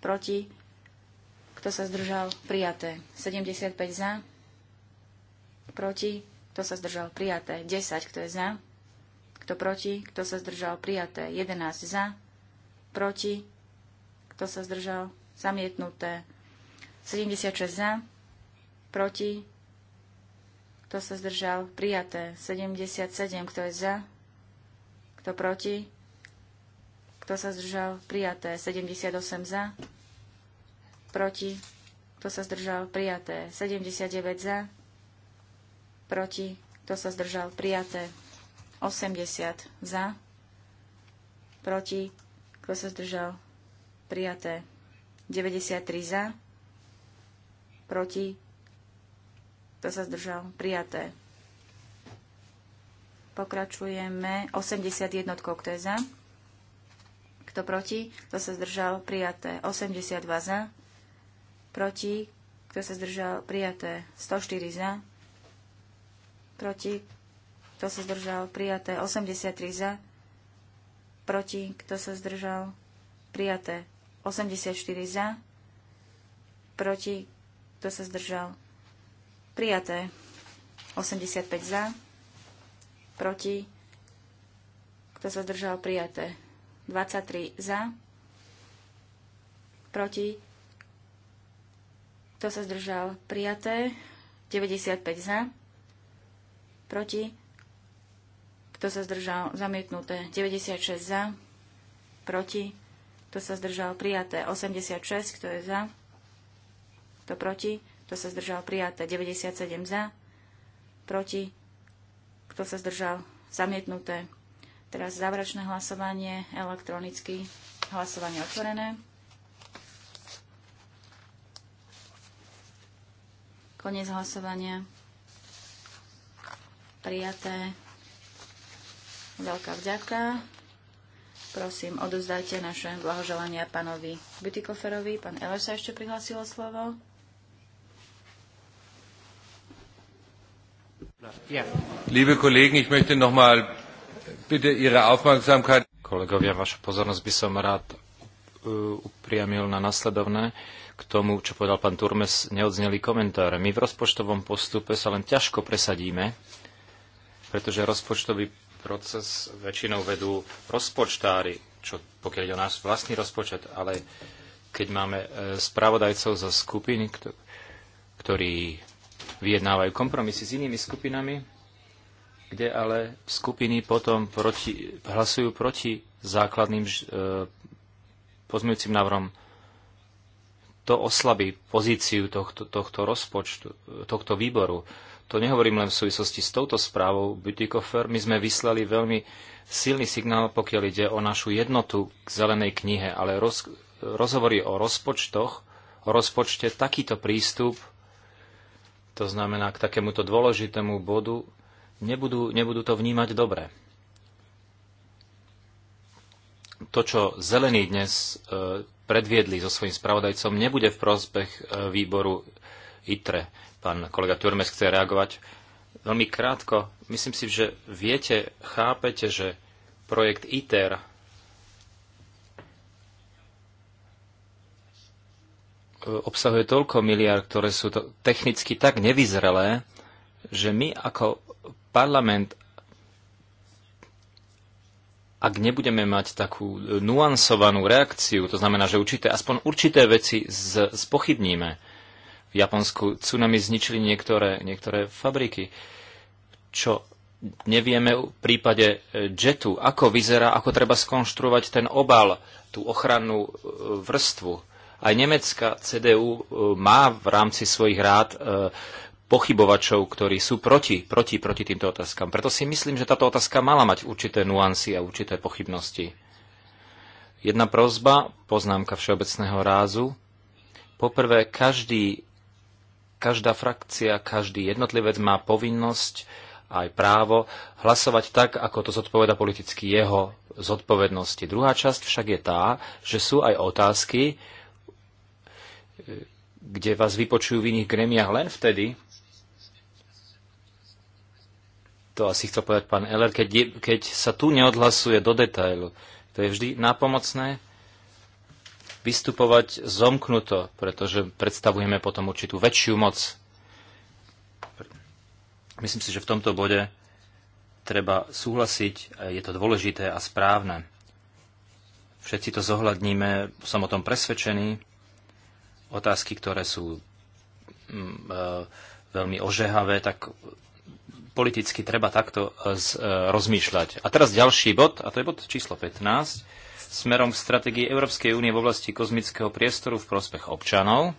Proti. Kto sa zdržal? Prijaté. 75 za. Proti. Kto sa zdržal? Prijaté. 10. Kto je za? Kto proti? Kto sa zdržal? Prijaté. 11 za. Proti. Kto sa zdržal? Zamietnuté. 76 za. Proti. Kto sa zdržal? Prijaté. 77. Kto je za? Kto proti? Kto sa zdržal? Prijaté. 78 za. Proti. Kto sa zdržal? Prijaté. 79 za. Proti. Kto sa zdržal? Prijaté. 80 za. Proti. Kto sa zdržal? Prijaté. 93 za. Proti. Kto sa zdržal? Prijaté. Pokračujeme 81. Kto je za? Kto proti? Kto sa zdržal? Prijaté. 82 za. Proti? Kto sa zdržal? Prijaté. 104 za. Proti? Kto sa zdržal? Prijaté. 83 za. Proti? Kto sa zdržal? Prijaté. 84 za. Proti? Kto sa zdržal? Prijaté. 85 za. Proti. Kto sa zdržal? Prijaté. 23 za. Proti. Kto sa zdržal? Prijaté. 95 za. Proti. Kto sa zdržal? Zamietnuté. 96 za. Proti. Kto sa zdržal? Prijaté. 86. Kto je za? Kto proti? kto sa zdržal, prijaté. 97 za, proti, kto sa zdržal, zamietnuté. Teraz záverečné hlasovanie, elektronicky hlasovanie otvorené. Koniec hlasovania. Prijaté. Veľká vďaka. Prosím, odozdajte naše blahoželania pánovi Bytikoferovi. Pán Eller sa ešte prihlásil slovo. Liebe Kollegen, ich möchte bitte Ihre Aufmerksamkeit. Kolegovia, vašu pozornosť by som rád e, upriamil na nasledovné. K tomu, čo povedal pán Turmes, neodzneli komentáre. My v rozpočtovom postupe sa len ťažko presadíme, pretože rozpočtový proces väčšinou vedú rozpočtári, čo pokiaľ ide o náš vlastný rozpočet, ale keď máme e, spravodajcov zo skupiny, ktorí vyjednávajú kompromisy s inými skupinami, kde ale skupiny potom proti, hlasujú proti základným e, pozmujúcim návrhom. To oslabí pozíciu tohto, tohto rozpočtu, tohto výboru. To nehovorím len v súvislosti s touto správou Bütikofer. My sme vyslali veľmi silný signál, pokiaľ ide o našu jednotu k zelenej knihe, ale roz, rozhovory o rozpočtoch, o rozpočte, takýto prístup to znamená, k takémuto dôležitému bodu nebudú, nebudú to vnímať dobre. To, čo zelení dnes e, predviedli so svojím spravodajcom, nebude v prospech e, výboru ITRE. Pán kolega Turmes chce reagovať. Veľmi krátko, myslím si, že viete, chápete, že projekt ITER obsahuje toľko miliard, ktoré sú to technicky tak nevyzrelé, že my ako parlament, ak nebudeme mať takú nuansovanú reakciu, to znamená, že určité, aspoň určité veci z, spochybníme. V Japonsku tsunami zničili niektoré, niektoré fabriky. Čo nevieme v prípade e, jetu, ako vyzerá, ako treba skonštruovať ten obal, tú ochrannú e, vrstvu. Aj nemecká CDU e, má v rámci svojich rád e, pochybovačov, ktorí sú proti, proti, proti týmto otázkam. Preto si myslím, že táto otázka mala mať určité nuancy a určité pochybnosti. Jedna prozba, poznámka všeobecného rázu. Poprvé, každý, každá frakcia, každý jednotlivec má povinnosť aj právo hlasovať tak, ako to zodpoveda politicky jeho zodpovednosti. Druhá časť však je tá, že sú aj otázky, kde vás vypočujú v iných gremiách len vtedy, to asi chcel povedať pán Eller, keď, je, keď sa tu neodhlasuje do detailu, to je vždy napomocné vystupovať zomknuto, pretože predstavujeme potom určitú väčšiu moc. Myslím si, že v tomto bode treba súhlasiť, je to dôležité a správne. Všetci to zohľadníme, som o tom presvedčený otázky, ktoré sú mm, e, veľmi ožehavé, tak politicky treba takto e, z, e, rozmýšľať. A teraz ďalší bod, a to je bod číslo 15, smerom k stratégii Európskej únie v oblasti kozmického priestoru v prospech občanov.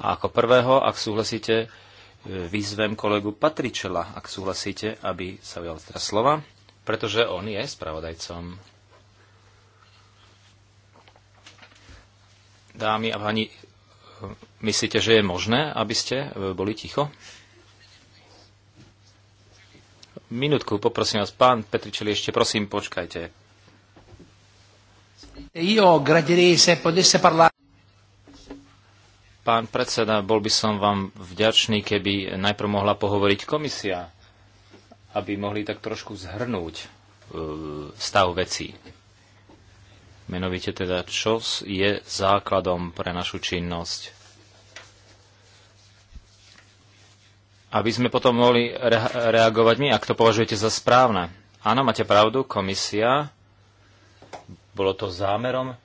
A ako prvého, ak súhlasíte, vyzvem kolegu Patričela, ak súhlasíte, aby sa ujal teraz slova, pretože on je spravodajcom. Dámy a páni, myslíte, že je možné, aby ste e, boli ticho? Minutku, poprosím vás. Pán Petričeli, ešte prosím, počkajte. Pán predseda, bol by som vám vďačný, keby najprv mohla pohovoriť komisia, aby mohli tak trošku zhrnúť e, stav vecí. Menovite teda, čo je základom pre našu činnosť. Aby sme potom mohli re- reagovať my, ak to považujete za správne. Áno, máte pravdu, komisia, bolo to zámerom, e,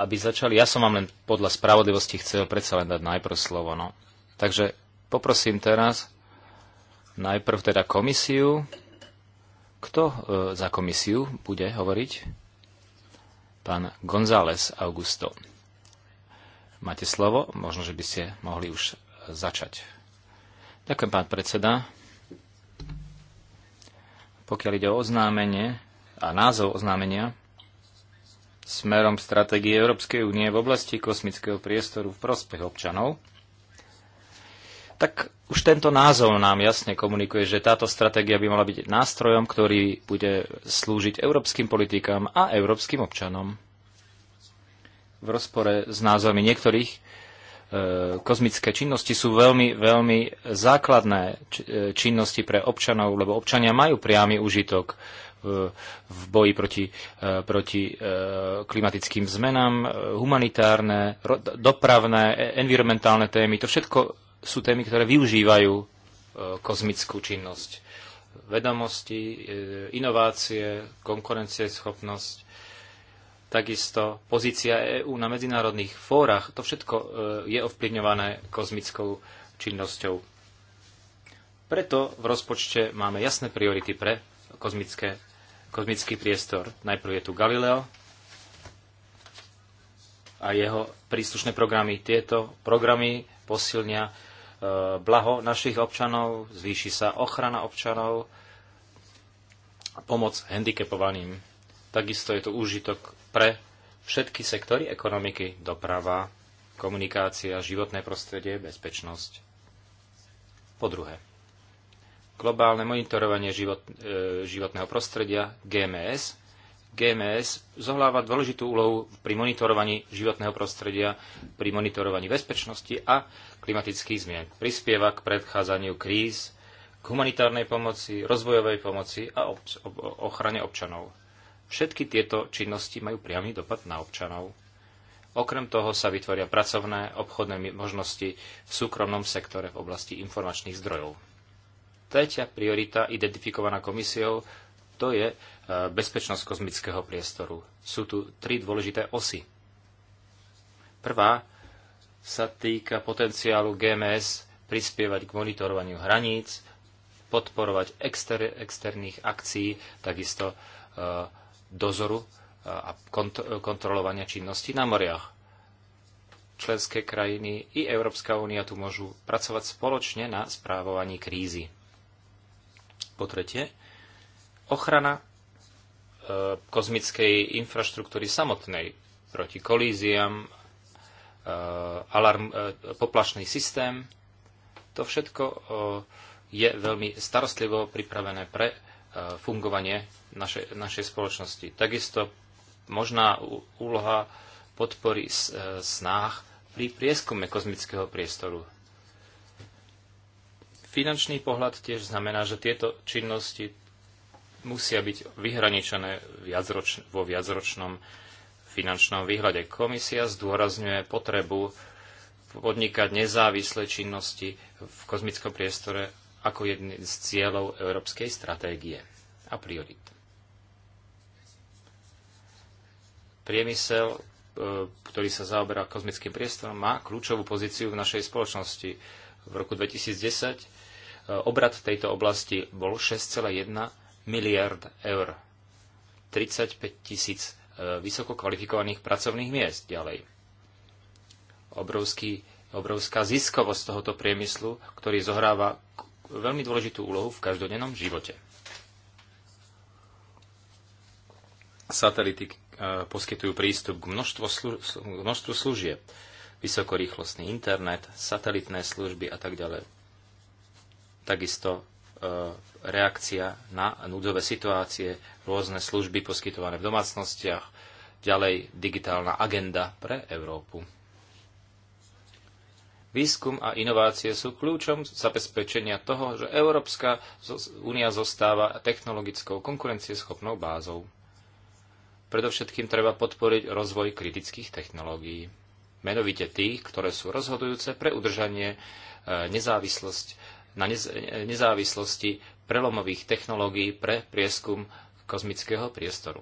aby začali. Ja som vám len podľa spravodlivosti chcel predsa len dať najprv slovo. No. Takže poprosím teraz najprv teda komisiu. Kto e, za komisiu bude hovoriť? Pán González Augusto, máte slovo, možno, že by ste mohli už začať. Ďakujem, pán predseda. Pokiaľ ide o oznámenie a názov oznámenia, smerom stratégie Európskej únie v oblasti kosmického priestoru v prospech občanov, tak už tento názov nám jasne komunikuje, že táto stratégia by mala byť nástrojom, ktorý bude slúžiť európskym politikám a európskym občanom. V rozpore s názvami niektorých e, kozmické činnosti sú veľmi, veľmi základné e, činnosti pre občanov, lebo občania majú priamy užitok v, e, v boji proti, e, proti klimatickým zmenám, humanitárne, dopravné, environmentálne témy. To všetko sú témy, ktoré využívajú e, kozmickú činnosť. Vedomosti, e, inovácie, konkurencieschopnosť, takisto pozícia EÚ na medzinárodných fórach, to všetko e, je ovplyvňované kozmickou činnosťou. Preto v rozpočte máme jasné priority pre kozmické, kozmický priestor. Najprv je tu Galileo a jeho príslušné programy. Tieto programy posilnia E, blaho našich občanov, zvýši sa ochrana občanov a pomoc handicapovaným. Takisto je to úžitok pre všetky sektory ekonomiky, doprava, komunikácia, životné prostredie, bezpečnosť. Po druhé, globálne monitorovanie život, e, životného prostredia, GMS, GMS zohláva dôležitú úlohu pri monitorovaní životného prostredia, pri monitorovaní bezpečnosti a klimatických zmien. Prispieva k predchádzaniu kríz, k humanitárnej pomoci, rozvojovej pomoci a obč- ochrane občanov. Všetky tieto činnosti majú priamy dopad na občanov. Okrem toho sa vytvoria pracovné, obchodné možnosti v súkromnom sektore v oblasti informačných zdrojov. Tretia priorita identifikovaná komisiou to je e, bezpečnosť kozmického priestoru. Sú tu tri dôležité osy. Prvá sa týka potenciálu GMS prispievať k monitorovaniu hraníc, podporovať exter- externých akcií, takisto e, dozoru e, a kont- kontrolovania činnosti na moriach. Členské krajiny i Európska únia tu môžu pracovať spoločne na správovaní krízy. Po tretie, Ochrana e, kozmickej infraštruktúry samotnej proti kolíziám, e, alarm, e, poplašný systém. To všetko je veľmi starostlivo pripravené pre fungovanie naše, našej spoločnosti. Takisto možná úloha podpory snách pri prieskume kozmického priestoru. Finančný pohľad tiež znamená, že tieto činnosti musia byť vyhraničené viacroč, vo viacročnom finančnom výhľade. Komisia zdôrazňuje potrebu podnikať nezávislé činnosti v kozmickom priestore ako jedný z cieľov európskej stratégie a priorit. Priemysel, e, ktorý sa zaoberá kozmickým priestorom, má kľúčovú pozíciu v našej spoločnosti. V roku 2010 e, obrad v tejto oblasti bol 6,1 miliard eur. 35 tisíc e, vysoko kvalifikovaných pracovných miest ďalej. Obrovský, obrovská ziskovosť tohoto priemyslu, ktorý zohráva veľmi dôležitú úlohu v každodennom živote. Satelity e, poskytujú prístup k množstvu, slu, množstvu služieb, vysokorýchlostný internet, satelitné služby a tak ďalej. Takisto E, reakcia na núdzové situácie, rôzne služby poskytované v domácnostiach, ďalej digitálna agenda pre Európu. Výskum a inovácie sú kľúčom zabezpečenia toho, že Európska únia zostáva technologickou konkurencieschopnou bázou. Predovšetkým treba podporiť rozvoj kritických technológií, menovite tých, ktoré sú rozhodujúce pre udržanie e, nezávislosť na nezávislosti prelomových technológií pre prieskum kozmického priestoru.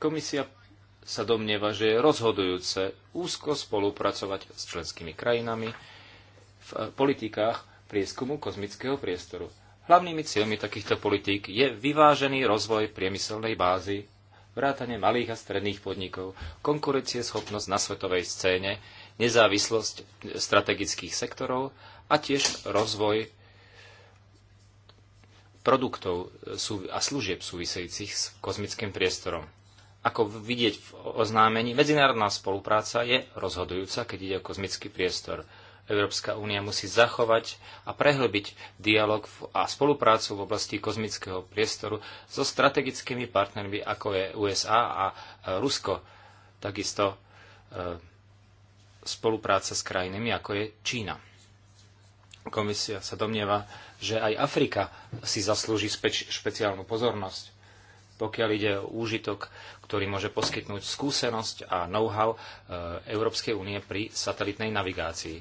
Komisia sa domnieva, že je rozhodujúce úzko spolupracovať s členskými krajinami v politikách prieskumu kozmického priestoru. Hlavnými cieľmi takýchto politík je vyvážený rozvoj priemyselnej bázy, vrátanie malých a stredných podnikov, konkurencieschopnosť na svetovej scéne, nezávislosť strategických sektorov a tiež rozvoj produktov a služieb súvisejúcich s kozmickým priestorom. Ako vidieť v oznámení, medzinárodná spolupráca je rozhodujúca, keď ide o kozmický priestor. Európska únia musí zachovať a prehlbiť dialog a spoluprácu v oblasti kozmického priestoru so strategickými partnermi, ako je USA a Rusko. Takisto e, spolupráca s krajinami, ako je Čína. Komisia sa domnieva, že aj Afrika si zaslúži speč- špeciálnu pozornosť, pokiaľ ide o úžitok, ktorý môže poskytnúť skúsenosť a know-how eh, Európskej únie pri satelitnej navigácii.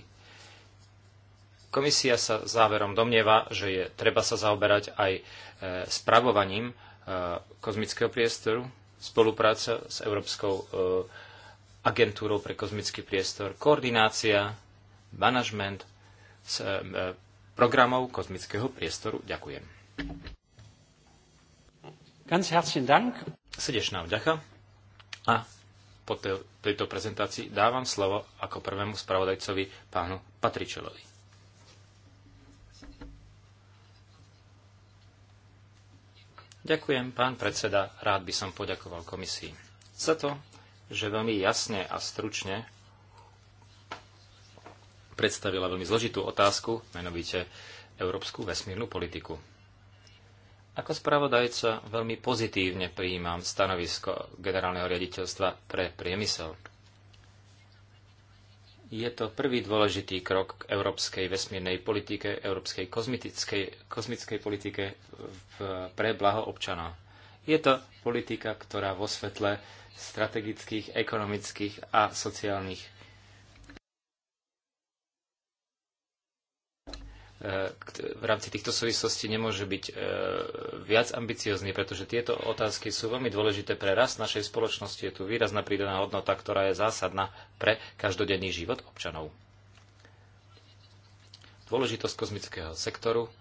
Komisia sa záverom domnieva, že je treba sa zaoberať aj eh, spravovaním eh, kozmického priestoru, spolupráca s Európskou agentúrou pre kozmický priestor, koordinácia, manažment s e, e, programov kozmického priestoru. Ďakujem. Ganz herzlichen Dank. Srdečná vďaka. A po tejto prezentácii dávam slovo ako prvému spravodajcovi pánu Patričelovi. Ďakujem, pán predseda. Rád by som poďakoval komisii za to, že veľmi jasne a stručne predstavila veľmi zložitú otázku, menovite európsku vesmírnu politiku. Ako spravodajca veľmi pozitívne prijímam stanovisko generálneho riaditeľstva pre priemysel. Je to prvý dôležitý krok k európskej vesmírnej politike, európskej kozmickej, kozmickej politike v, pre blaho občana. Je to politika, ktorá vo svetle strategických, ekonomických a sociálnych. Eh, v rámci týchto súvislostí nemôže byť eh, viac ambiciozný, pretože tieto otázky sú veľmi dôležité pre rast našej spoločnosti. Je tu výrazná prídaná hodnota, ktorá je zásadná pre každodenný život občanov. Dôležitosť kozmického sektoru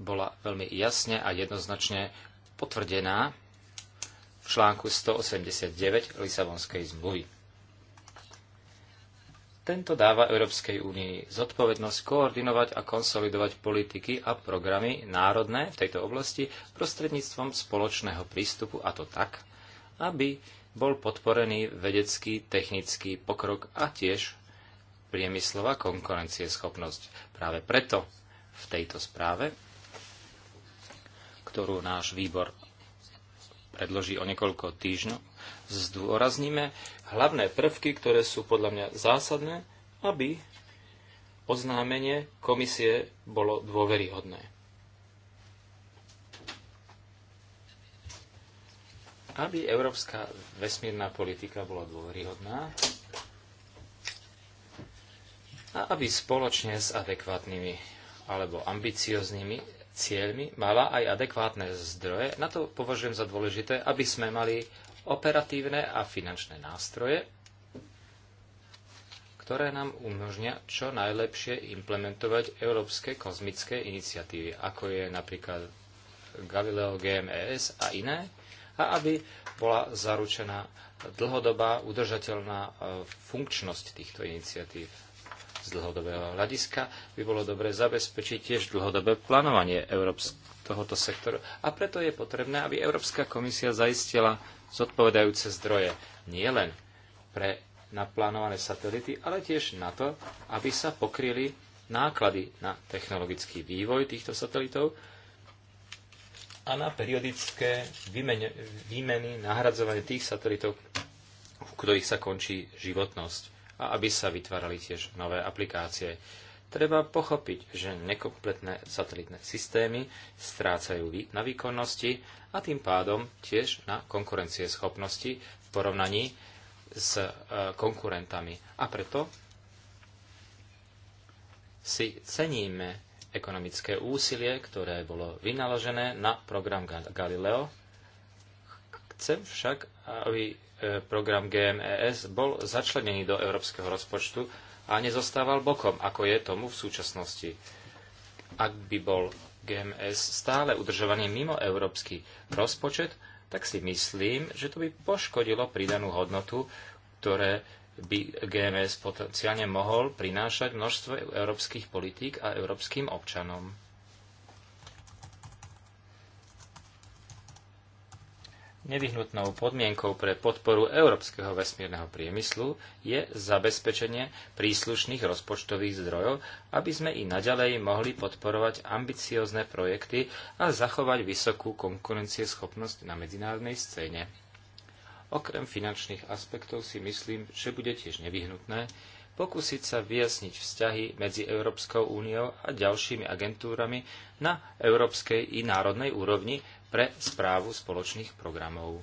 bola veľmi jasne a jednoznačne potvrdená v článku 189 Lisabonskej zmluvy. Tento dáva Európskej únii zodpovednosť koordinovať a konsolidovať politiky a programy národné v tejto oblasti prostredníctvom spoločného prístupu a to tak, aby bol podporený vedecký, technický pokrok a tiež priemyslová konkurencieschopnosť. Práve preto v tejto správe, ktorú náš výbor predloží o niekoľko týždňov, zdôrazníme hlavné prvky, ktoré sú podľa mňa zásadné, aby oznámenie komisie bolo dôveryhodné. Aby európska vesmírna politika bola dôveryhodná a aby spoločne s adekvátnymi alebo ambicioznými cieľmi, mala aj adekvátne zdroje. Na to považujem za dôležité, aby sme mali operatívne a finančné nástroje, ktoré nám umožnia čo najlepšie implementovať európske kozmické iniciatívy, ako je napríklad Galileo GMES a iné, a aby bola zaručená dlhodobá, udržateľná e, funkčnosť týchto iniciatív z dlhodobého hľadiska by bolo dobre zabezpečiť tiež dlhodobé plánovanie tohoto sektoru. A preto je potrebné, aby Európska komisia zaistila zodpovedajúce zdroje nielen pre naplánované satelity, ale tiež na to, aby sa pokryli náklady na technologický vývoj týchto satelitov a na periodické výmeny, výmeny tých satelitov, v ktorých sa končí životnosť a aby sa vytvárali tiež nové aplikácie. Treba pochopiť, že nekompletné satelitné systémy strácajú na výkonnosti a tým pádom tiež na schopnosti v porovnaní s e, konkurentami. A preto si ceníme ekonomické úsilie, ktoré bolo vynaložené na program Galileo. Chcem však, aby E, program GMES bol začlenený do európskeho rozpočtu a nezostával bokom, ako je tomu v súčasnosti. Ak by bol GMS e stále udržovaný mimo európsky rozpočet, tak si myslím, že to by poškodilo pridanú hodnotu, ktoré by GMS e potenciálne mohol prinášať množstvo európskych politík a európskym občanom. Nevyhnutnou podmienkou pre podporu európskeho vesmírneho priemyslu je zabezpečenie príslušných rozpočtových zdrojov, aby sme i naďalej mohli podporovať ambiciozne projekty a zachovať vysokú konkurencieschopnosť na medzinárodnej scéne. Okrem finančných aspektov si myslím, že bude tiež nevyhnutné pokúsiť sa vyjasniť vzťahy medzi Európskou úniou a ďalšími agentúrami na európskej i národnej úrovni pre správu spoločných programov.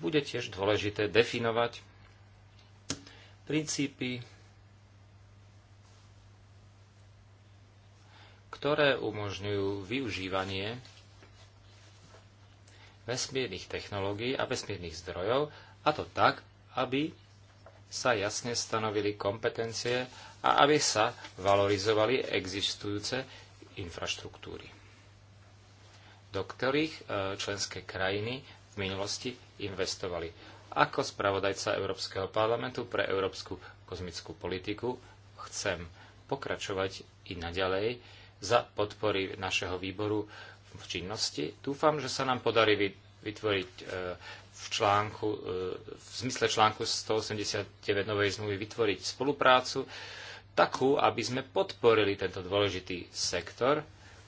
Bude tiež dôležité definovať princípy, ktoré umožňujú využívanie vesmírnych technológií a vesmírnych zdrojov, a to tak, aby sa jasne stanovili kompetencie a aby sa valorizovali existujúce infraštruktúry do ktorých e, členské krajiny v minulosti investovali. Ako spravodajca Európskeho parlamentu pre európsku kozmickú politiku chcem pokračovať i naďalej za podpory našeho výboru v činnosti. Dúfam, že sa nám podarí vytvoriť e, v, článku, e, v zmysle článku 189 novej zmluvy vytvoriť spoluprácu takú, aby sme podporili tento dôležitý sektor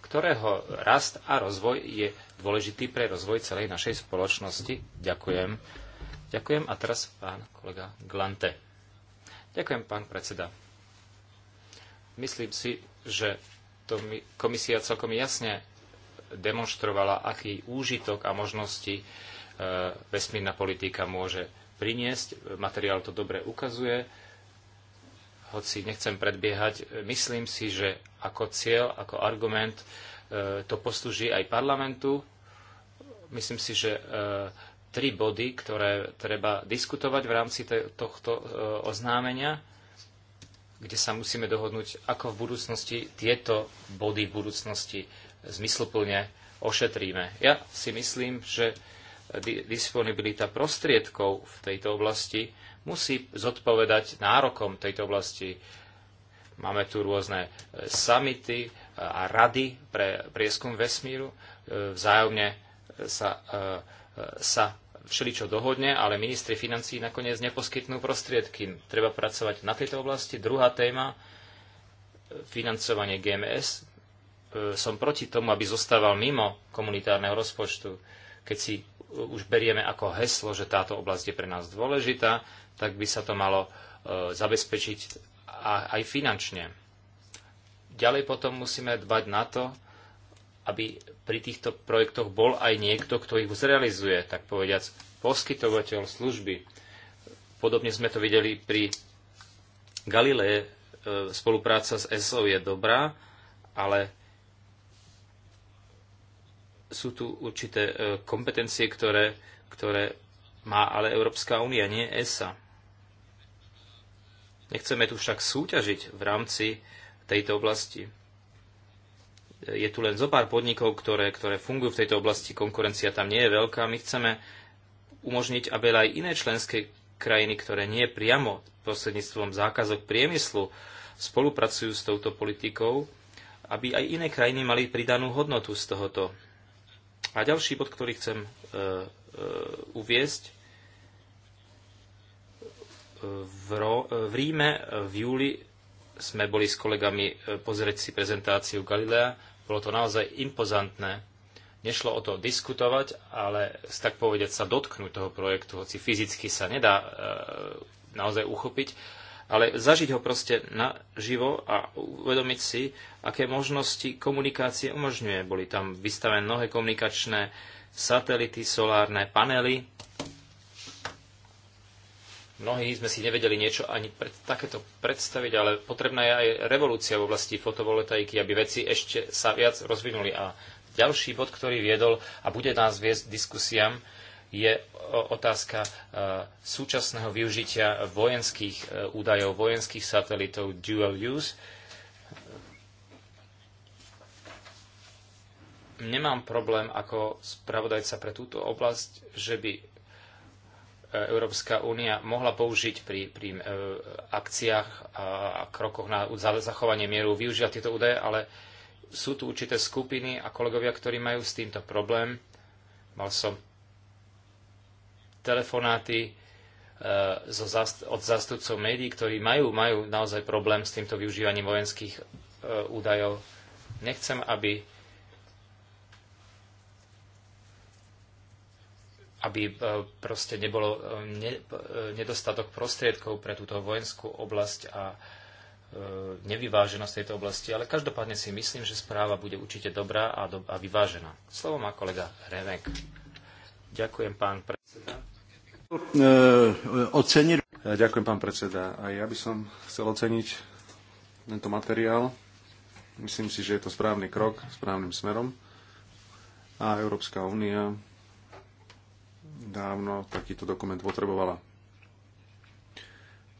ktorého rast a rozvoj je dôležitý pre rozvoj celej našej spoločnosti. Ďakujem. Ďakujem a teraz pán kolega Glante. Ďakujem, pán predseda. Myslím si, že to komisia celkom jasne demonstrovala, aký úžitok a možnosti e, vesmírna politika môže priniesť. Materiál to dobre ukazuje hoci nechcem predbiehať, myslím si, že ako cieľ, ako argument e, to poslúži aj parlamentu. Myslím si, že e, tri body, ktoré treba diskutovať v rámci tohto e, oznámenia, kde sa musíme dohodnúť, ako v budúcnosti tieto body v budúcnosti zmysluplne ošetríme. Ja si myslím, že disponibilita prostriedkov v tejto oblasti musí zodpovedať nárokom tejto oblasti. Máme tu rôzne e, samity e, a rady pre prieskum vesmíru. E, vzájomne sa, sa všeličo dohodne, ale ministri financí nakoniec neposkytnú prostriedky. Treba pracovať na tejto oblasti. Druhá téma, financovanie GMS. Som proti tomu, aby zostával mimo komunitárneho rozpočtu. Keď si už berieme ako heslo, že táto oblasť je pre nás dôležitá, tak by sa to malo e, zabezpečiť aj finančne. Ďalej potom musíme dbať na to, aby pri týchto projektoch bol aj niekto, kto ich zrealizuje, tak povediac poskytovateľ služby. Podobne sme to videli pri Galilee. Spolupráca s ESO je dobrá, ale sú tu určité e, kompetencie, ktoré, ktoré má ale Európska únia, nie ESA. Nechceme tu však súťažiť v rámci tejto oblasti. Je tu len zo pár podnikov, ktoré, ktoré fungujú v tejto oblasti, konkurencia tam nie je veľká. My chceme umožniť, aby aj iné členské krajiny, ktoré nie priamo prostredníctvom zákazok priemyslu spolupracujú s touto politikou, aby aj iné krajiny mali pridanú hodnotu z tohoto. A ďalší bod, ktorý chcem e, e, uviesť, v, Ro- v Ríme v júli sme boli s kolegami e, pozrieť si prezentáciu Galilea. Bolo to naozaj impozantné. Nešlo o to diskutovať, ale tak povedať sa dotknúť toho projektu, hoci fyzicky sa nedá e, naozaj uchopiť, ale zažiť ho proste naživo a uvedomiť si, aké možnosti komunikácie umožňuje. Boli tam vystavené mnohé komunikačné satelity, solárne panely, Mnohí sme si nevedeli niečo ani pred, takéto predstaviť, ale potrebná je aj revolúcia v oblasti fotovoltaiky, aby veci ešte sa viac rozvinuli. A ďalší bod, ktorý viedol a bude nás viesť diskusiám, je otázka e, súčasného využitia vojenských e, údajov, vojenských satelitov dual use. Nemám problém ako spravodajca pre túto oblasť, že by Európska únia mohla použiť pri, pri e, akciách a krokoch na zachovanie mieru, využívať tieto údaje, ale sú tu určité skupiny a kolegovia, ktorí majú s týmto problém. Mal som telefonáty e, od zástupcov médií, ktorí majú, majú naozaj problém s týmto využívaním vojenských e, údajov. Nechcem, aby aby e, proste nebolo e, e, nedostatok prostriedkov pre túto vojenskú oblasť a nevyváženosť tejto oblasti, ale každopádne si myslím, že správa bude určite dobrá a, do, a vyvážená. Slovo má kolega Remek. Ďakujem, pán predseda. Oceniť. Ďakujem, pán predseda. A ja by som chcel oceniť tento materiál. Myslím si, že je to správny krok správnym smerom. A Európska únia dávno takýto dokument potrebovala.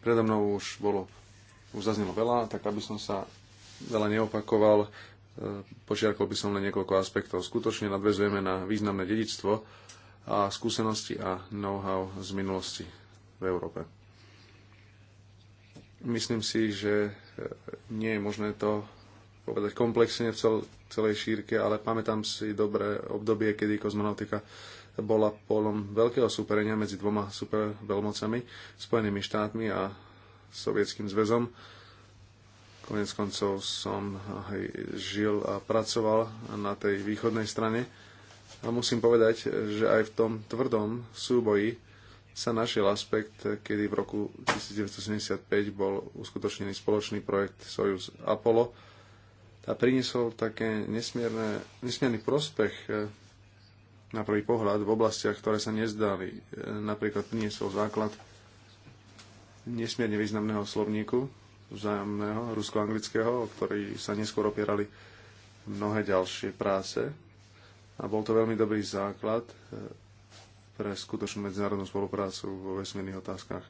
Predo mnou už bolo, už zaznelo veľa, tak aby som sa veľa neopakoval, e, počiarkol by som len niekoľko aspektov. Skutočne nadvezujeme na významné dedičstvo a skúsenosti a know-how z minulosti v Európe. Myslím si, že e, nie je možné to povedať komplexne v cel, celej šírke, ale pamätám si dobré obdobie, kedy kozmonautika bola polom veľkého súperenia medzi dvoma superveľmocami, Spojenými štátmi a Sovietským zväzom. Konec koncov som aj žil a pracoval na tej východnej strane a musím povedať, že aj v tom tvrdom súboji sa našiel aspekt, kedy v roku 1975 bol uskutočnený spoločný projekt Sojus Apollo a priniesol také nesmierne, nesmierny prospech na prvý pohľad v oblastiach, ktoré sa nezdali. E, napríklad priniesol základ nesmierne významného slovníku vzájomného rusko-anglického, o ktorý sa neskôr opierali mnohé ďalšie práce. A bol to veľmi dobrý základ e, pre skutočnú medzinárodnú spoluprácu vo vesmírnych otázkach.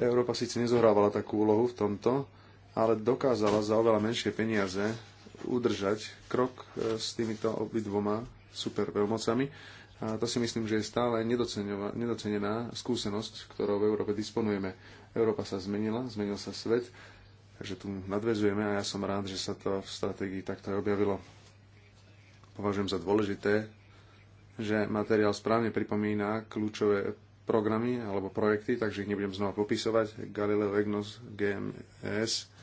Európa síce nezohrávala takú úlohu v tomto, ale dokázala za oveľa menšie peniaze udržať krok e, s týmito obidvoma veľmocami. A to si myslím, že je stále nedocenená skúsenosť, ktorou v Európe disponujeme. Európa sa zmenila, zmenil sa svet, takže tu nadvezujeme a ja som rád, že sa to v stratégii takto aj objavilo. Považujem za dôležité, že materiál správne pripomína kľúčové programy alebo projekty, takže ich nebudem znova popisovať. Galileo Egnos, GMS, e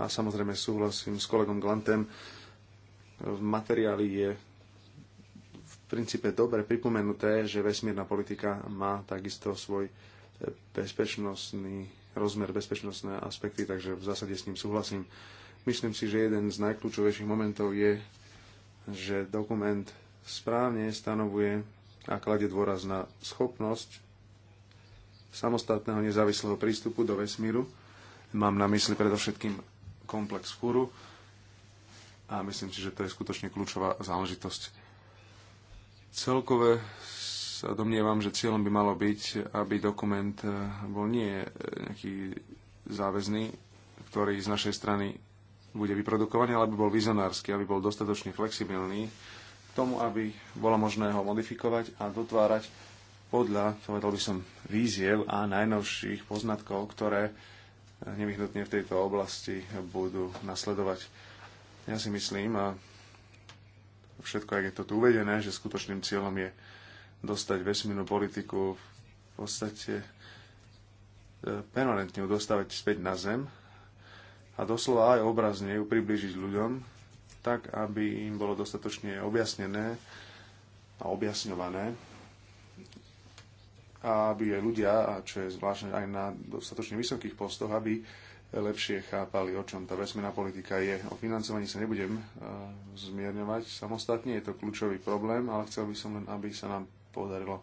a samozrejme súhlasím s kolegom Glantem. V materiáli je v princípe dobre pripomenuté, že vesmírna politika má takisto svoj bezpečnostný rozmer, bezpečnostné aspekty, takže v zásade s ním súhlasím. Myslím si, že jeden z najkľúčovejších momentov je, že dokument správne stanovuje a kladie dôraz na schopnosť samostatného nezávislého prístupu do vesmíru. Mám na mysli predovšetkým komplex fúru a myslím si, že to je skutočne kľúčová záležitosť. Celkové sa domnievam, že cieľom by malo byť, aby dokument eh, bol nie eh, nejaký záväzný, ktorý z našej strany bude vyprodukovaný, ale aby bol vizionársky, aby bol dostatočne flexibilný k tomu, aby bolo možné ho modifikovať a dotvárať podľa, povedal by som, víziev a najnovších poznatkov, ktoré nevyhnutne v tejto oblasti budú nasledovať. Ja si myslím, a všetko, ak je to tu uvedené, že skutočným cieľom je dostať vesmírnu politiku v podstate e, permanentne ju dostávať späť na zem a doslova aj obrazne ju priblížiť ľuďom, tak aby im bolo dostatočne objasnené a objasňované, aby aj ľudia, a čo je zvláštne aj na dostatočne vysokých postoch, aby lepšie chápali, o čom tá vesmírna politika je. O financovaní sa nebudem eh, zmierňovať samostatne, je to kľúčový problém, ale chcel by som len, aby sa nám podarilo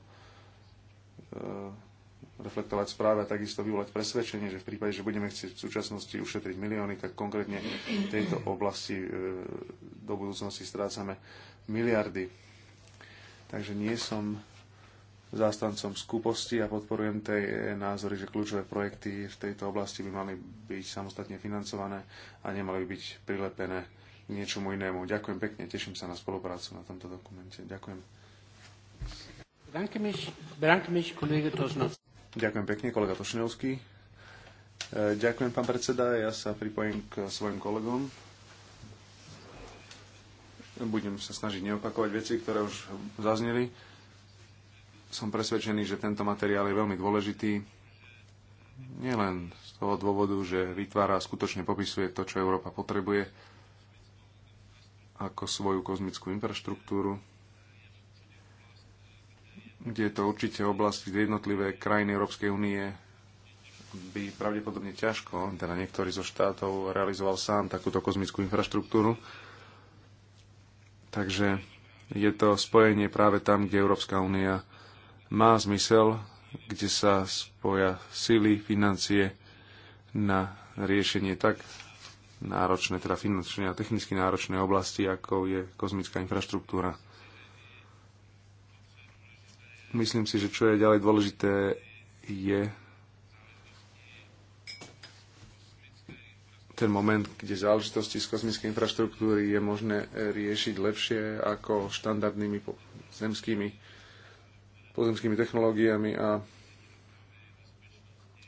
eh, reflektovať správe a takisto vyvolať presvedčenie, že v prípade, že budeme chcieť v súčasnosti ušetriť milióny, tak konkrétne v tejto oblasti eh, do budúcnosti strácame miliardy. Takže nie som zástancom skúposti a podporujem tej názory, že kľúčové projekty v tejto oblasti by mali byť samostatne financované a nemali byť prilepené k niečomu inému. Ďakujem pekne, teším sa na spoluprácu na tomto dokumente. Ďakujem. Ďakujem pekne, kolega Tošňovský. E, ďakujem, pán predseda. Ja sa pripojím k svojim kolegom. Budem sa snažiť neopakovať veci, ktoré už zazneli som presvedčený, že tento materiál je veľmi dôležitý. Nielen z toho dôvodu, že vytvára a skutočne popisuje to, čo Európa potrebuje ako svoju kozmickú infraštruktúru, kde je to určite oblasti, kde jednotlivé krajiny Európskej únie by pravdepodobne ťažko, teda niektorý zo štátov realizoval sám takúto kozmickú infraštruktúru. Takže je to spojenie práve tam, kde Európska únia má zmysel, kde sa spoja sily, financie na riešenie tak náročné, teda finančne a technicky náročné oblasti, ako je kozmická infraštruktúra. Myslím si, že čo je ďalej dôležité, je ten moment, kde záležitosti z kozmickej infraštruktúry je možné riešiť lepšie ako štandardnými zemskými pozemskými technológiami a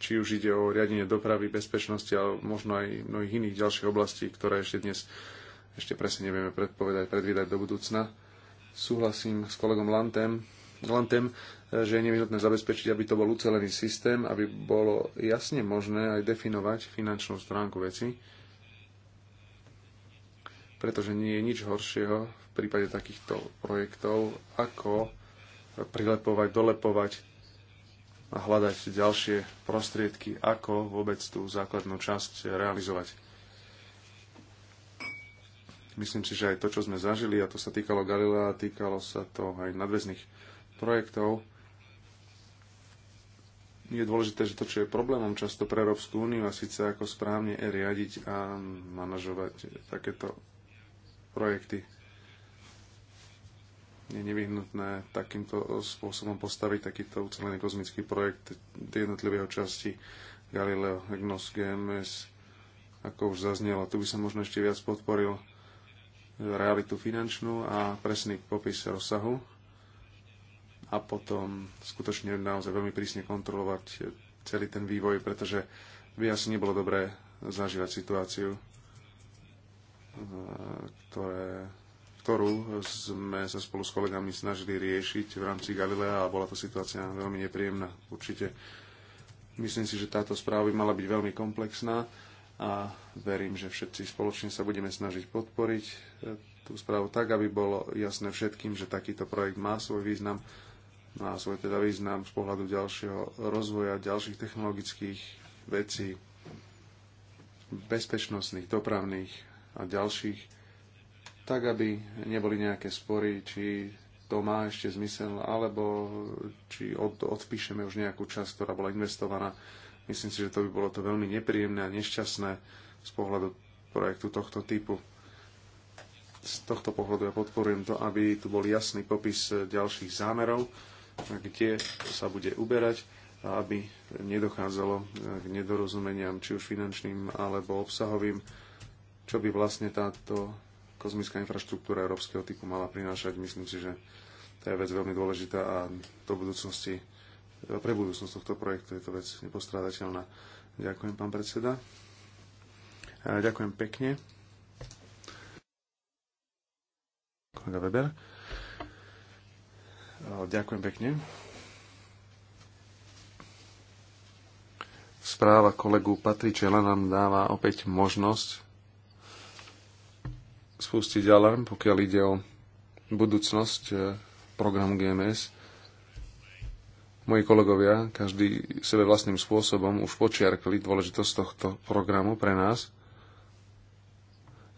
či už ide o riadenie dopravy, bezpečnosti, ale možno aj mnohých iných ďalších oblastí, ktoré ešte dnes ešte presne nevieme predpovedať, predvídať do budúcna. Súhlasím s kolegom Lantem, Lantem, eh, že je nevyhnutné zabezpečiť, aby to bol ucelený systém, aby bolo jasne možné aj definovať finančnú stránku veci, pretože nie je nič horšieho v prípade takýchto projektov, ako prilepovať, dolepovať a hľadať ďalšie prostriedky, ako vôbec tú základnú časť realizovať. Myslím si, že aj to, čo sme zažili, a to sa týkalo Galilea, týkalo sa to aj nadväzných projektov, je dôležité, že to, čo je problémom často pre Európsku úniu, a síce ako správne riadiť a manažovať takéto projekty je nevyhnutné takýmto eh, spôsobom postaviť takýto ucelený kozmický projekt jednotlivého časti Galileo, EGNOS, GMS, ako už zaznelo. Tu by som možno ešte viac podporil eh, realitu finančnú a presný popis rozsahu a potom skutočne naozaj veľmi prísne kontrolovať eh, celý ten vývoj, pretože by asi nebolo dobré zažívať situáciu, ktoré ktorú sme sa spolu s kolegami snažili riešiť v rámci Galilea a bola to situácia veľmi nepríjemná. Určite myslím si, že táto správa by mala byť veľmi komplexná a verím, že všetci spoločne sa budeme snažiť podporiť e, tú správu tak, aby bolo jasné všetkým, že takýto projekt má svoj význam, má svoj teda význam z pohľadu ďalšieho rozvoja, ďalších technologických vecí, bezpečnostných, dopravných a ďalších tak aby neboli nejaké spory, či to má ešte zmysel, alebo či od, odpíšeme už nejakú časť, ktorá bola investovaná. Myslím si, že to by bolo to veľmi nepríjemné a nešťastné z pohľadu projektu tohto typu. Z tohto pohľadu ja podporujem to, aby tu bol jasný popis ďalších zámerov, kde sa bude uberať a aby nedochádzalo k nedorozumeniam, či už finančným alebo obsahovým, čo by vlastne táto kozmická infraštruktúra európskeho typu mala prinášať. Myslím si, že to je vec veľmi dôležitá a do budúcnosti, pre budúcnosť tohto projektu je to vec nepostrádateľná. Ďakujem, pán predseda. A ďakujem pekne. Kolega Weber. Ďakujem pekne. Správa kolegu Patričela nám dáva opäť možnosť spustiť alarm, pokiaľ ide o budúcnosť e, programu GMS. Moji kolegovia, každý sebe vlastným spôsobom, už počiarkli dôležitosť tohto programu pre nás,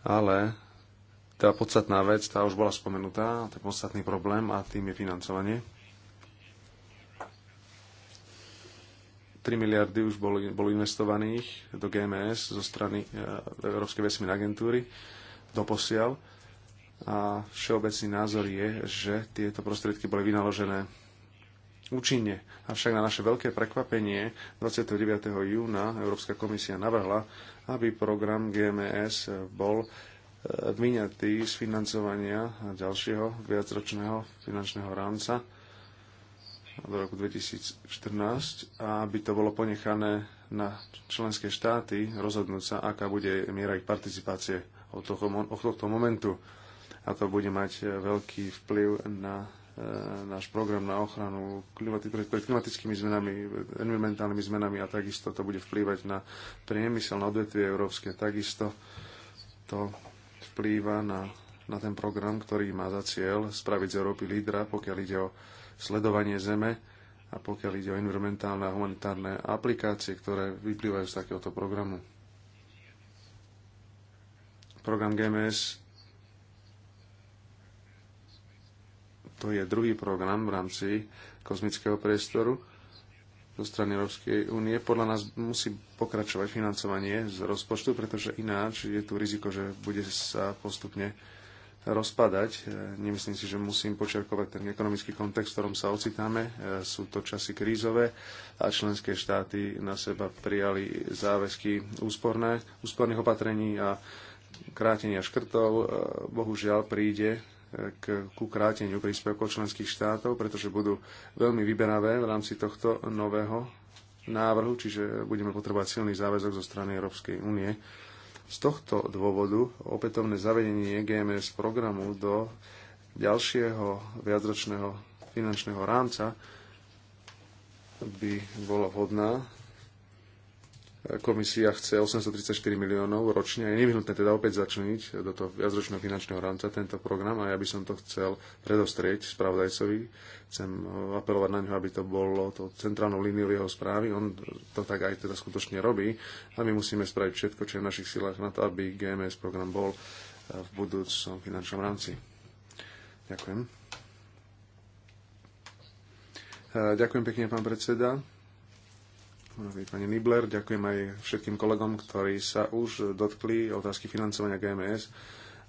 ale tá podstatná vec, tá už bola spomenutá, ten podstatný problém a tým je financovanie. 3 miliardy už bolo, bolo investovaných do GMS zo strany e, Európskej vesmírnej agentúry doposiaľ. A všeobecný názor je, že tieto prostriedky boli vynaložené účinne. Avšak na naše veľké prekvapenie 29. júna Európska komisia navrhla, aby program GMS bol e, vyňatý z financovania ďalšieho viacročného finančného rámca do roku 2014 a aby to bolo ponechané na členské štáty rozhodnúť sa, aká bude miera ich participácie od, toho, od tohto momentu. A to bude mať e, veľký vplyv na e, náš program na ochranu klimati- pred, pred klimatickými zmenami, environmentálnymi zmenami a takisto to bude vplývať na priemysel, na odvetvie európske. Takisto to vplýva na, na ten program, ktorý má za cieľ spraviť z Európy lídra, pokiaľ ide o sledovanie Zeme a pokiaľ ide o environmentálne a humanitárne aplikácie, ktoré vyplývajú z takéhoto programu. Program GMS to je druhý program v rámci kozmického priestoru zo strany Európskej únie. Podľa nás musí pokračovať financovanie z rozpočtu, pretože ináč je tu riziko, že bude sa postupne rozpadať. E, nemyslím si, že musím počiarkovať ten ekonomický kontext, v ktorom sa ocitáme. E, sú to časy krízové a členské štáty na seba prijali záväzky úsporné, úsporných opatrení a krátenia škrtov e, bohužiaľ príde e, k, ku kráteniu príspevkov členských štátov, pretože budú veľmi vyberavé v rámci tohto nového návrhu, čiže budeme potrebovať silný záväzok zo strany Európskej únie. Z tohto dôvodu opätovné zavedenie e GMS programu do ďalšieho viacročného finančného rámca by bola vhodná Komisia chce 834 miliónov ročne. a Je nevyhnutné teda opäť začniť do toho viacročného finančného rámca tento program a ja by som to chcel predostrieť spravodajcovi. Chcem e, apelovať na ňo, aby to bolo to centrálnou líniou jeho správy. On to tak aj teda skutočne robí a my musíme spraviť všetko, čo je v našich silách na to, aby GMS program bol e, v budúcom finančnom rámci. Ďakujem. E, ďakujem pekne, pán predseda pani Nibler, ďakujem aj všetkým kolegom, ktorí sa už dotkli otázky financovania GMS.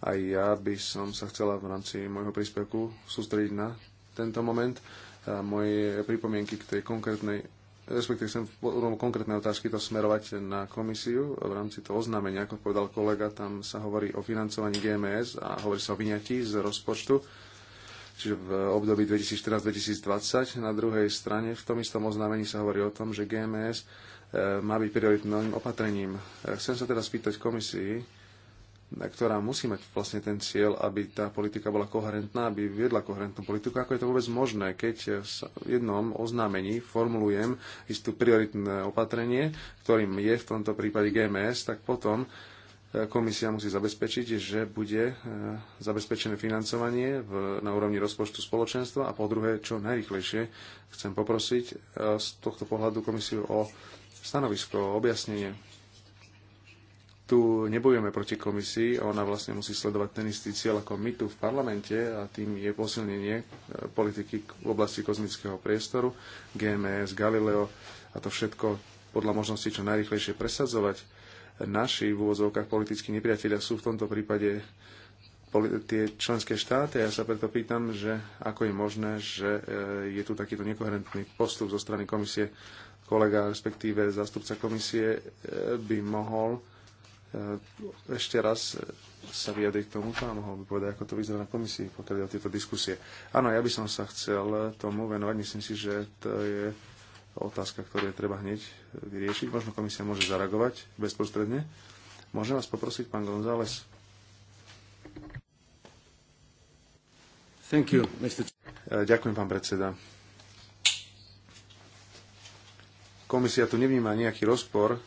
Aj ja by som sa chcela v rámci môjho príspevku sústrediť na tento moment. A moje pripomienky k tej konkrétnej respektíve chcem konkrétne otázky to smerovať na komisiu v rámci toho oznámenia, ako povedal kolega, tam sa hovorí o financovaní GMS a hovorí sa o vyňatí z rozpočtu čiže v období 2014-2020. Na druhej strane v tom istom oznámení sa hovorí o tom, že GMS e, má byť prioritným opatrením. E, chcem sa teda spýtať komisii, e, ktorá musí mať vlastne ten cieľ, aby tá politika bola koherentná, aby viedla koherentnú politiku. Ako je to vôbec možné, keď v jednom oznámení formulujem istú prioritné opatrenie, ktorým je v tomto prípade GMS, tak potom Komisia musí zabezpečiť, že bude e, zabezpečené financovanie v, na úrovni rozpočtu spoločenstva a po druhé, čo najrychlejšie chcem poprosiť e, z tohto pohľadu komisiu o stanovisko, o objasnenie. Tu nebojujeme proti komisii, ona vlastne musí sledovať ten istý cieľ ako my tu v parlamente a tým je posilnenie e, politiky v oblasti kozmického priestoru, GMS, Galileo a to všetko podľa možnosti čo najrychlejšie presadzovať naši v úvozovkách politickí nepriatelia sú v tomto prípade tie členské štáty. Ja sa preto pýtam, že ako je možné, že e, je tu takýto nekoherentný postup zo strany komisie. Kolega, respektíve zástupca komisie e, by mohol e, ešte raz sa vyjadriť k tomu. a mohol by povedať, ako to vyzerá na komisii, pokiaľ o tieto diskusie. Áno, ja by som sa chcel tomu venovať. Myslím si, že to je otázka, ktorú je treba hneď vyriešiť. Možno komisia môže zareagovať bezprostredne. Môžem vás poprosiť, pán González? Thank you, Mr. E, ďakujem, pán predseda. Komisia tu nevníma nejaký rozpor, e,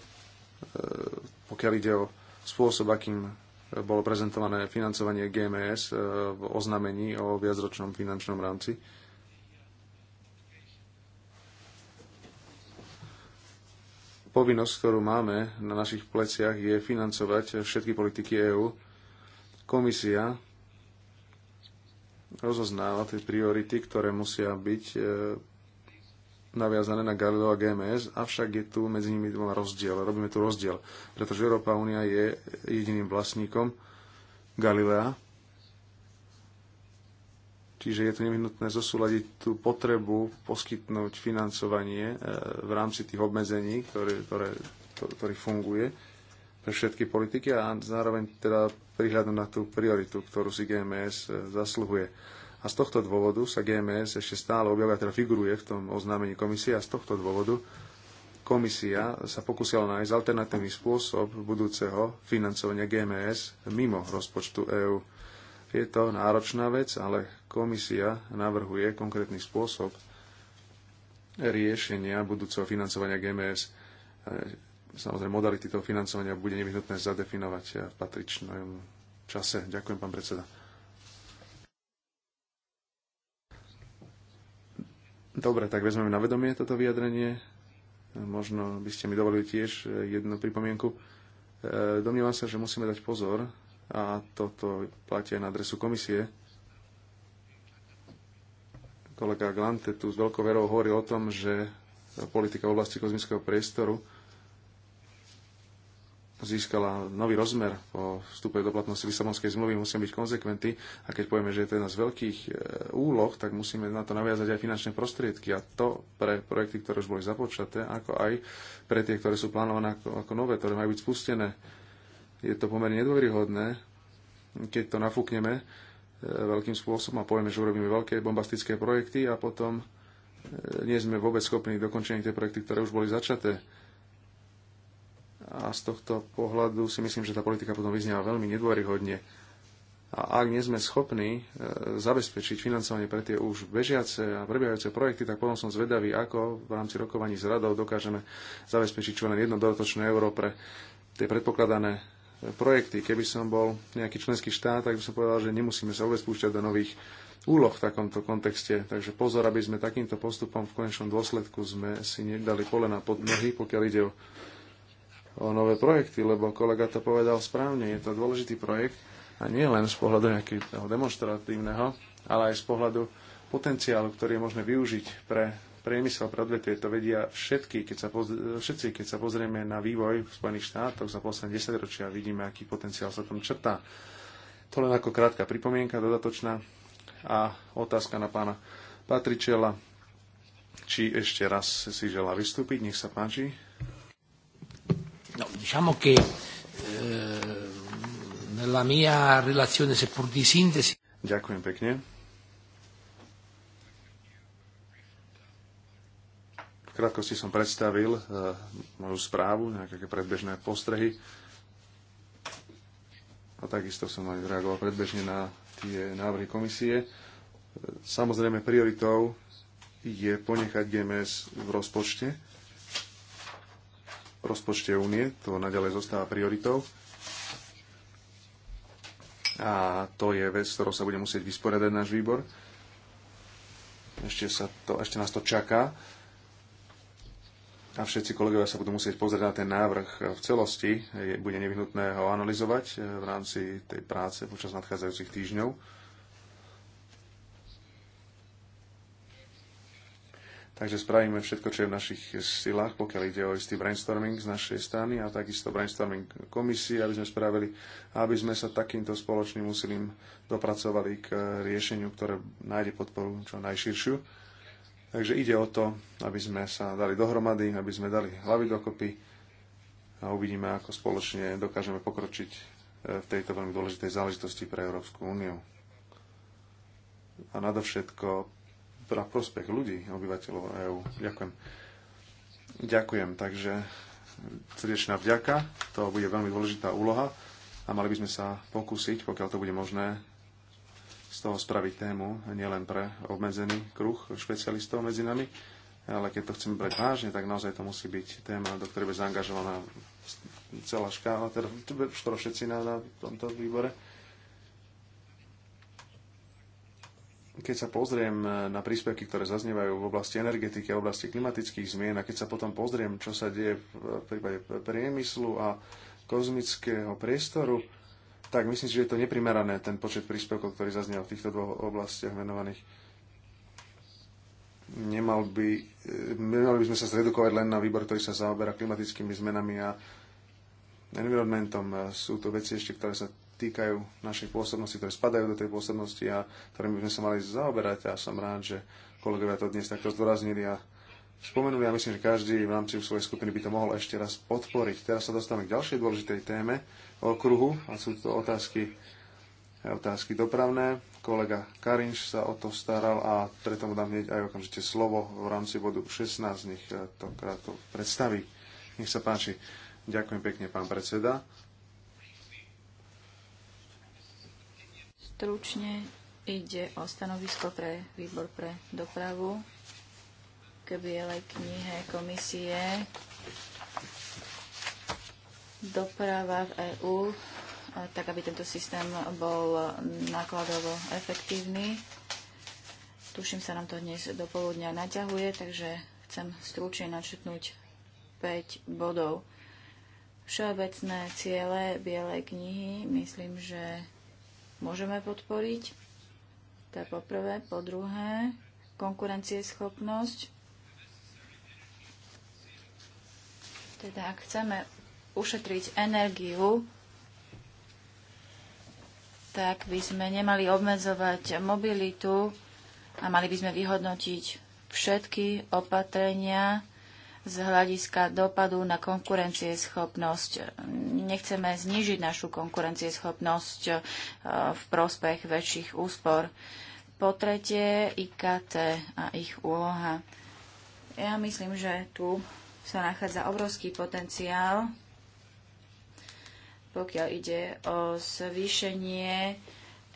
pokiaľ ide o spôsob, akým bolo prezentované financovanie GMS e, v oznamení o viacročnom finančnom rámci povinnosť, ktorú máme na našich pleciach, je financovať všetky politiky EÚ. Komisia rozoznáva tie priority, ktoré musia byť e, naviazané na Galileo a GMS, avšak je tu medzi nimi rozdiel. Robíme tu rozdiel, pretože Európa únia je jediným vlastníkom Galilea, Čiže je to nevyhnutné zosúľadiť tú potrebu poskytnúť financovanie e, v rámci tých obmedzení, ktoré, ktoré, ktorý funguje pre všetky politiky a zároveň teda prihľadnú na tú prioritu, ktorú si GMS e, zasluhuje. A z tohto dôvodu sa GMS ešte stále objavia, teda figuruje v tom oznámení komisie a z tohto dôvodu komisia sa pokúsila nájsť alternatívny spôsob budúceho financovania GMS mimo rozpočtu EÚ. Je to náročná vec, ale Komisia navrhuje konkrétny spôsob riešenia budúceho financovania GMS. E, Samozrejme, modality toho financovania bude nevyhnutné zadefinovať v patričnom čase. Ďakujem, pán predseda. Dobre, tak vezmeme na vedomie toto vyjadrenie. Možno by ste mi dovolili tiež jednu pripomienku. E, domnievam sa, že musíme dať pozor, a toto platí aj na adresu komisie, Kolega Glante tu s veľkou verou hovorí o tom, že politika v oblasti kozmického priestoru získala nový rozmer po vstupe do platnosti Lisabonskej zmluvy, musíme byť konzekventní a keď povieme, že je to jedna z veľkých e, úloh, tak musíme na to naviazať aj finančné prostriedky a to pre projekty, ktoré už boli započaté, ako aj pre tie, ktoré sú plánované ako, ako nové, ktoré majú byť spustené. Je to pomerne nedôveryhodné, keď to nafúkneme, veľkým spôsobom a povieme, že urobíme veľké bombastické projekty a potom e, nie sme vôbec schopní dokončiť tie projekty, ktoré už boli začaté. A z tohto pohľadu si myslím, že tá politika potom vyznieva veľmi nedôveryhodne. A ak nie sme schopní e, zabezpečiť financovanie pre tie už bežiace a prebiehajúce projekty, tak potom som zvedavý, ako v rámci rokovaní s radou dokážeme zabezpečiť čo len jedno dodatočné euro pre tie predpokladané projekty. Keby som bol nejaký členský štát, tak by som povedal, že nemusíme sa vôbec púšťať do nových úloh v takomto kontexte. Takže pozor, aby sme takýmto postupom v konečnom dôsledku sme si nedali pole pod nohy, pokiaľ ide o, o nové projekty, lebo kolega to povedal správne. Je to dôležitý projekt a nie len z pohľadu nejakého demonstratívneho, ale aj z pohľadu potenciálu, ktorý je možné využiť pre priemysel pre odvetvie to vedia všetky, keď sa poz, všetci, keď sa pozrieme na vývoj v Spojených štátoch za posledné 10 ročia, vidíme, aký potenciál sa tam črtá. To len ako krátka pripomienka dodatočná a otázka na pána Patričela, či ešte raz si želá vystúpiť, nech sa páči. No, diciamo che eh, nella mia relazione, seppur di sintesi... Ďakujem pekne krátkosti som predstavil eh, moju správu, nejaké predbežné postrehy. A takisto som aj reagoval predbežne na tie návrhy komisie. Eh, samozrejme, prioritou je ponechať GMS v rozpočte. V rozpočte únie to naďalej zostáva prioritou. A to je vec, s ktorou sa bude musieť vysporiadať náš výbor. Ešte, sa to, ešte nás to čaká a všetci kolegovia sa budú musieť pozrieť na ten návrh v celosti. Je, bude nevyhnutné ho analyzovať eh, v rámci tej práce počas nadchádzajúcich týždňov. Takže spravíme všetko, čo je v našich silách, pokiaľ ide o istý brainstorming z našej strany a takisto brainstorming komisie, aby sme spravili, aby sme sa takýmto spoločným úsilím dopracovali k eh, riešeniu, ktoré nájde podporu čo najširšiu Takže ide o to, aby sme sa dali dohromady, aby sme dali hlavy dokopy a uvidíme, ako spoločne dokážeme pokročiť e, v tejto veľmi dôležitej záležitosti pre Európsku úniu. A nadovšetko pre prospech ľudí, obyvateľov EÚ. Ďakujem. Ďakujem, takže srdečná vďaka. To bude veľmi dôležitá úloha a mali by sme sa pokúsiť, pokiaľ to bude možné, z toho spraviť tému nielen pre obmedzený kruh špecialistov medzi nami, ale keď to chceme brať vážne, tak naozaj to musí byť téma, do ktorej bude zaangažovaná celá škála, teda skoro všetci na, na tomto výbore. Keď sa pozriem na príspevky, ktoré zaznievajú v oblasti energetiky a v oblasti klimatických zmien a keď sa potom pozriem, čo sa deje v prípade priemyslu a kozmického priestoru, tak myslím si, že je to neprimerané, ten počet príspevkov, ktorý zaznel v týchto dvoch oblastiach venovaných. Nemal by, e, nemali by sme sa zredukovať len na výbor, ktorý sa zaoberá klimatickými zmenami a environmentom. E, sú to veci ešte, ktoré sa týkajú našej pôsobnosti, ktoré spadajú do tej pôsobnosti a ktorými by sme sa mali zaoberať. A som rád, že kolegovia to dnes takto zdôraznili a spomenul. Ja myslím, že každý v rámci svojej skupiny by to mohol ešte raz podporiť. Teraz sa dostávame k ďalšej dôležitej téme okruhu a sú to otázky, otázky dopravné. Kolega Karinš sa o to staral a preto mu dám hneď aj okamžite slovo v rámci bodu 16. Nech to krátko predstaví. Nech sa páči. Ďakujem pekne, pán predseda. Stručne ide o stanovisko pre výbor pre dopravu k Bielej knihe komisie doprava v EÚ, tak aby tento systém bol nákladovo efektívny. Tuším, sa nám to dnes do poludnia naťahuje, takže chcem stručne načetnúť 5 bodov. Všeobecné ciele Bielej knihy myslím, že môžeme podporiť. To je po Po druhé, konkurencieschopnosť. Teda ak chceme ušetriť energiu, tak by sme nemali obmedzovať mobilitu a mali by sme vyhodnotiť všetky opatrenia z hľadiska dopadu na konkurencieschopnosť. Nechceme znižiť našu konkurencieschopnosť eh, v prospech väčších úspor. Po tretie, IKT a ich úloha. Ja myslím, že tu sa nachádza obrovský potenciál, pokiaľ ide o zvýšenie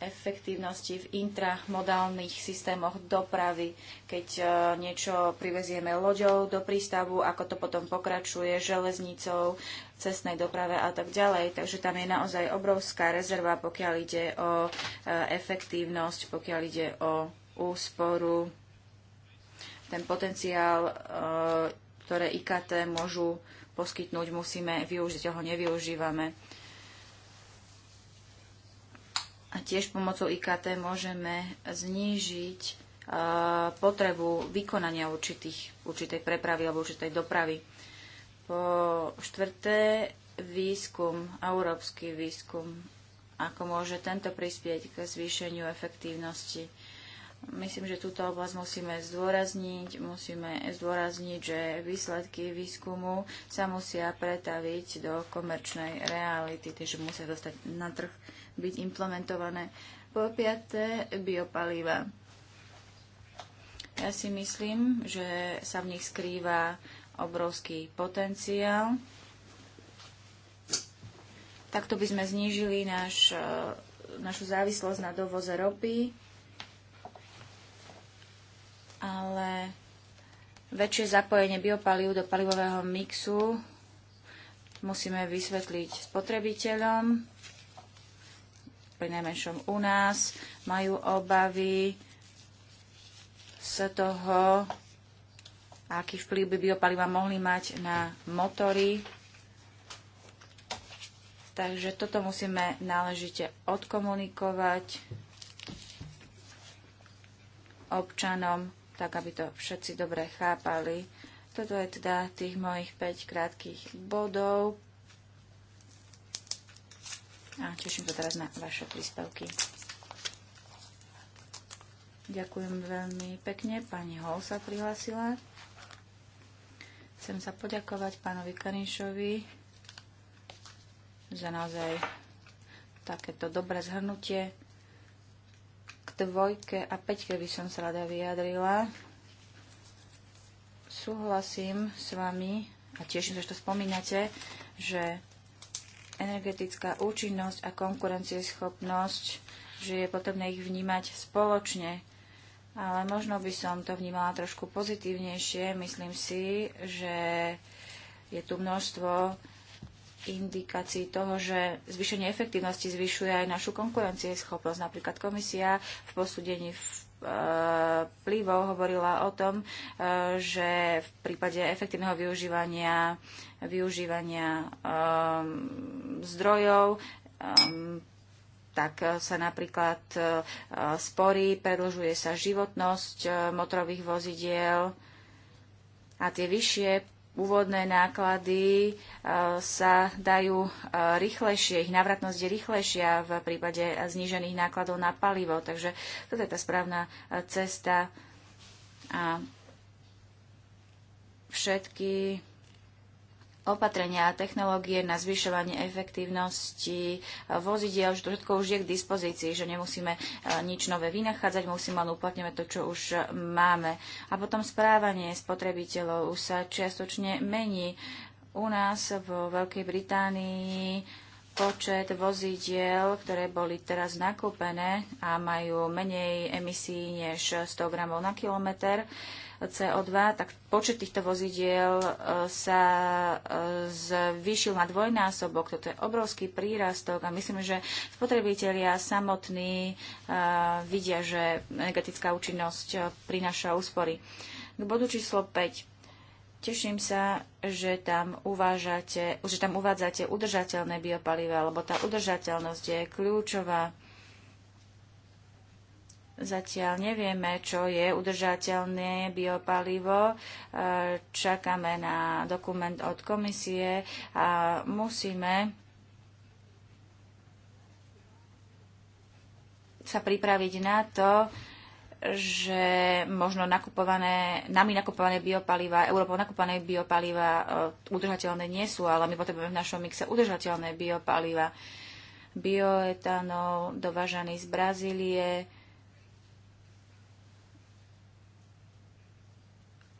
efektívnosti v intramodálnych systémoch dopravy, keď e, niečo privezieme loďou do prístavu, ako to potom pokračuje železnicou, cestnej doprave a tak ďalej. Takže tam je naozaj obrovská rezerva, pokiaľ ide o e, efektívnosť, pokiaľ ide o úsporu. Ten potenciál e, ktoré IKT môžu poskytnúť, musíme využiť, ho nevyužívame. A tiež pomocou IKT môžeme znížiť e, potrebu vykonania určitých, určitej prepravy alebo určitej dopravy. Po štvrté, výskum, európsky výskum, ako môže tento prispieť k zvýšeniu efektívnosti Myslím, že túto oblasť musíme zdôrazniť. Musíme zdôrazniť, že výsledky výskumu sa musia pretaviť do komerčnej reality, takže musia dostať na trh, byť implementované. Po piaté, biopalíva. Ja si myslím, že sa v nich skrýva obrovský potenciál. Takto by sme znížili náš, eh, našu závislosť na dovoze ropy ale väčšie zapojenie biopalív do palivového mixu musíme vysvetliť spotrebiteľom, pri najmenšom u nás, majú obavy z toho, aký vplyv by biopaliva mohli mať na motory. Takže toto musíme náležite odkomunikovať občanom tak aby to všetci dobre chápali. Toto je teda tých mojich 5 krátkých bodov. A teším sa teraz na vaše príspevky. Ďakujem veľmi pekne. Pani Hol sa prihlásila. Chcem sa poďakovať pánovi Karinšovi za naozaj takéto dobré zhrnutie dvojke a peťke by som sa rada vyjadrila. Súhlasím s vami a tiež sa, že to spomínate, že energetická účinnosť a konkurencieschopnosť, že je potrebné ich vnímať spoločne. Ale možno by som to vnímala trošku pozitívnejšie. Myslím si, že je tu množstvo indikácií toho, že zvýšenie efektívnosti zvyšuje aj našu konkurencieschopnosť. Napríklad komisia v posúdení e, vplyvov hovorila o tom, e, že v prípade efektívneho využívania, využívania e, zdrojov tak sa napríklad spory predlžuje sa životnosť motorových vozidiel a tie vyššie úvodné náklady eh, sa dajú eh, rýchlejšie, ich navratnosť je rýchlejšia v prípade znížených nákladov na palivo. Takže toto je tá správna eh, cesta. A všetky opatrenia a technológie na zvyšovanie efektívnosti eh, vozidiel, že to všetko už je k dispozícii, že nemusíme eh, nič nové vynachádzať, musíme len uplatňovať to, čo už eh, máme. A potom správanie spotrebiteľov sa čiastočne mení. U nás v Veľkej Británii počet vozidiel, ktoré boli teraz nakúpené a majú menej emisí než 100 gramov na kilometr CO2, tak počet týchto vozidiel e, sa e, zvýšil na dvojnásobok. Toto je obrovský prírastok a myslím, že spotrebitelia samotní e, vidia, že energetická účinnosť prináša úspory. K bodu číslo 5 Teším sa, že tam, uvážate, že tam uvádzate udržateľné biopaliva, lebo tá udržateľnosť je kľúčová. Zatiaľ nevieme, čo je udržateľné biopalivo. E, čakáme na dokument od komisie a musíme sa pripraviť na to, že možno nakupované, nami nakupované biopaliva, Európou nakupované biopaliva e, udržateľné nie sú, ale my potrebujeme v našom mixe udržateľné biopaliva. Bioetanol dovážaný z Brazílie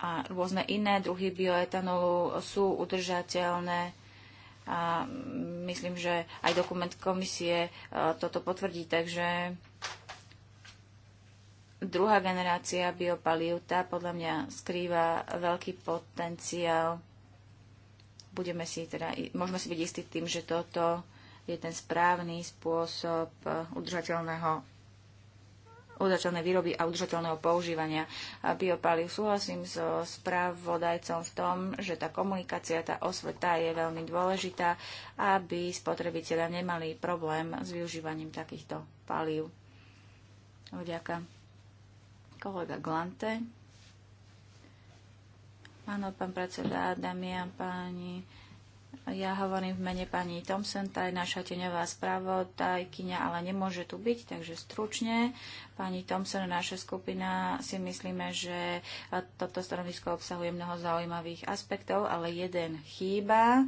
a rôzne iné druhy bioetanolu sú udržateľné. A myslím, že aj dokument komisie e, toto potvrdí, takže Druhá generácia biopalív, tá podľa mňa skrýva veľký potenciál. Budeme si teda, môžeme si byť istí tým, že toto je ten správny spôsob eh, udržateľného udržateľné výroby a udržateľného používania biopalív. Súhlasím so správodajcom v tom, že tá komunikácia, tá osveta je veľmi dôležitá, aby spotrebitelia nemali problém s využívaním takýchto palív. Ďakujem kolega Glante. Áno, pán predseda Damian, páni. Ja hovorím v mene pani Thompson, tá je naša teňová spravodajkyňa, ale nemôže tu byť, takže stručne. Pani Thompson, naša skupina si myslíme, že toto stanovisko obsahuje mnoho zaujímavých aspektov, ale jeden chýba,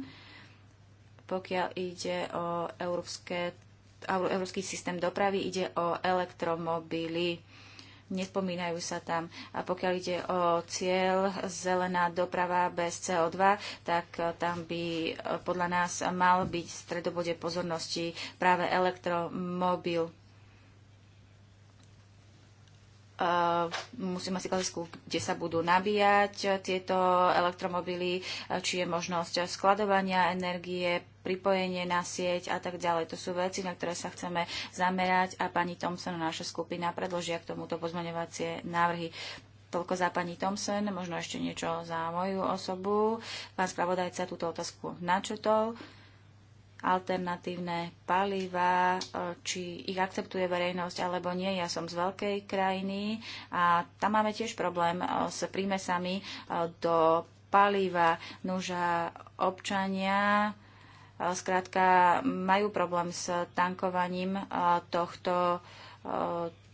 pokiaľ ide o európske, európsky systém dopravy, ide o elektromobily nespomínajú sa tam. A pokiaľ ide o cieľ zelená doprava bez CO2, tak e, tam by e, podľa nás mal byť v stredobode pozornosti práve elektromobil Eh, musíme si klasť, kde sa budú nabíjať tieto elektromobily, eh, či je možnosť skladovania energie, pripojenie na sieť a tak ďalej. To sú veci, na ktoré sa chceme zamerať a pani Thompson, naša skupina, predložia k tomuto pozmaňovacie návrhy. Toľko za pani Thompson, možno ešte niečo za moju osobu. Pán spravodajca túto otázku načetol alternatívne paliva, e, či ich akceptuje verejnosť alebo nie. Ja som z veľkej krajiny a tam máme tiež problém e, s prímesami e, do palíva. Nuža občania zkrátka majú problém s tankovaním tohto,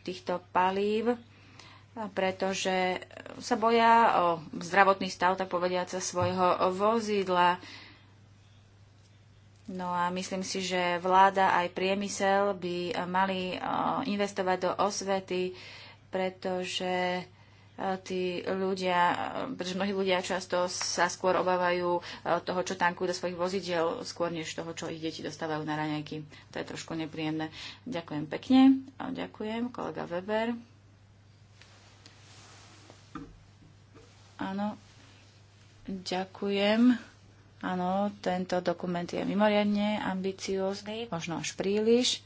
týchto palív, pretože sa boja o zdravotný stav, tak povediať, sa svojho vozidla. No a myslím si, že vláda aj priemysel by mali e, investovať do osvety, pretože e, tí ľudia, e, pretože mnohí ľudia často sa skôr obávajú toho, čo tankujú do svojich vozidiel, skôr než toho, čo ich deti dostávajú na raňajky. To je trošku nepríjemné. Ďakujem pekne. Ďakujem, kolega Weber. Áno, ďakujem. Áno, tento dokument je mimoriadne ambiciózny, možno až príliš.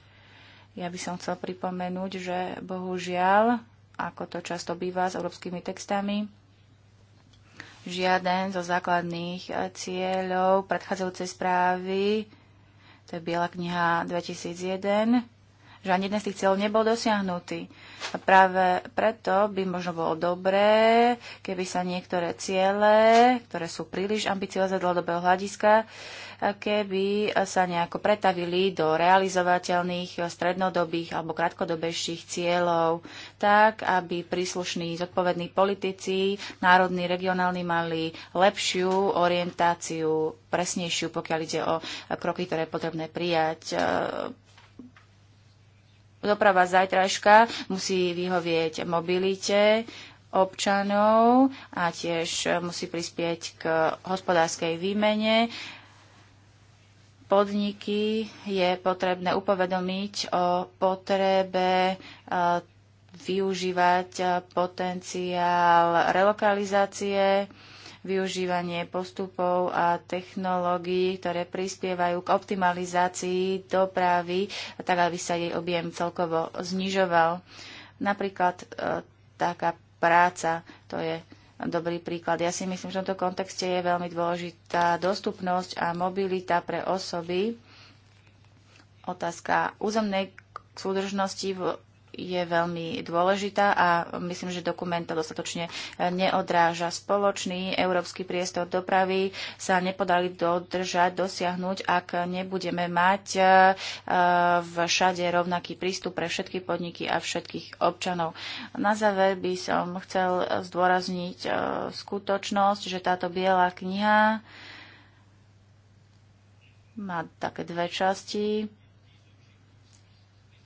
Ja by som chcel pripomenúť, že bohužiaľ, ako to často býva s európskymi textami, žiaden zo základných eh, cieľov predchádzajúcej správy, to je Biela kniha 2001, že ani jeden z tých cieľov nebol dosiahnutý. A práve preto by možno bolo dobré, keby sa niektoré ciele, ktoré sú príliš ambiciozne dlhodobého hľadiska, keby sa nejako pretavili do realizovateľných strednodobých alebo krátkodobejších cieľov, tak aby príslušní zodpovední politici, národní, regionálni mali lepšiu orientáciu, presnejšiu, pokiaľ ide o kroky, ktoré je potrebné prijať doprava zajtrajška musí vyhovieť mobilite občanov a tiež musí prispieť k hospodárskej výmene. Podniky je potrebné upovedomiť o potrebe e, využívať e, potenciál relokalizácie využívanie postupov a technológií, ktoré prispievajú k optimalizácii dopravy, tak aby sa jej objem celkovo znižoval. Napríklad e, taká práca, to je dobrý príklad. Ja si myslím, že v tomto kontexte je veľmi dôležitá dostupnosť a mobilita pre osoby. Otázka územnej súdržnosti v je veľmi dôležitá a myslím, že dokument to dostatočne e, neodráža. Spoločný európsky priestor dopravy sa nepodali dodržať, dosiahnuť, ak nebudeme mať e, e, všade rovnaký prístup pre všetky podniky a všetkých občanov. Na záver by som chcel zdôrazniť skutočnosť, že táto biela kniha má také dve časti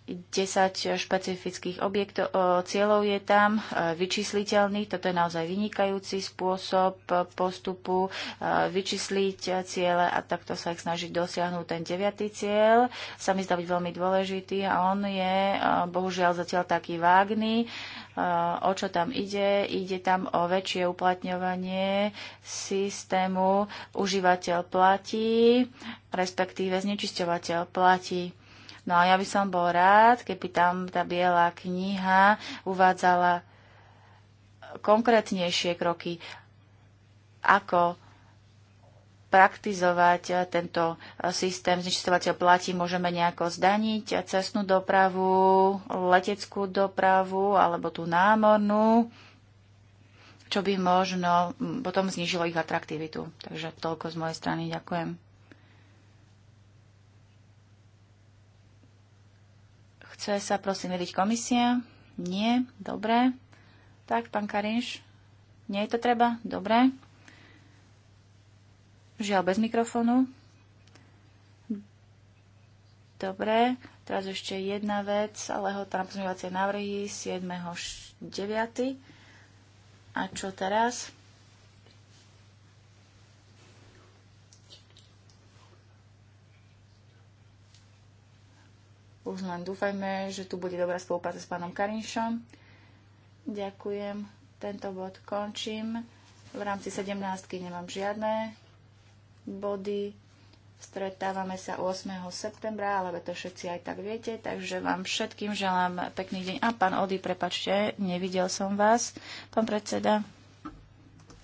10 špecifických objektov, cieľov je tam, e, vyčísliteľných, toto je naozaj vynikajúci spôsob postupu, e, vyčísliť ciele a takto sa ich snažiť dosiahnuť. Ten deviatý cieľ sa mi zdá byť veľmi dôležitý a on je e, bohužiaľ zatiaľ taký vágný. O čo tam ide? Ide tam o väčšie uplatňovanie systému užívateľ platí, respektíve znečisťovateľ platí. No a ja by som bol rád, keby tam tá biela kniha uvádzala konkrétnejšie kroky, ako praktizovať tento systém znečistovateľ platí, môžeme nejako zdaniť cestnú dopravu, leteckú dopravu alebo tú námornú, čo by možno potom znižilo ich atraktivitu. Takže toľko z mojej strany. Ďakujem. Chce sa prosím vedieť komisia? Nie, dobre. Tak, pán Karinš, nie je to treba? Dobre. Žiaľ, bez mikrofónu. Dobre, teraz ešte jedna vec, ale ho tam pozmývacie návrhy 7.9. A čo teraz? Už len dúfajme, že tu bude dobrá spolupráca s pánom Karinšom. Ďakujem. Tento bod končím. V rámci 17 nemám žiadne body. Stretávame sa 8. septembra, ale to všetci aj tak viete, takže vám všetkým želám pekný deň. A pán Ody, prepačte, nevidel som vás, pán predseda.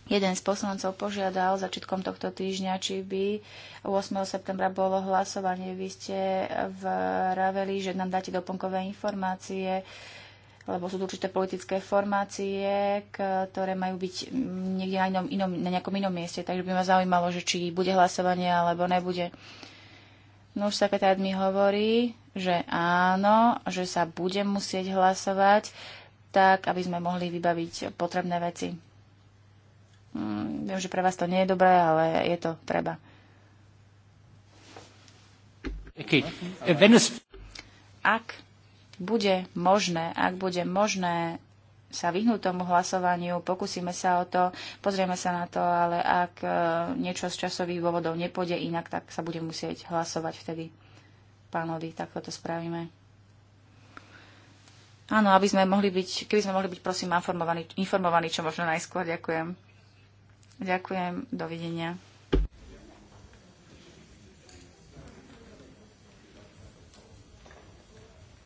Jeden z poslancov požiadal začiatkom tohto týždňa, či by 8. septembra bolo hlasovanie. Vy ste Raveli, že nám dáte doplnkové informácie, lebo sú tu určité politické formácie, ktoré majú byť niekde na, inom, inom, na nejakom inom mieste. Takže by ma zaujímalo, že či bude hlasovanie alebo nebude. No už sekretár mi hovorí, že áno, že sa bude musieť hlasovať, tak aby sme mohli vybaviť potrebné veci. Hm, viem, že pre vás to nie je dobré, ale je to treba. Eh, ak bude možné, ak bude možné sa vyhnúť tomu hlasovaniu, pokúsime sa o to, pozrieme sa na to, ale ak eh, niečo z časových dôvodov nepôjde inak, tak sa bude musieť hlasovať vtedy. pánovi, tak toto spravíme. Áno, aby sme mohli byť, keby sme mohli byť, prosím, informovaní, informovaní čo možno najskôr. Ďakujem. Ďakujem, dovidenia.